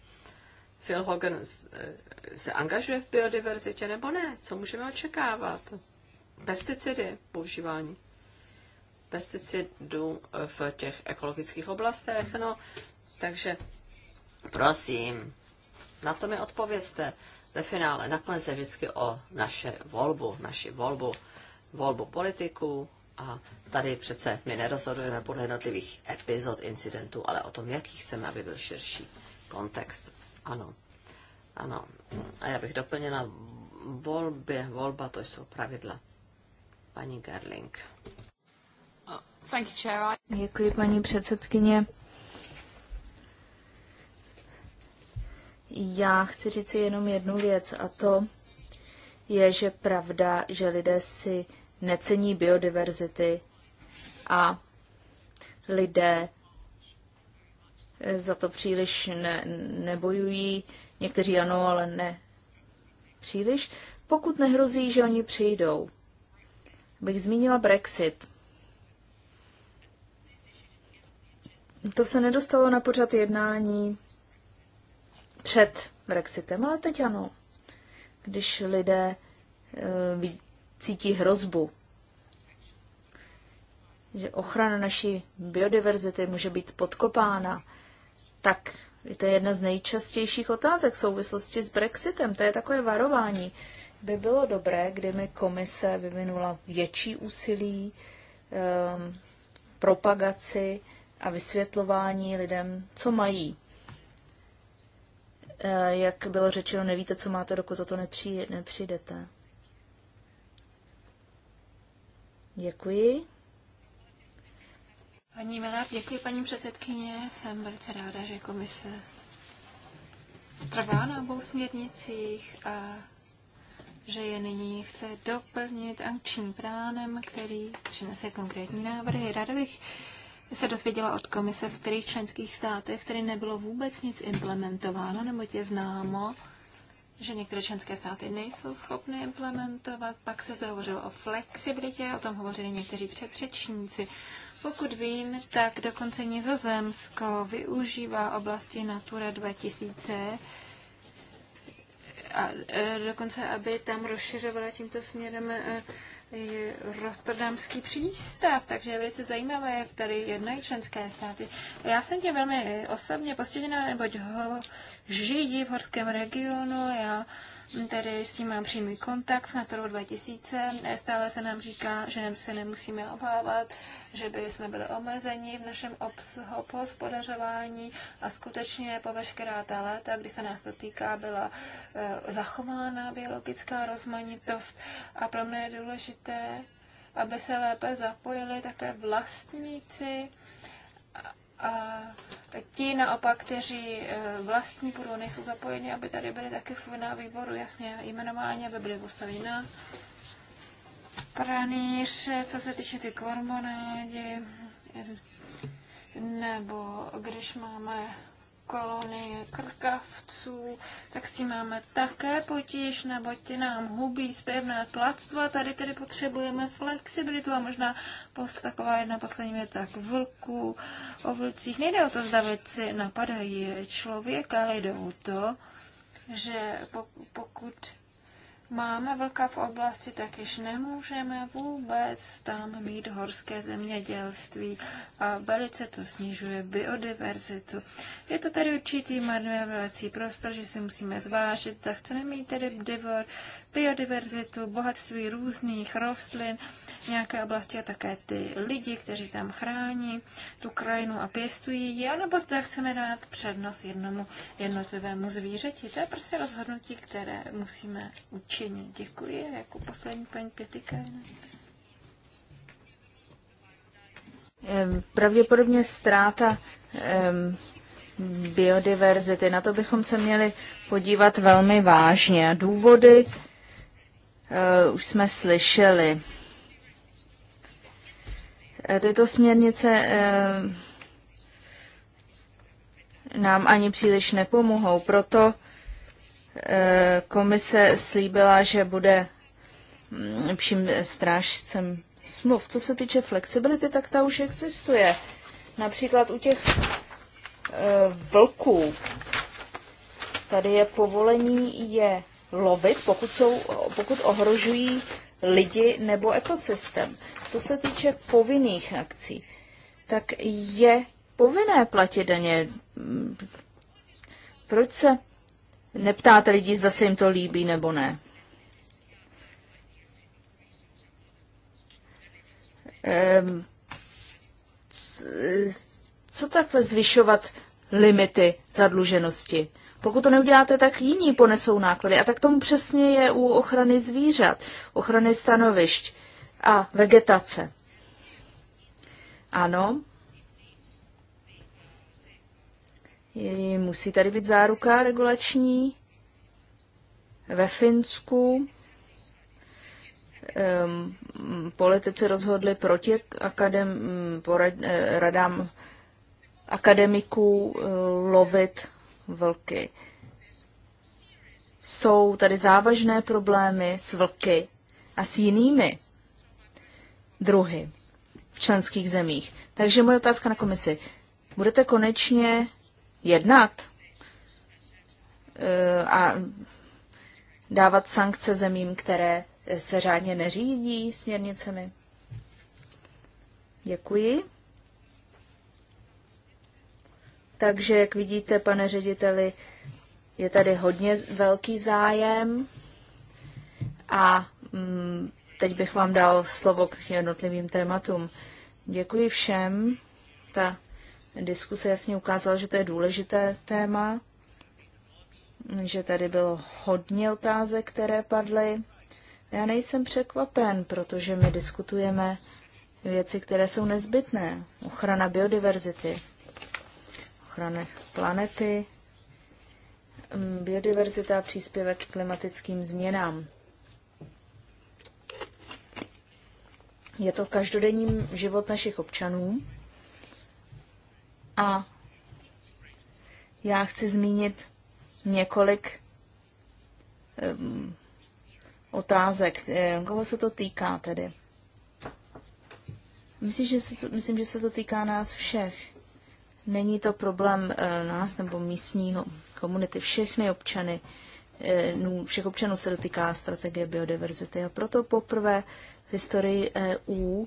Phil Hogan eh, se angažuje v biodiverzitě nebo ne? Co můžeme očekávat? Pesticidy, používání pesticidů v těch ekologických oblastech. No, takže prosím, na to mi odpovězte. Ve finále nakonec je vždycky o naše volbu, naši volbu, volbu politiků a tady přece my nerozhodujeme podle jednotlivých epizod incidentů, ale o tom, jaký chceme, aby byl širší kontext. Ano. Ano. A já bych doplnila volbě, volba, to jsou pravidla. Paní Gerling. Uh, Děkuji, paní předsedkyně. Já chci říct si jenom jednu věc a to je, že pravda, že lidé si necení biodiverzity a lidé za to příliš ne, nebojují. Někteří ano, ale ne příliš. Pokud nehrozí, že oni přijdou. Bych zmínila Brexit. To se nedostalo na pořad jednání před Brexitem, ale teď ano. Když lidé e, cítí hrozbu, že ochrana naší biodiverzity může být podkopána, tak je to jedna z nejčastějších otázek v souvislosti s Brexitem. To je takové varování. By bylo dobré, kdyby komise vyvinula větší úsilí, e, propagaci a vysvětlování lidem, co mají Eh, jak bylo řečeno, nevíte, co máte, dokud toto nepřijdete. Děkuji. Paní Milá, děkuji paní předsedkyně. Jsem velice ráda, že komise trvá na obou směrnicích a že je nyní chce doplnit akčním plánem, který přinese konkrétní návrhy. Ráda bych se dozvěděla od komise, v kterých členských státech které nebylo vůbec nic implementováno, nebo je známo, že některé členské státy nejsou schopny implementovat. Pak se zde hovořilo o flexibilitě, o tom hovořili někteří předřečníci. Pokud vím, tak dokonce Nizozemsko využívá oblasti Natura 2000 a e, dokonce, aby tam rozšiřovala tímto směrem e, Rotterdamský přístav, takže je velice zajímavé, jak tady jednají členské státy. Já jsem tě velmi osobně postižena, neboť ho, žijí v horském regionu, já tedy s tím mám přímý kontakt na trhu 2000. Stále se nám říká, že se nemusíme obávat, že by jsme byli omezeni v našem hospodařování a skutečně po veškerá ta léta, kdy se nás to týká, byla eh, zachována biologická rozmanitost a pro mě je důležité, aby se lépe zapojili také vlastníci a ti naopak, kteří e, vlastní budou, nejsou zapojeni, aby tady byli taky na výboru jasně jmenování, aby byly postaveni na pranýř, co se týče ty kormonádi, nebo když máme kolonie krkavců, tak si máme také potíž, nebo ti nám hubí zpěvné plactvo a tady tedy potřebujeme flexibilitu a možná post, taková jedna poslední věta k vlku, o vlcích. Nejde o to, zda věci napadají člověka, ale jde o to, že pokud máme vlka v oblasti, tak již nemůžeme vůbec tam mít horské zemědělství a velice to snižuje biodiverzitu. Je to tady určitý marnovací prostor, že si musíme zvážit, zda chceme mít tedy divor, biodiverzitu, bohatství různých rostlin, nějaké oblasti a také ty lidi, kteří tam chrání tu krajinu a pěstují ji, anebo zda chceme dát přednost jednomu jednotlivému zvířeti. To je prostě rozhodnutí, které musíme učit zlepšení. Děkuji. Jako poslední paní Pětika. Pravděpodobně ztráta biodiverzity. Na to bychom se měli podívat velmi vážně. Důvody uh, už jsme slyšeli. Eh, tyto směrnice uh, nám ani příliš nepomohou, proto Komise slíbila, že bude lepším mm, strážcem smluv. Co se týče flexibility, tak ta už existuje. Například u těch eh, vlků. Tady je povolení je lovit, pokud, jsou, pokud ohrožují lidi nebo ekosystém. Co se týče povinných akcí, tak je povinné platit daně. Proč se neptáte lidí, zda se jim to líbí nebo ne. Ehm, co takhle zvyšovat limity zadluženosti? Pokud to neuděláte, tak jiní ponesou náklady. A tak tomu přesně je u ochrany zvířat, ochrany stanovišť a vegetace. Ano, Musí tady být záruka regulační. Ve Finsku um, politici rozhodli proti akadem, porad, eh, radám akademiků eh, lovit vlky. Jsou tady závažné problémy s vlky a s jinými druhy v členských zemích. Takže moje otázka na komisi. Budete konečně jednat eh, a dávat sankce zemím, které se řádně neřídí směrnicemi. Děkuji. Takže, jak vidíte, pane řediteli, je tady hodně velký zájem a mm, teď bych vám dal slovo k jednotlivým tématům. Děkuji všem. Ta Diskuse jasně ukázala, že to je důležité téma, že tady bylo hodně otázek, které padly. Já nejsem překvapen, protože my diskutujeme věci, které jsou nezbytné. Ochrana biodiverzity, ochrana planety, biodiverzita a příspěvek k klimatickým změnám. Je to každodenním život našich občanů a já chci zmínit několik um, otázek. Ehm, koho se to týká tedy? Myslím že, se to, myslím, že se to týká nás všech. Není to problém uh, nás nebo místního komunity, všechny občany. Uh, všech občanů se dotýká strategie biodiverzity a proto poprvé v historii EU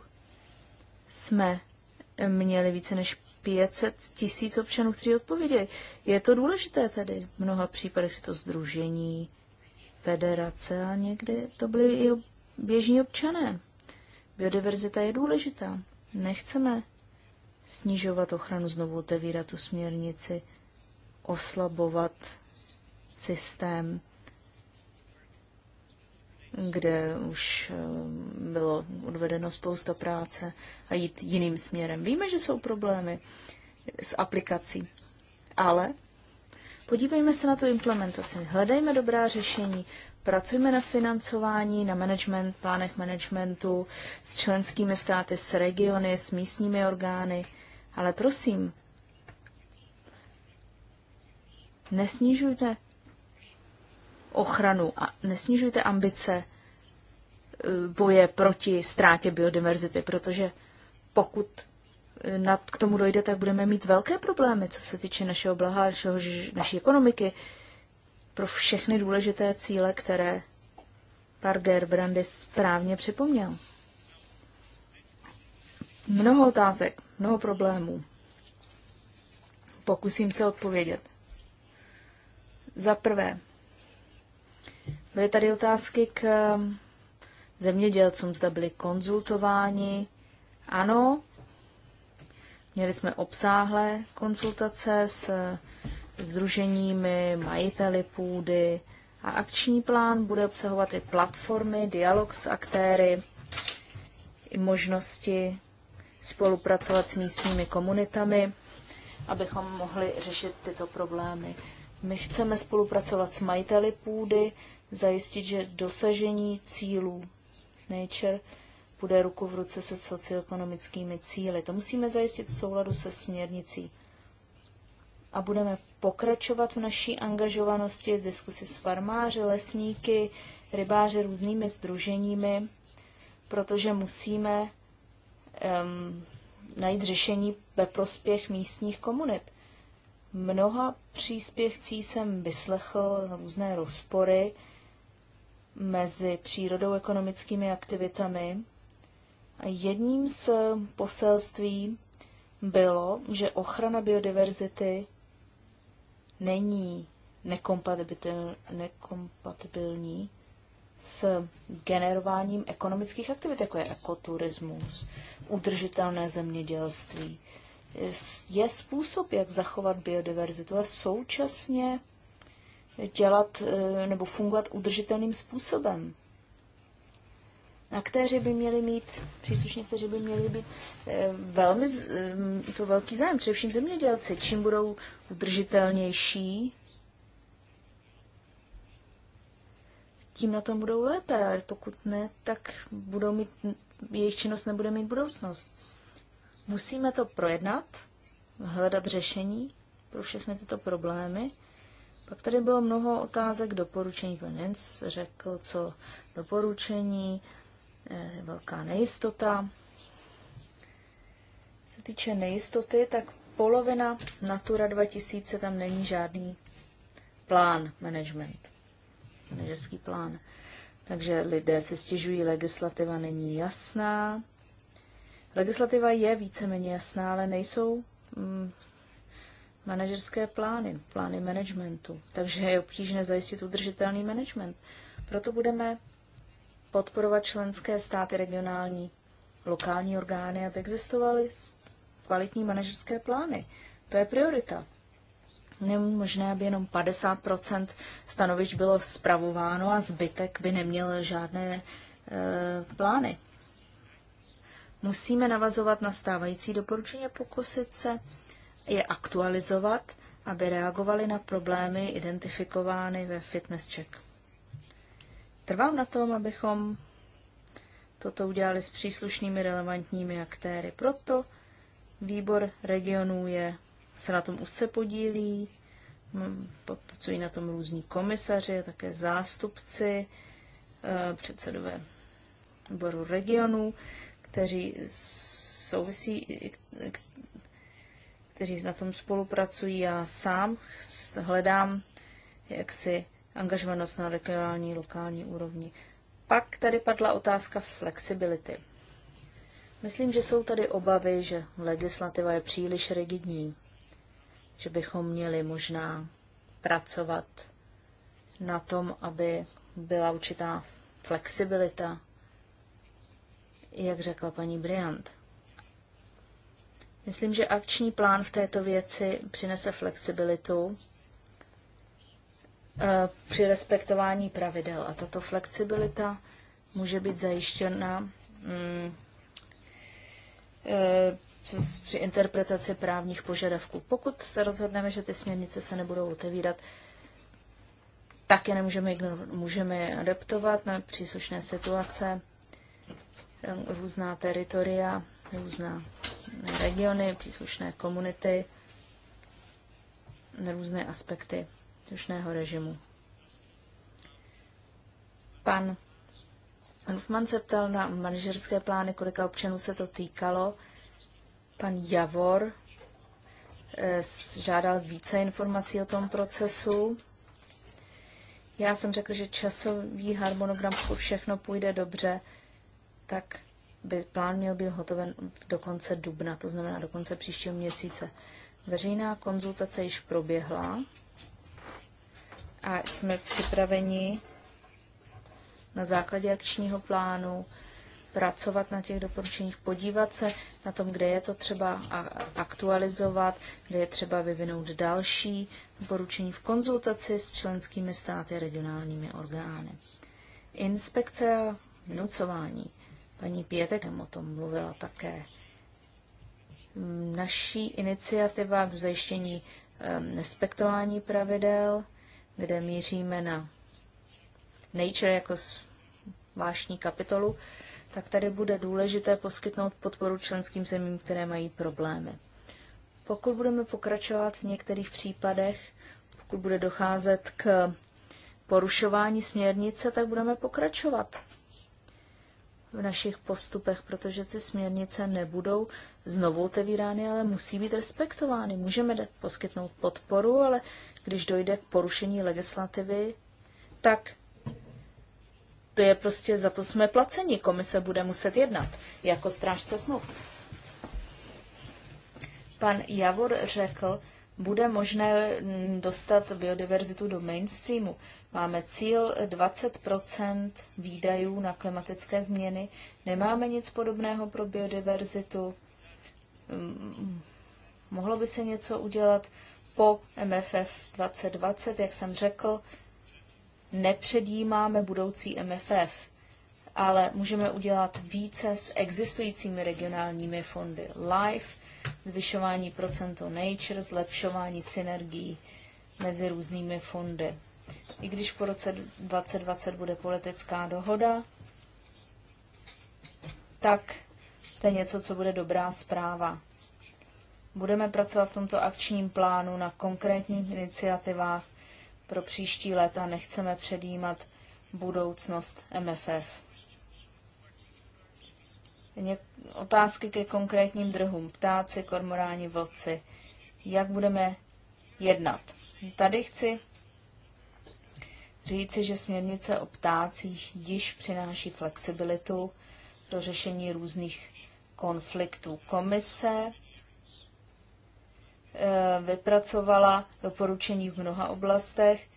jsme měli více než 500 tisíc občanů, kteří odpovědějí. Je to důležité tedy. V mnoha případech si to združení, federace a někdy to byly i běžní občané. Biodiverzita je důležitá. Nechceme snižovat ochranu, znovu otevírat tu směrnici, oslabovat systém kde už eh, bylo odvedeno spousta práce a jít jiným směrem. Víme, že jsou problémy s aplikací, ale podívejme se na tu implementaci. Hledejme dobrá řešení, pracujme na financování, na management, plánech managementu s členskými státy, s regiony, s místními orgány, ale prosím, nesnižujte ochranu a nesnižujte ambice eh, boje proti ztrátě biodiverzity, protože pokud eh, nad, k tomu dojde, tak budeme mít velké problémy, co se týče našeho blaha, našeho, naší ekonomiky, pro všechny důležité cíle, které Parger Gerbrandy správně připomněl. Mnoho otázek, mnoho problémů. Pokusím se odpovědět. Za prvé, Byly tady otázky k eh, zemědělcům, zda byli konzultováni. Ano, měli jsme obsáhlé konzultace s združeními, eh, majiteli půdy a akční plán bude obsahovat i platformy, dialog s aktéry, i možnosti spolupracovat s místními komunitami, abychom mohli řešit tyto problémy. My chceme spolupracovat s majiteli půdy, zajistit, že dosažení cílů Nature bude ruku v ruce se socioekonomickými cíly. To musíme zajistit v souladu se směrnicí. A budeme pokračovat v naší angažovanosti v diskusi s farmáři, lesníky, rybáři, různými združeními, protože musíme um, najít řešení ve prospěch místních komunit. Mnoha příspěvcí jsem vyslechl různé rozpory, mezi přírodou ekonomickými aktivitami. A jedním z eh, poselství bylo, že ochrana biodiverzity není nekompatibil, nekompatibilní s generováním ekonomických aktivit, jako je ekoturismus, udržitelné zemědělství. Je způsob, jak zachovat biodiverzitu a současně dělat eh, nebo fungovat udržitelným způsobem. Aktéři by měli mít, příslušně, kteří by měli být eh, velmi, eh, to velký zájem, především zemědělci. Čím budou udržitelnější, tím na tom budou lépe, ale pokud ne, tak budou mít, jejich činnost nebude mít budoucnost. Musíme to projednat, hledat řešení pro všechny tyto problémy pak tady bylo mnoho otázek doporučení. Pan řekl, co doporučení, eh, velká nejistota. Co se týče nejistoty, tak polovina Natura 2000 tam není žádný plán, management, manažerský plán. Takže lidé se stěžují, legislativa není jasná. Legislativa je víceméně jasná, ale nejsou mm, manažerské plány, plány managementu. Takže je obtížné zajistit udržitelný management. Proto budeme podporovat členské státy regionální, lokální orgány, aby existovaly kvalitní manažerské plány. To je priorita. Není možné, aby jenom 50 stanovišť bylo zpravováno a zbytek by neměl žádné e, plány. Musíme navazovat na stávající doporučení a pokusit se je aktualizovat, aby reagovali na problémy identifikovány ve fitness check. Trvám na tom, abychom toto udělali s příslušnými relevantními aktéry. Proto výbor regionů je, se na tom už se podílí, pracují na tom různí komisaři, také zástupci, e, předsedové výboru regionů, kteří souvisí, kteří na tom spolupracují. Já sám hledám jaksi angažovanost na regionální, lokální úrovni. Pak tady padla otázka flexibility. Myslím, že jsou tady obavy, že legislativa je příliš rigidní, že bychom měli možná pracovat na tom, aby byla určitá flexibilita, jak řekla paní Briant. Myslím, že akční plán v této věci přinese flexibilitu eh, při respektování pravidel. A tato flexibilita může být zajištěna mm, eh, při interpretaci právních požadavků. Pokud se rozhodneme, že ty směrnice se nebudou otevírat, tak je nemůžeme ignorovat. Můžeme adaptovat na příslušné situace, různá teritoria, různá regiony, příslušné komunity, různé aspekty příslušného režimu. Pan Rufman se ptal na manažerské plány, kolika občanů se to týkalo. Pan Javor eh, žádal více informací o tom procesu. Já jsem řekl, že časový harmonogram, pokud všechno půjde dobře, tak by plán měl být hotoven do konce dubna, to znamená do konce příštího měsíce. Veřejná konzultace již proběhla a jsme připraveni na základě akčního plánu pracovat na těch doporučeních, podívat se na tom, kde je to třeba aktualizovat, kde je třeba vyvinout další doporučení v konzultaci s členskými státy a regionálními orgány. Inspekce a vynucování. Paní Pětek o tom mluvila také. Naší iniciativa v zajištění respektování pravidel, kde míříme na Nature jako zvláštní kapitolu, tak tady bude důležité poskytnout podporu členským zemím, které mají problémy. Pokud budeme pokračovat v některých případech, pokud bude docházet k porušování směrnice, tak budeme pokračovat v našich postupech, protože ty směrnice nebudou znovu otevírány, ale musí být respektovány. Můžeme poskytnout podporu, ale když dojde k porušení legislativy, tak to je prostě, za to jsme placeni. Komise bude muset jednat jako strážce smluv. Pan Javor řekl, bude možné mm, dostat biodiverzitu do mainstreamu. Máme cíl 20 výdajů na klimatické změny, nemáme nic podobného pro biodiverzitu. Mm, mohlo by se něco udělat po MFF 2020, jak jsem řekl, nepředjímáme budoucí MFF, ale můžeme udělat více s existujícími regionálními fondy LIFE, zvyšování procentu Nature, zlepšování synergií mezi různými fondy. I když po roce 2020 bude politická dohoda, tak to je něco, co bude dobrá zpráva. Budeme pracovat v tomto akčním plánu na konkrétních iniciativách pro příští a Nechceme předjímat budoucnost MFF. otázky ke konkrétním druhům. Ptáci, kormoráni, vlci. Jak budeme jednat? Tady chci říci, že směrnice o ptácích již přináší flexibilitu do řešení různých konfliktů. Komise e, vypracovala doporučení v mnoha oblastech.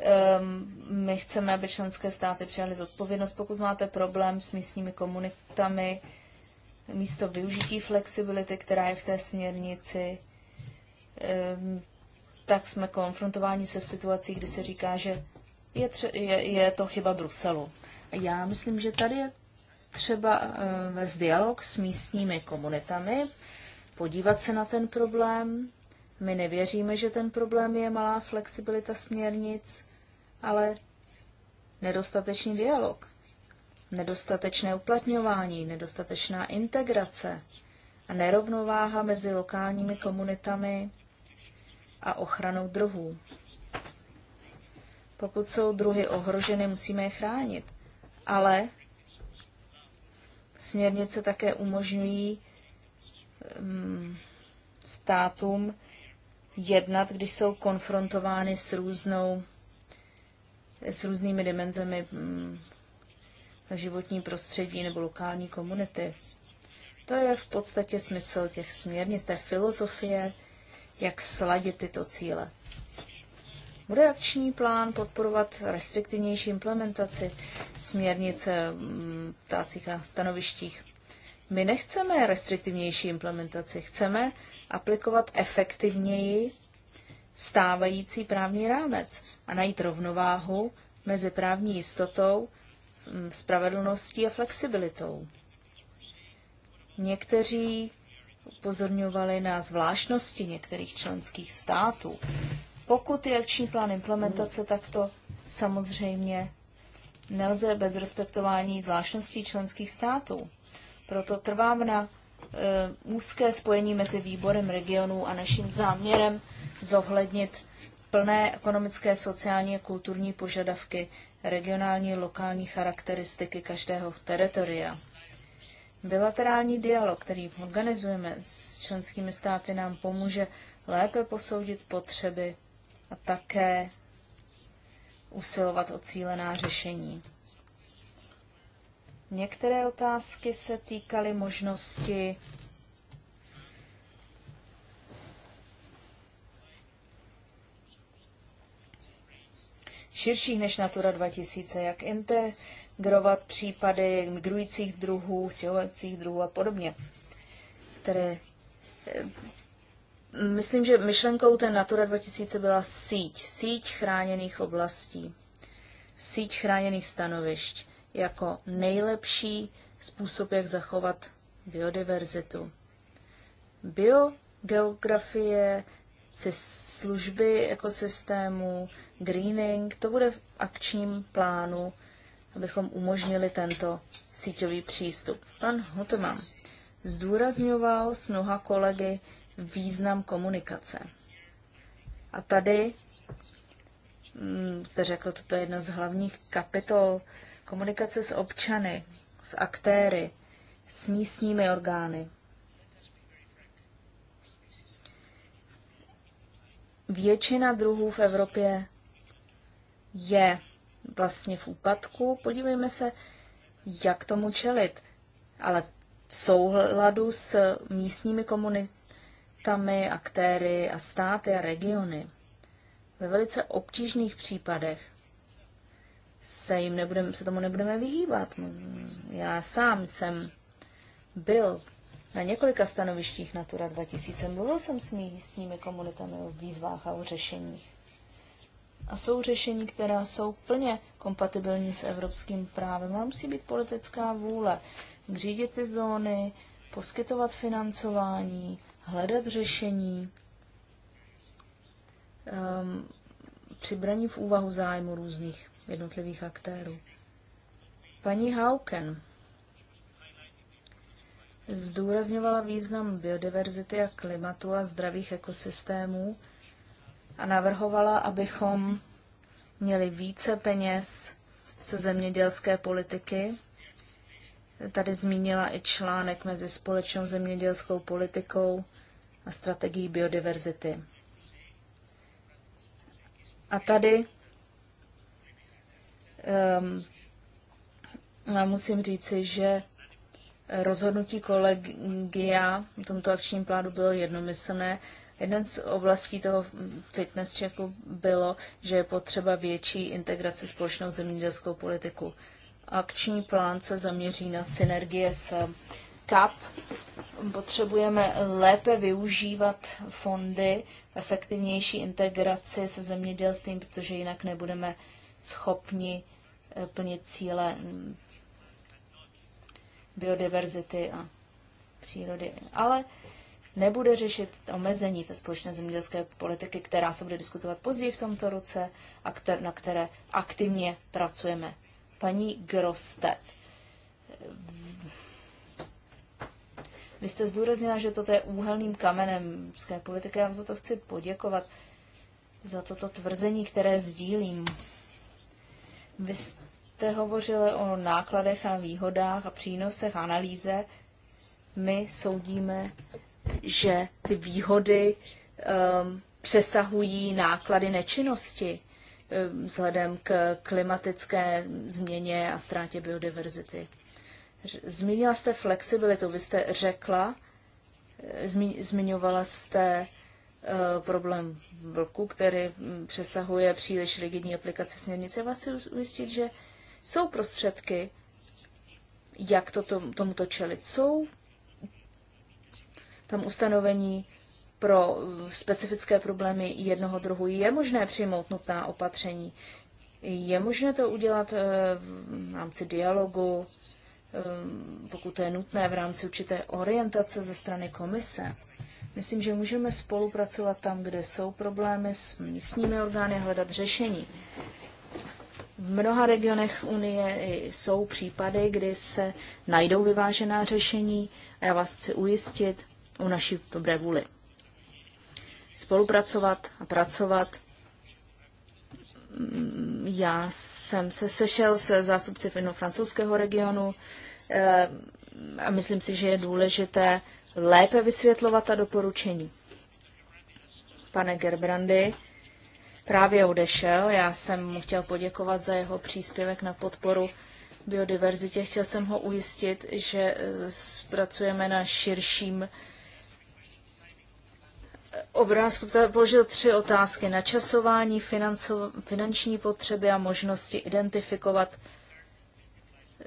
Ehm, my chceme, aby členské státy přijaly zodpovědnost, pokud máte problém s místními komunitami, místo využití flexibility, která je v té směrnici, ehm, tak jsme konfrontováni se situací, kdy se říká, že je, tře- je, je to chyba Bruselu. Já myslím, že tady je třeba eh, vést dialog s místními komunitami, podívat se na ten problém. My nevěříme, že ten problém je malá flexibilita směrnic, ale nedostatečný dialog, nedostatečné uplatňování, nedostatečná integrace a nerovnováha mezi lokálními komunitami a ochranou druhů. Pokud jsou druhy ohroženy, musíme je chránit. Ale směrnice také umožňují um, státům jednat, když jsou konfrontovány s různou s různými dimenzemi um, životní prostředí nebo lokální komunity. To je v podstatě smysl těch směrnic, té filozofie jak sladit tyto cíle. Bude akční plán podporovat restriktivnější implementaci směrnice ptácích a stanovištích? My nechceme restriktivnější implementaci, chceme aplikovat efektivněji stávající právní rámec a najít rovnováhu mezi právní jistotou, mm, spravedlností a flexibilitou. Někteří upozorňovali na zvláštnosti některých členských států. Pokud je akční plán implementace, tak to samozřejmě nelze bez respektování zvláštností členských států. Proto trvám na e, úzké spojení mezi výborem regionů a naším záměrem zohlednit plné ekonomické, sociální a kulturní požadavky, regionální, lokální charakteristiky každého teritoria. Bilaterální dialog, který organizujeme s členskými státy, nám pomůže lépe posoudit potřeby a také usilovat o cílená řešení. Některé otázky se týkaly možnosti širších než Natura 2000, jak inter, migrovat případy migrujících druhů, stěhovacích druhů a podobně, které eh, Myslím, že myšlenkou té Natura 2000 byla síť, síť chráněných oblastí, síť chráněných stanovišť jako nejlepší způsob, jak zachovat biodiverzitu. Biogeografie, služby ekosystému, greening, to bude v akčním plánu abychom umožnili tento síťový přístup. Pan Hotman zdůrazňoval s mnoha kolegy význam komunikace. A tady mm, jste řekl, toto je jedna z hlavních kapitol komunikace s občany, s aktéry, s místními orgány. Většina druhů v Evropě je vlastně v úpadku. Podívejme se, jak tomu čelit. Ale v souhladu s místními komunitami, aktéry a státy a regiony. Ve velice obtížných případech se, jim nebudem, se tomu nebudeme vyhýbat. Já sám jsem byl na několika stanovištích Natura 2000. Mluvil jsem s místními komunitami o výzvách a o řešeních. A jsou řešení, která jsou plně kompatibilní s evropským právem. Ale musí být politická vůle řídit ty zóny, poskytovat financování, hledat řešení, um, ehm, přibraní v úvahu zájmu různých jednotlivých aktérů. Paní Hauken zdůrazňovala význam biodiverzity a klimatu a zdravých ekosystémů a navrhovala, abychom měli více peněz ze zemědělské politiky. Tady zmínila i článek mezi společnou zemědělskou politikou a strategií biodiverzity. A tady um, musím říci, že rozhodnutí kolegia v tomto akčním plánu bylo jednomyslné Jeden z oblastí toho fitness checku bylo, že je potřeba větší integrace společnou zemědělskou politiku. Akční plán se zaměří na synergie s CAP. Potřebujeme lépe využívat fondy, efektivnější integraci se zemědělstvím, protože jinak nebudeme schopni eh, plnit cíle mm, biodiverzity a přírody. Ale nebude řešit omezení té společné zemědělské politiky, která se bude diskutovat později v tomto roce a kter, na které aktivně pracujeme. Paní Grostet, vy jste zdůraznila, že toto je úhelným kamenem české politiky. Já vám za to chci poděkovat, za toto tvrzení, které sdílím. Vy jste hovořili o nákladech a výhodách a přínosech, analýze. My soudíme že ty výhody um, přesahují náklady nečinnosti um, vzhledem k klimatické změně a ztrátě biodiverzity. Zmínila jste flexibilitu, vy jste řekla, eh, zmi, zmiňovala jste uh, problém vlku, který hm, přesahuje příliš rigidní aplikaci směrnice. Vás chci ujistit, že jsou prostředky, jak to tom, tomuto čelit. Jsou tam ustanovení pro specifické problémy jednoho druhu. Je možné přijmout nutná opatření. Je možné to udělat eh, v rámci dialogu, eh, pokud to je nutné, v rámci určité orientace ze strany komise. Myslím, že můžeme spolupracovat tam, kde jsou problémy s místními orgány, hledat řešení. V mnoha regionech Unie jsou případy, kdy se najdou vyvážená řešení a já vás chci ujistit, o naší dobré vůli. Spolupracovat a pracovat. Já jsem se sešel se zástupci francouzského regionu eh, a myslím si, že je důležité lépe vysvětlovat ta doporučení. Pane Gerbrandy právě odešel. Já jsem mu chtěl poděkovat za jeho příspěvek na podporu biodiverzitě. Chtěl jsem ho ujistit, že zpracujeme eh, na širším obrázku položil tři otázky. Načasování, financo, finanční potřeby a možnosti identifikovat eh,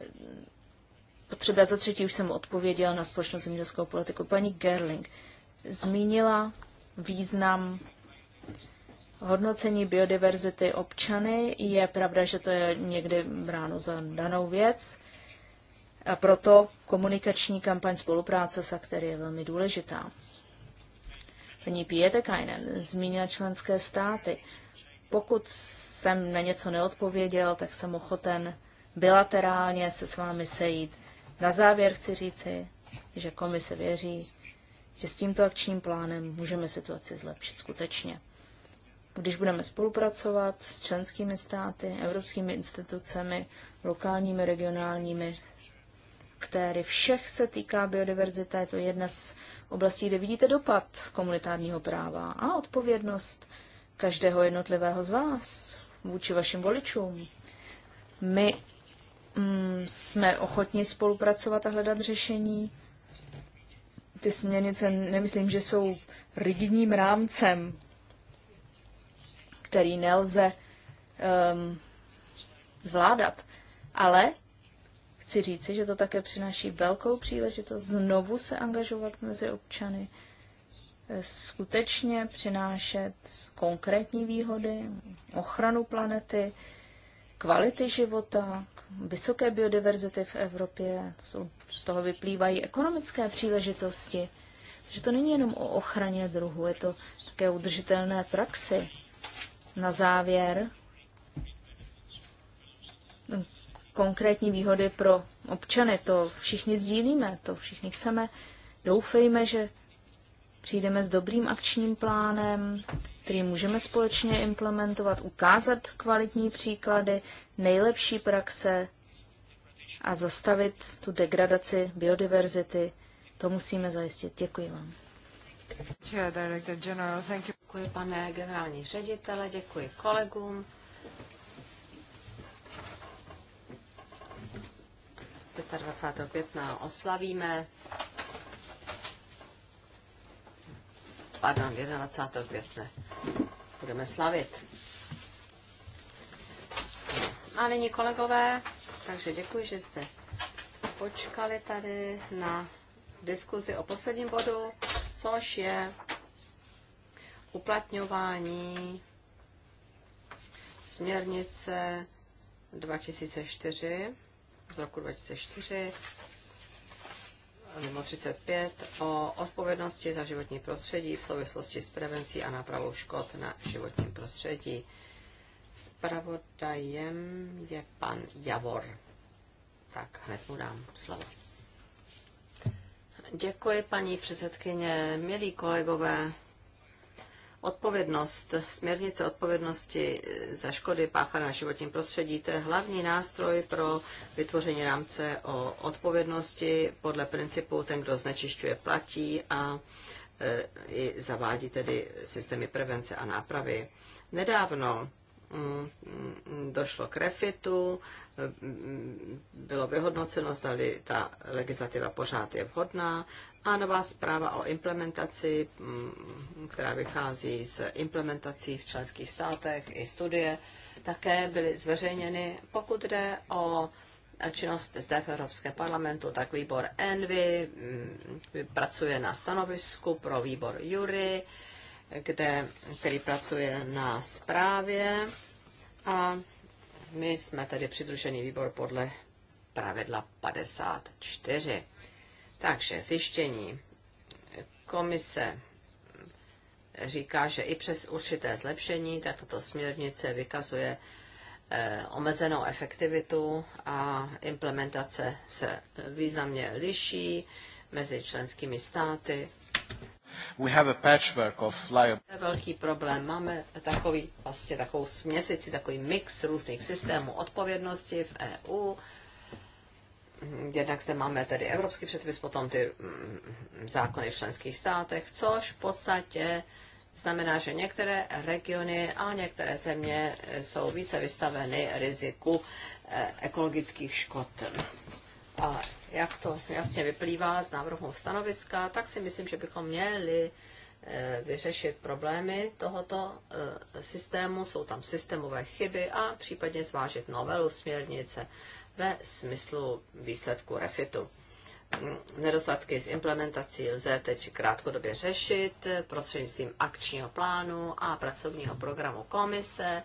potřeby. A za třetí už jsem odpověděl na společnou zemědělskou politiku. Paní Gerling zmínila význam hodnocení biodiverzity občany. Je pravda, že to je někdy bráno za danou věc. A proto komunikační kampaň spolupráce se který je velmi důležitá. Paní Pietekainen zmínila členské státy. Pokud jsem na něco neodpověděl, tak jsem ochoten bilaterálně se s vámi sejít. Na závěr chci říci, že komise věří, že s tímto akčním plánem můžeme situaci zlepšit skutečně. Když budeme spolupracovat s členskými státy, evropskými institucemi, lokálními, regionálními aktéry. Všech se týká biodiverzita, je to jedna z oblastí, kde vidíte dopad komunitárního práva a odpovědnost každého jednotlivého z vás vůči vašim voličům. My mm, jsme ochotni spolupracovat a hledat řešení. Ty směrnice nemyslím, že jsou rigidním rámcem, který nelze um, zvládat, ale chci říci, že to také přináší velkou příležitost znovu se angažovat mezi občany, eh, skutečně přinášet konkrétní výhody, ochranu planety, kvality života, vysoké biodiverzity v Evropě, z toho vyplývají ekonomické příležitosti. Že to není jenom o ochraně druhu, je to také udržitelné praxi. Na závěr konkrétní výhody pro občany. To všichni sdílíme, to všichni chceme. Doufejme, že přijdeme s dobrým akčním plánem, který můžeme společně implementovat, ukázat kvalitní příklady, nejlepší praxe a zastavit tu degradaci biodiverzity. To musíme zajistit. Děkuji vám. Děkuji, pane generální ředitele, děkuji kolegům. 25. května oslavíme. Pardon, 21. května budeme slavit. No, a nyní kolegové, takže děkuji, že jste počkali tady na diskuzi o posledním bodu, což je uplatňování směrnice 2004 z roku 2004 nebo 35 o odpovědnosti za životní prostředí v souvislosti s prevencí a nápravou škod na životním prostředí. Spravodajem je pan Javor. Tak hned mu dám slovo. Děkuji, paní předsedkyně, milí kolegové. Odpovědnost, směrnice odpovědnosti za škody páchané na životním prostředí, to je hlavní nástroj pro vytvoření rámce o odpovědnosti podle principu ten, kdo znečišťuje, platí a e, i zavádí tedy systémy prevence a nápravy. Nedávno mm, došlo k refitu, e, bylo vyhodnoceno, zdali ta legislativa pořád je vhodná a nová zpráva o implementaci, mm, která vychází z implementací v členských státech i studie, také byly zveřejněny. Pokud jde o činnost zde v Evropské parlamentu, tak výbor ENVY mm, pracuje na stanovisku pro výbor JURY, kde, který pracuje na zprávě a my jsme tedy přidružený výbor podle pravidla 54. Takže zjištění. Komise říká, že i přes určité zlepšení, tato směrnice vykazuje eh, omezenou efektivitu a implementace se významně liší mezi členskými státy. We have a patchwork of liability. Velký problém. Máme takový, vlastně takovou směsici, takový mix různých systémů odpovědnosti v EU jednak zde máme tedy evropský předpis, potom ty mm, zákony v členských státech, což v podstatě znamená, že některé regiony a některé země jsou více vystaveny riziku eh, ekologických škod. A jak to jasně vyplývá z návrhu stanoviska, tak si myslím, že bychom měli eh, vyřešit problémy tohoto eh, systému, jsou tam systémové chyby a případně zvážit novelu směrnice ve smyslu výsledku refitu. Nedostatky z implementací lze teď krátkodobě řešit prostřednictvím akčního plánu a pracovního programu komise,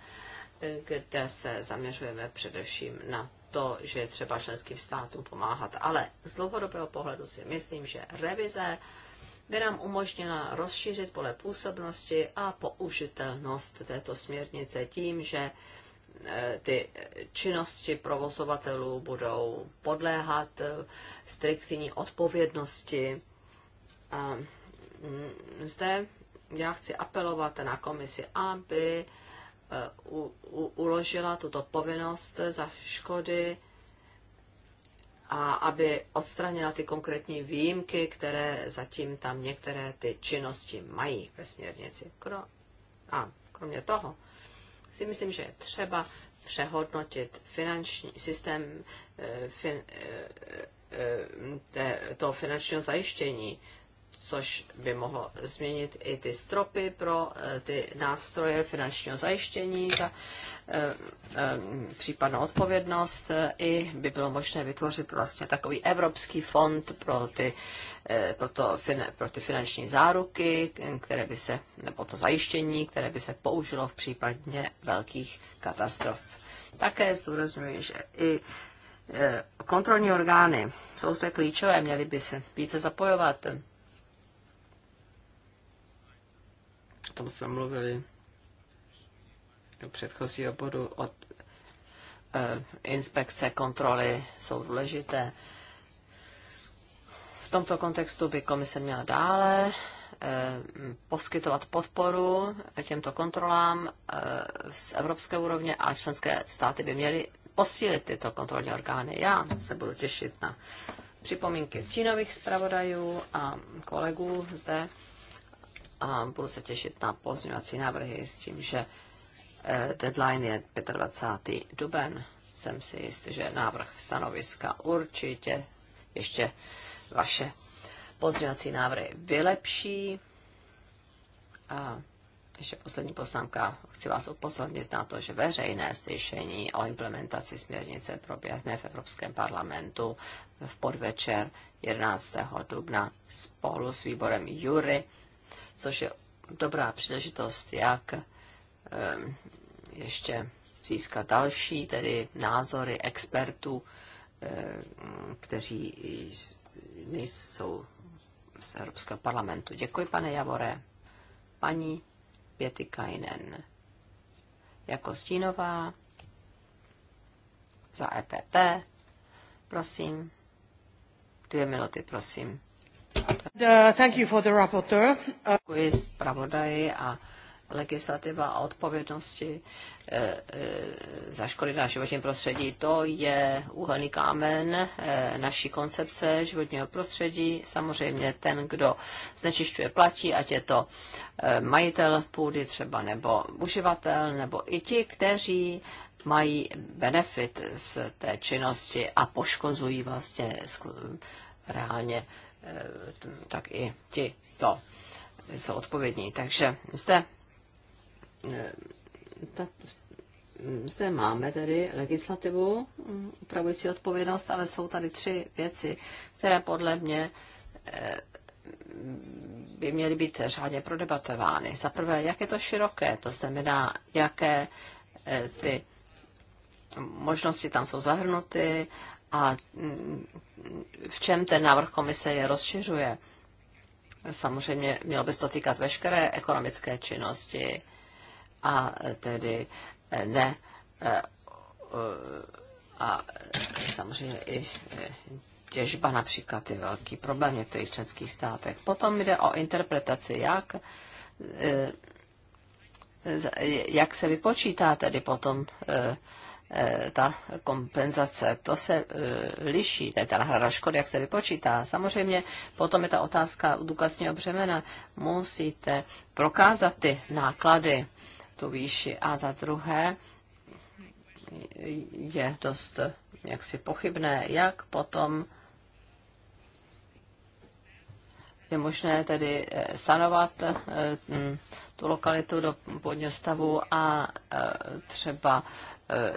kde se zaměřujeme především na to, že je třeba členským státům pomáhat. Ale z dlouhodobého pohledu si myslím, že revize by nám umožnila rozšířit pole působnosti a použitelnost této směrnice tím, že Eh, ty činnosti provozovatelů budou podléhat eh, striktní odpovědnosti. A mm, zde já chci apelovat na komisi, aby eh, u, u, uložila tuto povinnost za škody a aby odstranila ty konkrétní výjimky, které zatím tam některé ty činnosti mají ve směrnici. Kro, a kromě toho, si myslím, že je třeba přehodnotit finanční systém eh, fin, eh, eh, té, toho finančního zajištění což by mohlo změnit i ty stropy pro eh, ty nástroje finančního zajištění za eh, eh, případnou odpovědnost. I by bylo možné vytvořit vlastně takový evropský fond pro ty, pro, to, pro ty finanční záruky, které by se, nebo to zajištění, které by se použilo v případně velkých katastrof. Také zdůrazňuji, že i kontrolní orgány jsou zde klíčové, měly by se více zapojovat tom jsme mluvili do předchozího bodu od e, inspekce, kontroly jsou důležité. V tomto kontextu by komise měla dále eh, poskytovat podporu těmto kontrolám eh, z evropské úrovně a členské státy by měly posílit tyto kontrolní orgány. Já se budu těšit na připomínky stínových zpravodajů a kolegů zde a budu se těšit na pozměňovací návrhy s tím, že eh, deadline je 25. duben. Jsem si jist, že návrh stanoviska určitě ještě vaše pozměňovací návrhy vylepší. A ještě poslední poznámka. Chci vás upozornit na to, že veřejné slyšení o implementaci směrnice proběhne v Evropském parlamentu v podvečer 11. dubna spolu s výborem Jury což je dobrá příležitost, jak ehm, ještě získat další, tedy názory expertů, ehm, kteří nejsou z Evropského parlamentu. Děkuji, pane Javore. Paní Pětikainen jako stínová za EPP. Prosím, dvě minuty, prosím. Uh, uh, Děkuji zpravodaji a legislativa a odpovědnosti eh, eh, za škody na životním prostředí. To je úhelný kámen eh, naší koncepce životního prostředí. Samozřejmě ten, kdo znečišťuje, platí, ať je to majitel půdy třeba nebo uživatel, nebo i ti, kteří mají benefit z té činnosti a poškozují vlastně reálně Eh, tak i ti to jsou odpovědní. Takže zde, eh, zde máme tedy legislativu mm, upravující odpovědnost, ale jsou tady tři věci, které podle mě eh, by měly být řádně prodebatovány. Za prvé, jak je to široké, to znamená, jaké ty možnosti tam jsou zahrnuty a mm, v čem ten návrh komise je rozšiřuje. Samozřejmě mělo by se to týkat veškeré ekonomické činnosti a tedy ne e, e, a samozřejmě i e, těžba například je velký problém v některých členských státech. Potom jde o interpretaci, jak, jak se vypočítá tedy potom E, ta kompenzace, to se e, liší, to je ta náhrada škody, jak se vypočítá. Samozřejmě potom je ta otázka důkazního břemena. Musíte prokázat ty náklady, tu výši. A za druhé je dost jaksi pochybné, jak potom je možné tedy e, sanovat tu lokalitu do původního stavu a třeba Eh,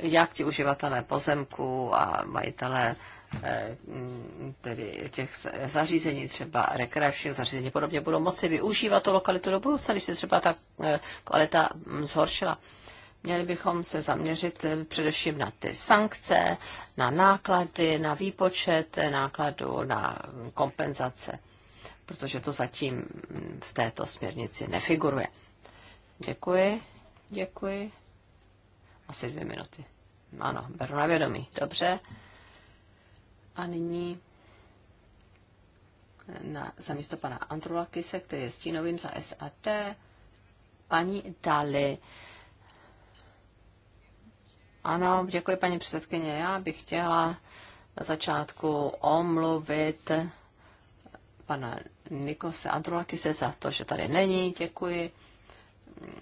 jak ti uživatelé pozemku a majitelé eh, tedy těch zařízení, třeba rekreačních zařízení podobně, budou moci využívat tu lokalitu do budoucna, když se třeba ta eh, kvalita mm, zhoršila. Měli bychom se zaměřit především na ty sankce, na náklady, na výpočet nákladů, na mm, kompenzace, protože to zatím mm, v této směrnici nefiguruje. Děkuji. Děkuji. Asi dvě minuty. Ano, beru na vědomí. Dobře. A nyní eh, na, za místo pana Andrulakise, který je stínovým za SAT, paní Dali. Ano, děkuji paní předsedkyně. Já bych chtěla na začátku omluvit pana Nikose Andrulakise za to, že tady není. Děkuji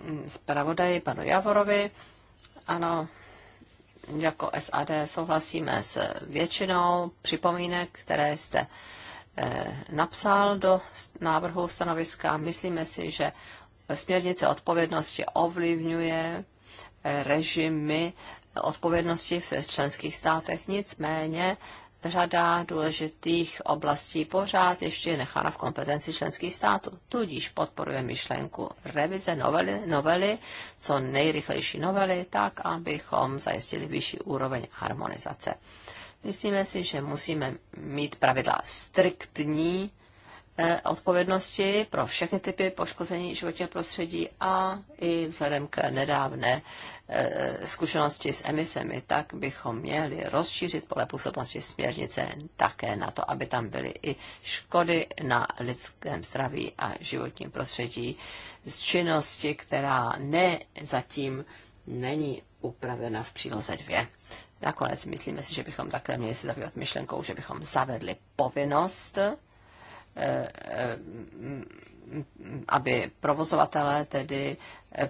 mm, zpravodaji panu Javorovi ano, jako SAD souhlasíme s většinou připomínek, které jste eh, napsal do návrhu stanoviska. Myslíme si, že směrnice odpovědnosti ovlivňuje eh, režimy odpovědnosti v členských státech. Nicméně řada důležitých oblastí pořád ještě je nechána v kompetenci členských států. Tudíž podporuje myšlenku revize novely, novely co nejrychlejší novely, tak abychom zajistili vyšší úroveň harmonizace. Myslíme si, že musíme mít pravidla striktní, Eh, odpovědnosti pro všechny typy poškození životního prostředí a i vzhledem k nedávné eh, zkušenosti s emisemi, tak bychom měli rozšířit pole působnosti směrnice také na to, aby tam byly i škody na lidském zdraví a životním prostředí z činnosti, která ne zatím není upravena v příloze 2. Nakonec myslíme si, že bychom takhle měli se zabývat myšlenkou, že bychom zavedli povinnost aby provozovatelé tedy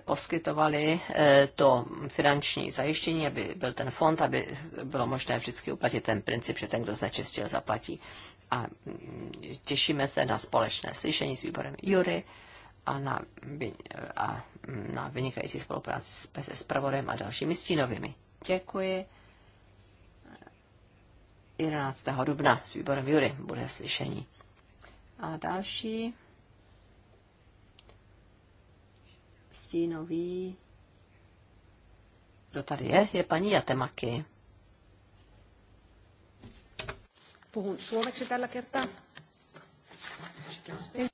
poskytovali eh, to finanční zajištění, aby byl ten fond, aby bylo možné vždycky uplatit ten princip, že ten, kdo znečistil, zaplatí. A mm, těšíme se na společné slyšení s výborem Jury a na, a mm, na vynikající spolupráci s, se Spravodem a dalšími stínovými. Děkuji. 11. dubna s výborem Jury bude slyšení. A další stínový. Kdo tady je? Je paní Jatemaky.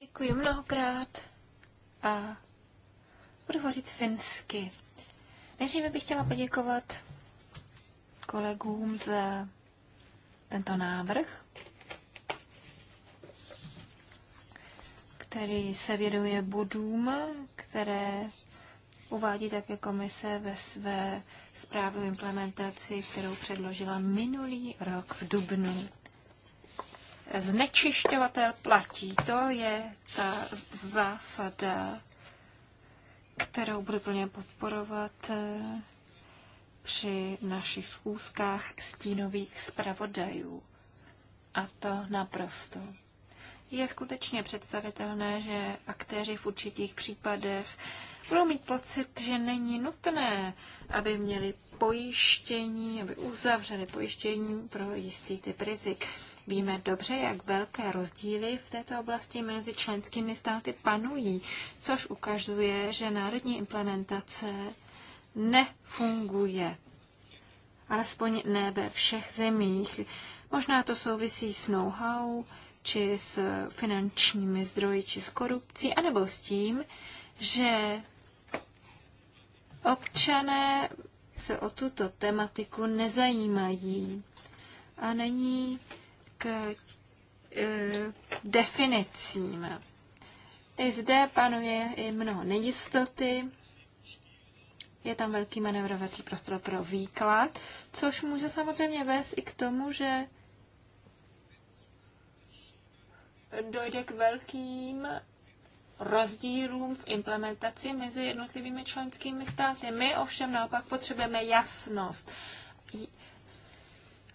Děkuji mnohokrát a budu hovořit finsky. Nejdříve bych chtěla poděkovat kolegům za tento návrh. který se věnuje bodům, které uvádí také komise ve své zprávě o implementaci, kterou předložila minulý rok v Dubnu. Znečišťovatel platí, to je ta zásada, kterou budu plně podporovat eh, při našich schůzkách stínových zpravodajů. A to naprosto je skutečně představitelné, že aktéři v určitých případech budou mít pocit, že není nutné, aby měli pojištění, aby uzavřeli pojištění pro jistý typ rizik. Víme dobře, jak velké rozdíly v této oblasti mezi členskými státy panují, což ukazuje, že národní implementace nefunguje. Alespoň ne ve všech zemích. Možná to souvisí s know-how, či s finančními zdroji, či s korupcí, anebo s tím, že občané se o tuto tematiku nezajímají a není k e, definicím. I zde panuje i mnoho nejistoty, je tam velký manevrovací prostor pro výklad, což může samozřejmě vést i k tomu, že dojde k velkým rozdílům v implementaci mezi jednotlivými členskými státy. My ovšem naopak potřebujeme jasnost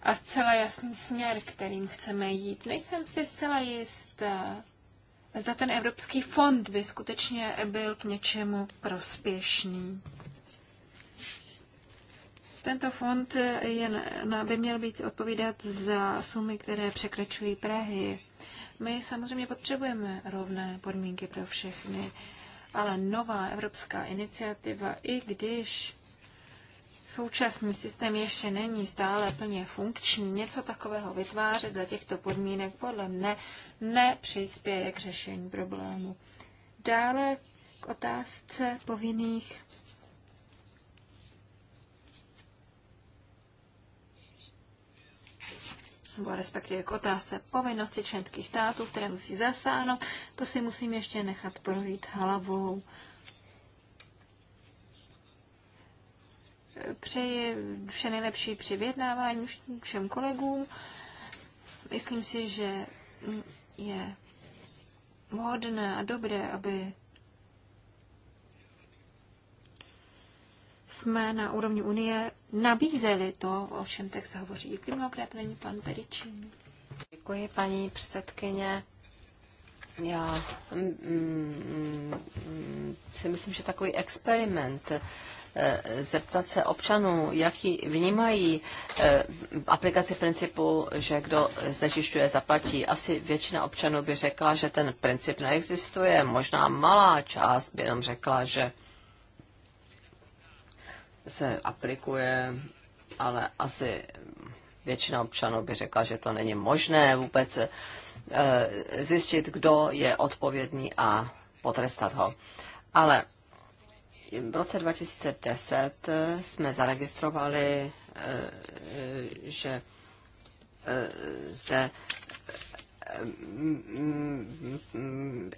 a zcela jasný směr, kterým chceme jít. Nejsem si zcela jistá, zda ten Evropský fond by skutečně byl k něčemu prospěšný. Tento fond je, by měl být odpovídat za sumy, které překračují Prahy. My samozřejmě potřebujeme rovné podmínky pro všechny, ale nová evropská iniciativa, i když současný systém ještě není stále plně funkční, něco takového vytvářet za těchto podmínek podle mne nepřispěje k řešení problému. Dále k otázce povinných nebo respektive k otázce povinnosti členských států, které musí zasáhnout, to si musím ještě nechat projít hlavou. Přeji vše nejlepší při vyjednávání všem kolegům. Myslím si, že je vhodné a dobré, aby jsme na úrovni Unie nabízeli to, o tak se hovoří. Děkuji mnohokrát, není pan Peričín. Děkuji, paní předsedkyně. Já mm, mm, mm, si myslím, že takový experiment eh, zeptat se občanů, jaký vnímají eh, aplikaci principu, že kdo znečišťuje, zaplatí. Asi většina občanů by řekla, že ten princip neexistuje, možná malá část by jenom řekla, že se aplikuje, ale asi většina občanů by řekla, že to není možné vůbec eh, zjistit, kdo je odpovědný a potrestat ho. Ale v roce 2010 eh, jsme zaregistrovali, eh, že zde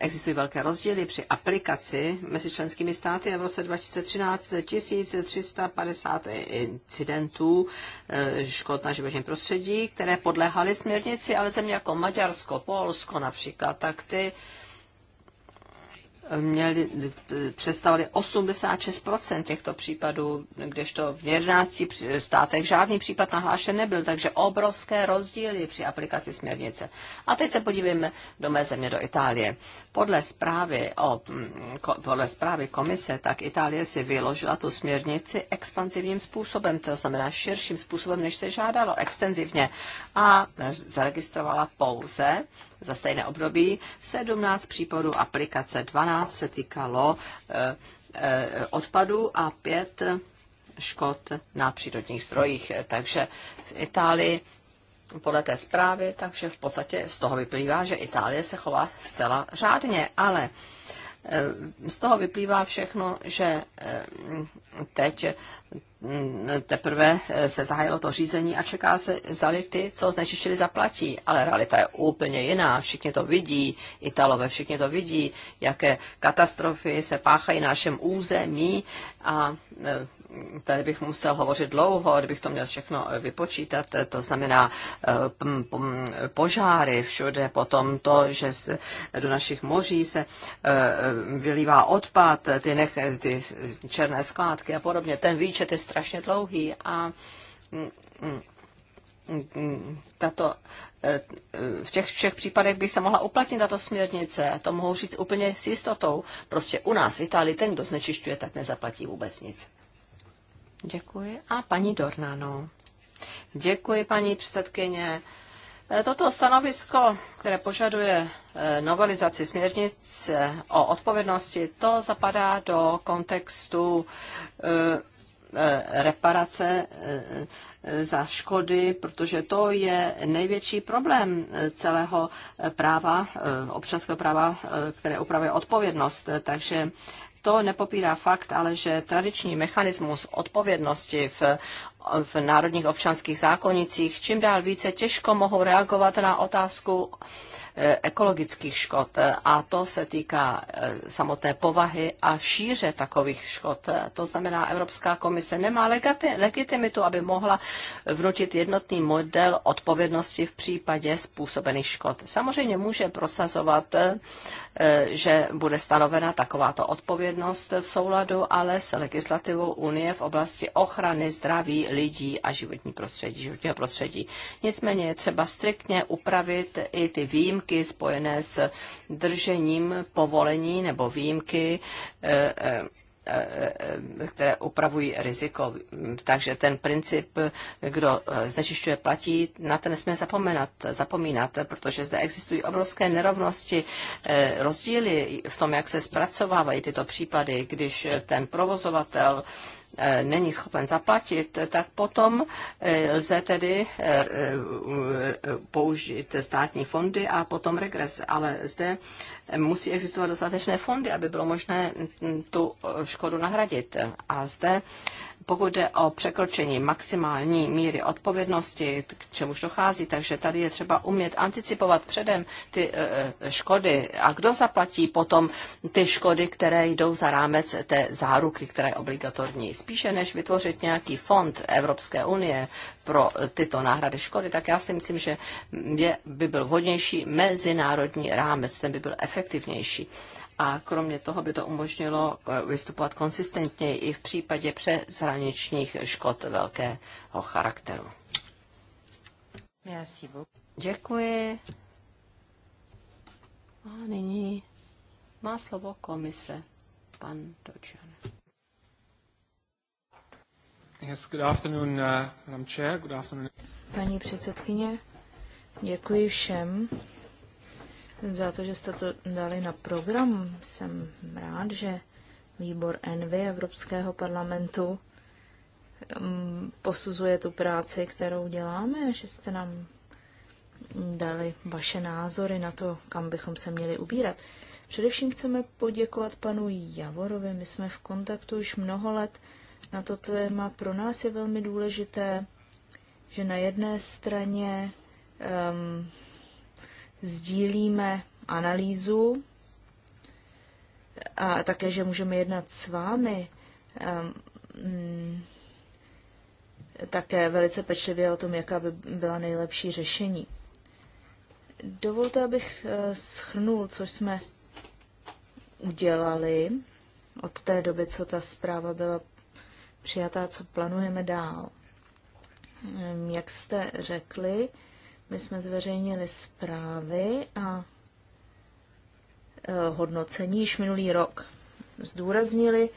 existují velké rozdíly při aplikaci mezi členskými státy. V roce 2013 1350 incidentů eh, škod na životním prostředí, které podléhaly směrnici, ale země jako Maďarsko, Polsko například, tak ty měli, představili 86% těchto případů, kdežto v 11 státech žádný případ nahlášen nebyl, takže obrovské rozdíly při aplikaci směrnice. A teď se podívejme do mé země, do Itálie. Podle zprávy, o, mm, ko, podle zprávy komise, tak Itálie si vyložila tu směrnici expanzivním způsobem, to znamená širším způsobem, než se žádalo, extenzivně a zaregistrovala pouze za stejné období 17 případů aplikace, 12 se týkalo eh, eh, odpadu a 5 škod na přírodních strojích. Takže v Itálii podle té zprávy, takže v podstatě z toho vyplývá, že Itálie se chová zcela řádně, ale Eh, z toho vyplývá všechno, že eh, teď mm, teprve eh, se zahájilo to řízení a čeká se, zdali ty, co znečištili, zaplatí. Ale realita je úplně jiná. Všichni to vidí, Italové všichni to vidí, jaké katastrofy se páchají na našem území a tady bych musel hovořit dlouho, kdybych to měl všechno vypočítat, to znamená eh, požáry všude, potom to, že se do našich moří se eh, vylívá odpad, ty, nech, ty černé skládky a podobně. Ten výčet je strašně dlouhý a mm, mm, mm, tato, eh, v těch všech případech by se mohla uplatnit tato směrnice. To mohou říct úplně s jistotou. Prostě u nás v Itálii ten, kdo znečišťuje, tak nezaplatí vůbec nic. Děkuji. A paní Dornano. Děkuji, paní předsedkyně. E, toto stanovisko, které požaduje e, novelizaci směrnice o odpovědnosti, to zapadá do kontextu e, reparace za škody, protože to je největší problém celého práva, občanského práva, které upravuje odpovědnost. Takže to nepopírá fakt, ale že tradiční mechanismus odpovědnosti v, v národních občanských zákonicích čím dál více těžko mohou reagovat na otázku ekologických škod a to se týká eh, samotné povahy a šíře takových škod. To znamená, Evropská komise nemá legitimitu, aby mohla vnutit jednotný model odpovědnosti v případě způsobených škod. Samozřejmě může prosazovat, eh, že bude stanovena takováto odpovědnost v souladu, ale s legislativou Unie v oblasti ochrany zdraví lidí a životní prostředí, životního prostředí. Nicméně je třeba striktně upravit i ty výjimky, výjimky spojené s držením povolení nebo výjimky eh, eh, eh, které upravují riziko. Takže ten princip, kdo znečišťuje platí, na ten nesmíme zapomenat, zapomínat, protože zde existují obrovské nerovnosti, rozdíly v tom, jak se zpracovávají tyto případy, když ten provozovatel E, není schopen zaplatit, tak potom e, lze tedy e, použít státní fondy a potom regres. Ale zde musí existovat dostatečné fondy, aby bylo možné tu škodu nahradit. A zde pokud jde o překročení maximální míry odpovědnosti, k čemuž dochází, takže tady je třeba umět anticipovat předem ty e, e, škody. A kdo zaplatí potom ty škody, které jdou za rámec té záruky, která je obligatorní? Spíše než vytvořit nějaký fond Evropské unie pro tyto náhrady škody, tak já si myslím, že je, by byl vhodnější mezinárodní rámec, ten by byl efektivnější a kromě toho by to umožnilo eh, vystupovat konsistentně i v případě přeshraničních škod velkého charakteru. Merci Děkuji. A nyní má slovo komise pan Dočan. Yes, good afternoon, uh, Madam Chair. Good afternoon. Paní předsedkyně, děkuji všem za to, že jste to dali na program. Jsem rád, že výbor Envy Evropského parlamentu um, posuzuje tu práci, kterou děláme, že jste nám dali vaše názory na to, kam bychom se měli ubírat. Především chceme poděkovat panu Javorovi. My jsme v kontaktu už mnoho let na to téma. Pro nás je velmi důležité, že na jedné straně um, sdílíme analýzu a také, že můžeme jednat s vámi. Ehm, mm, také velice pečlivě o tom, jaká by byla nejlepší řešení. Dovolte, abych eh, schrnul, co jsme udělali od té doby, co ta zpráva byla přijatá, co plánujeme dál. Ehm, jak jste řekli, my jsme zveřejnili zprávy a e, hodnocení již minulý rok. Zdůraznili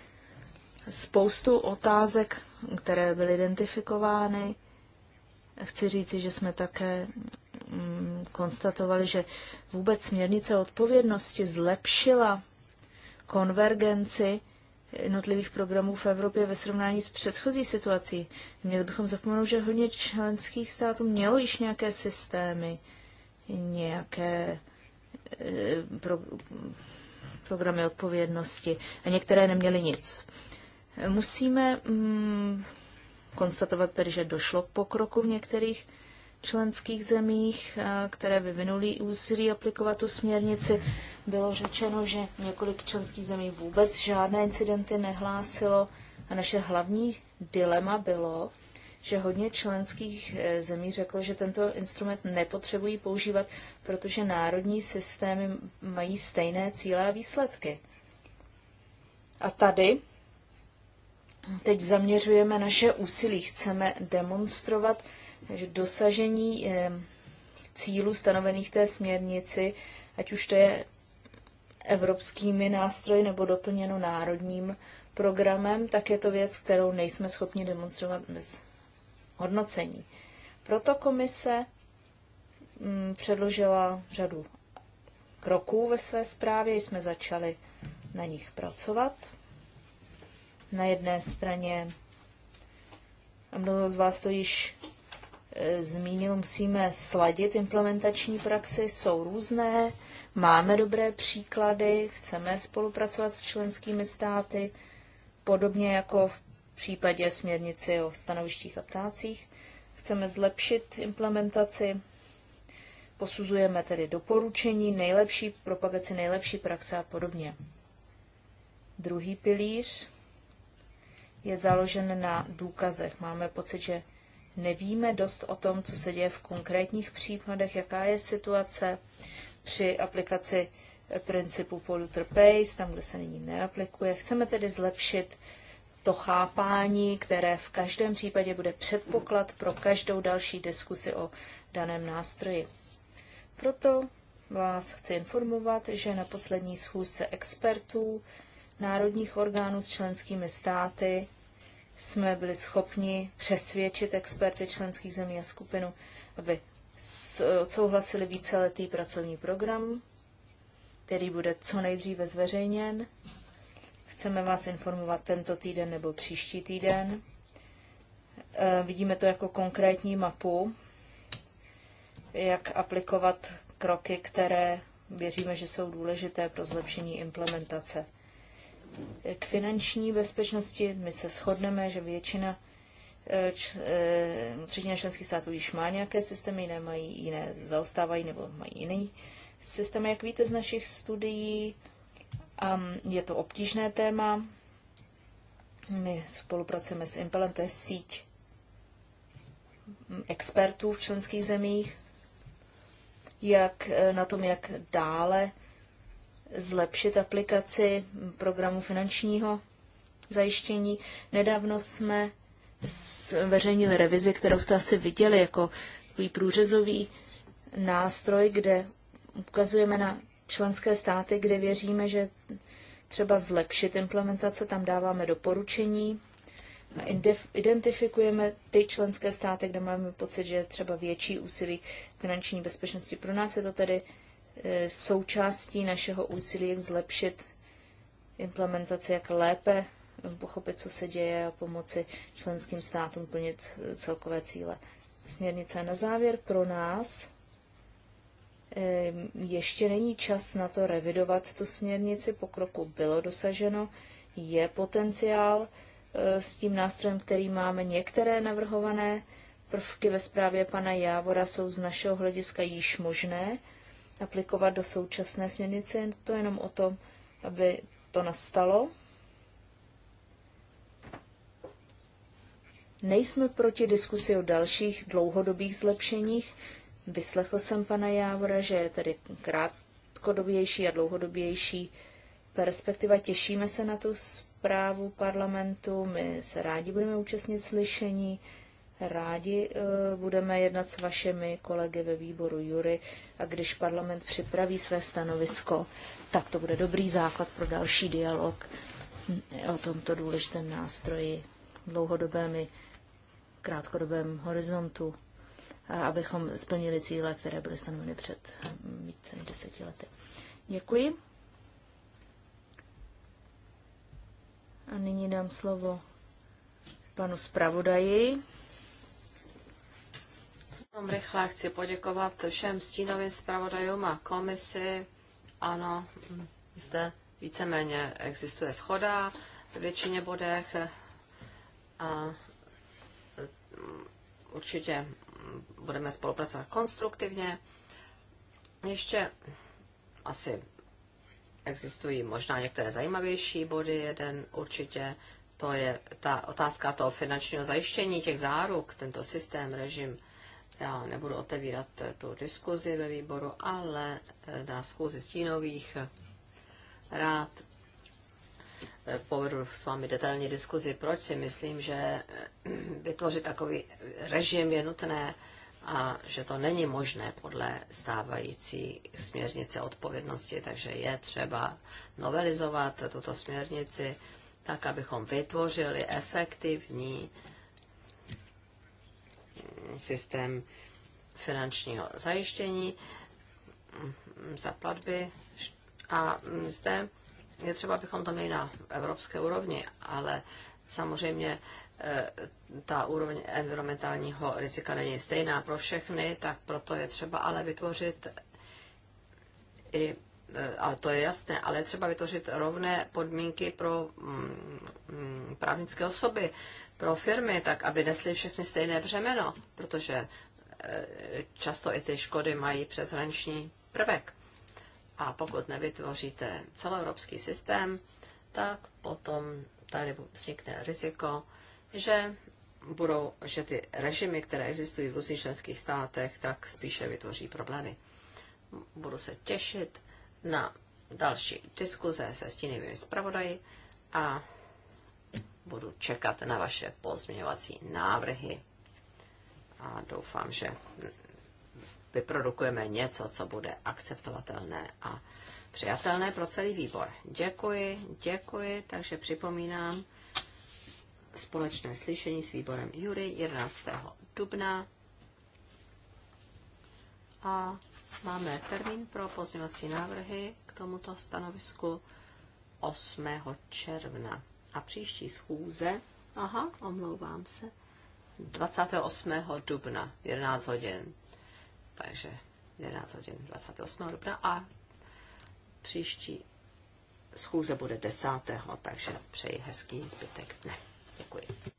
spoustu otázek, které byly identifikovány. Chci říci, že jsme také mm, konstatovali, že vůbec směrnice odpovědnosti zlepšila konvergenci jednotlivých programů v Evropě ve srovnání s předchozí situací. Měli bychom zapomenout, že hodně členských států mělo již nějaké systémy, nějaké eh, pro, programy odpovědnosti a některé neměly nic. Musíme mm, konstatovat tedy, že došlo k pokroku v některých členských zemích, eh, které vyvinuli úsilí aplikovat tu směrnici. Bylo řečeno, že několik členských zemí vůbec žádné incidenty nehlásilo a naše hlavní dilema bylo, že hodně členských eh, zemí řeklo, že tento instrument nepotřebují používat, protože národní systémy mají stejné cíle a výsledky. A tady teď zaměřujeme naše úsilí. Chceme demonstrovat, takže dosažení cílů stanovených té směrnici, ať už to je evropskými nástroji nebo doplněno národním programem, tak je to věc, kterou nejsme schopni demonstrovat bez hodnocení. Proto komise mm, předložila řadu kroků ve své zprávě, jsme začali na nich pracovat. Na jedné straně, a mnoho z vás to již Eh, zmínil, musíme sladit implementační praxi, jsou různé, máme dobré příklady, chceme spolupracovat s členskými státy, podobně jako v případě směrnici o stanovištích a ptácích. Chceme zlepšit implementaci, posuzujeme tedy doporučení, nejlepší propagaci, nejlepší praxe a podobně. Druhý pilíř je založen na důkazech. Máme pocit, že nevíme dost o tom, co se děje v konkrétních případech, jaká je situace při aplikaci principu polluter pays, tam, kde se nyní neaplikuje. Chceme tedy zlepšit to chápání, které v každém případě bude předpoklad pro každou další diskusi o daném nástroji. Proto vás chci informovat, že na poslední schůzce expertů národních orgánů s členskými státy jsme byli schopni přesvědčit experty členských zemí a skupinu, aby odsouhlasili víceletý pracovní program, který bude co nejdříve zveřejněn. Chceme vás informovat tento týden nebo příští týden. Eh, vidíme to jako konkrétní mapu, jak aplikovat kroky, které věříme, že jsou důležité pro zlepšení implementace. K finanční bezpečnosti my se shodneme, že většina eh, eh, třetina členských států již má nějaké systémy, jiné mají, jiné zaostávají nebo mají jiný systém. Jak víte z našich studií, je to obtížné téma. My spolupracujeme s Impelem, to je síť mm, expertů v členských zemích, jak eh, na tom, jak dále zlepšit aplikaci programu finančního zajištění. Nedávno jsme zveřejnili revizi, kterou jste asi viděli jako takový průřezový nástroj, kde ukazujeme na členské státy, kde věříme, že třeba zlepšit implementace, tam dáváme doporučení a identifikujeme ty členské státy, kde máme pocit, že je třeba větší úsilí finanční bezpečnosti. Pro nás je to tedy E, součástí našeho úsilí, jak zlepšit implementaci, jak lépe pochopit, co se děje a pomoci členským státům plnit celkové cíle. Směrnice na závěr pro nás e, ještě není čas na to revidovat tu směrnici, pokroku bylo dosaženo, je potenciál e, s tím nástrojem, který máme. Některé navrhované prvky ve zprávě pana Jávora jsou z našeho hlediska již možné, aplikovat do současné směrnice. Je to jenom o tom, aby to nastalo. Nejsme proti diskusi o dalších dlouhodobých zlepšeních. Vyslechl jsem pana Jávora, že je tedy krátkodobější a dlouhodobější perspektiva. Těšíme se na tu zprávu parlamentu, my se rádi budeme účastnit slyšení. Rádi eh, budeme jednat s vašimi kolegy ve výboru Jury a když parlament připraví své stanovisko, tak to bude dobrý základ pro další dialog o tomto důležitém nástroji dlouhodobém i krátkodobém horizontu, abychom splnili cíle, které byly stanoveny před hm, více než deseti lety. Děkuji. A nyní dám slovo panu zpravodaji. Rychle chci poděkovat všem stínovým zpravodajům a komisi. Ano, zde víceméně existuje schoda v většině bodech a určitě budeme spolupracovat konstruktivně. Ještě asi existují možná některé zajímavější body. Jeden určitě to je ta otázka toho finančního zajištění těch záruk, tento systém, režim já nebudu otevírat tu diskuzi ve výboru, ale na schůzi stínových rád povedu s vámi detailní diskuzi, proč si myslím, že vytvořit takový režim je nutné a že to není možné podle stávající směrnice odpovědnosti, takže je třeba novelizovat tuto směrnici tak, abychom vytvořili efektivní systém finančního zajištění mm, za platby a zde je třeba, abychom to měli na evropské úrovni, ale samozřejmě eh, ta úroveň environmentálního rizika není stejná pro všechny, tak proto je třeba ale vytvořit i, eh, ale to je jasné, ale je třeba vytvořit rovné podmínky pro mm, mm, právnické osoby, pro firmy, tak aby nesly všechny stejné břemeno, protože e, často i ty škody mají přeshraniční prvek. A pokud nevytvoříte celoevropský systém, tak potom tady vznikne riziko, že budou, že ty režimy, které existují v různých členských státech, tak spíše vytvoří problémy. Budu se těšit na další diskuze se stínivými zpravodaji a budu čekat na vaše pozměňovací návrhy a doufám, že vyprodukujeme něco, co bude akceptovatelné a přijatelné pro celý výbor. Děkuji, děkuji, takže připomínám společné slyšení s výborem Jury 11. dubna a máme termín pro pozměňovací návrhy k tomuto stanovisku 8. června. A příští schůze, aha, omlouvám se, 28. dubna, 11 hodin. Takže 11 hodin 28. dubna a příští schůze bude 10. takže přeji hezký zbytek dne. Děkuji.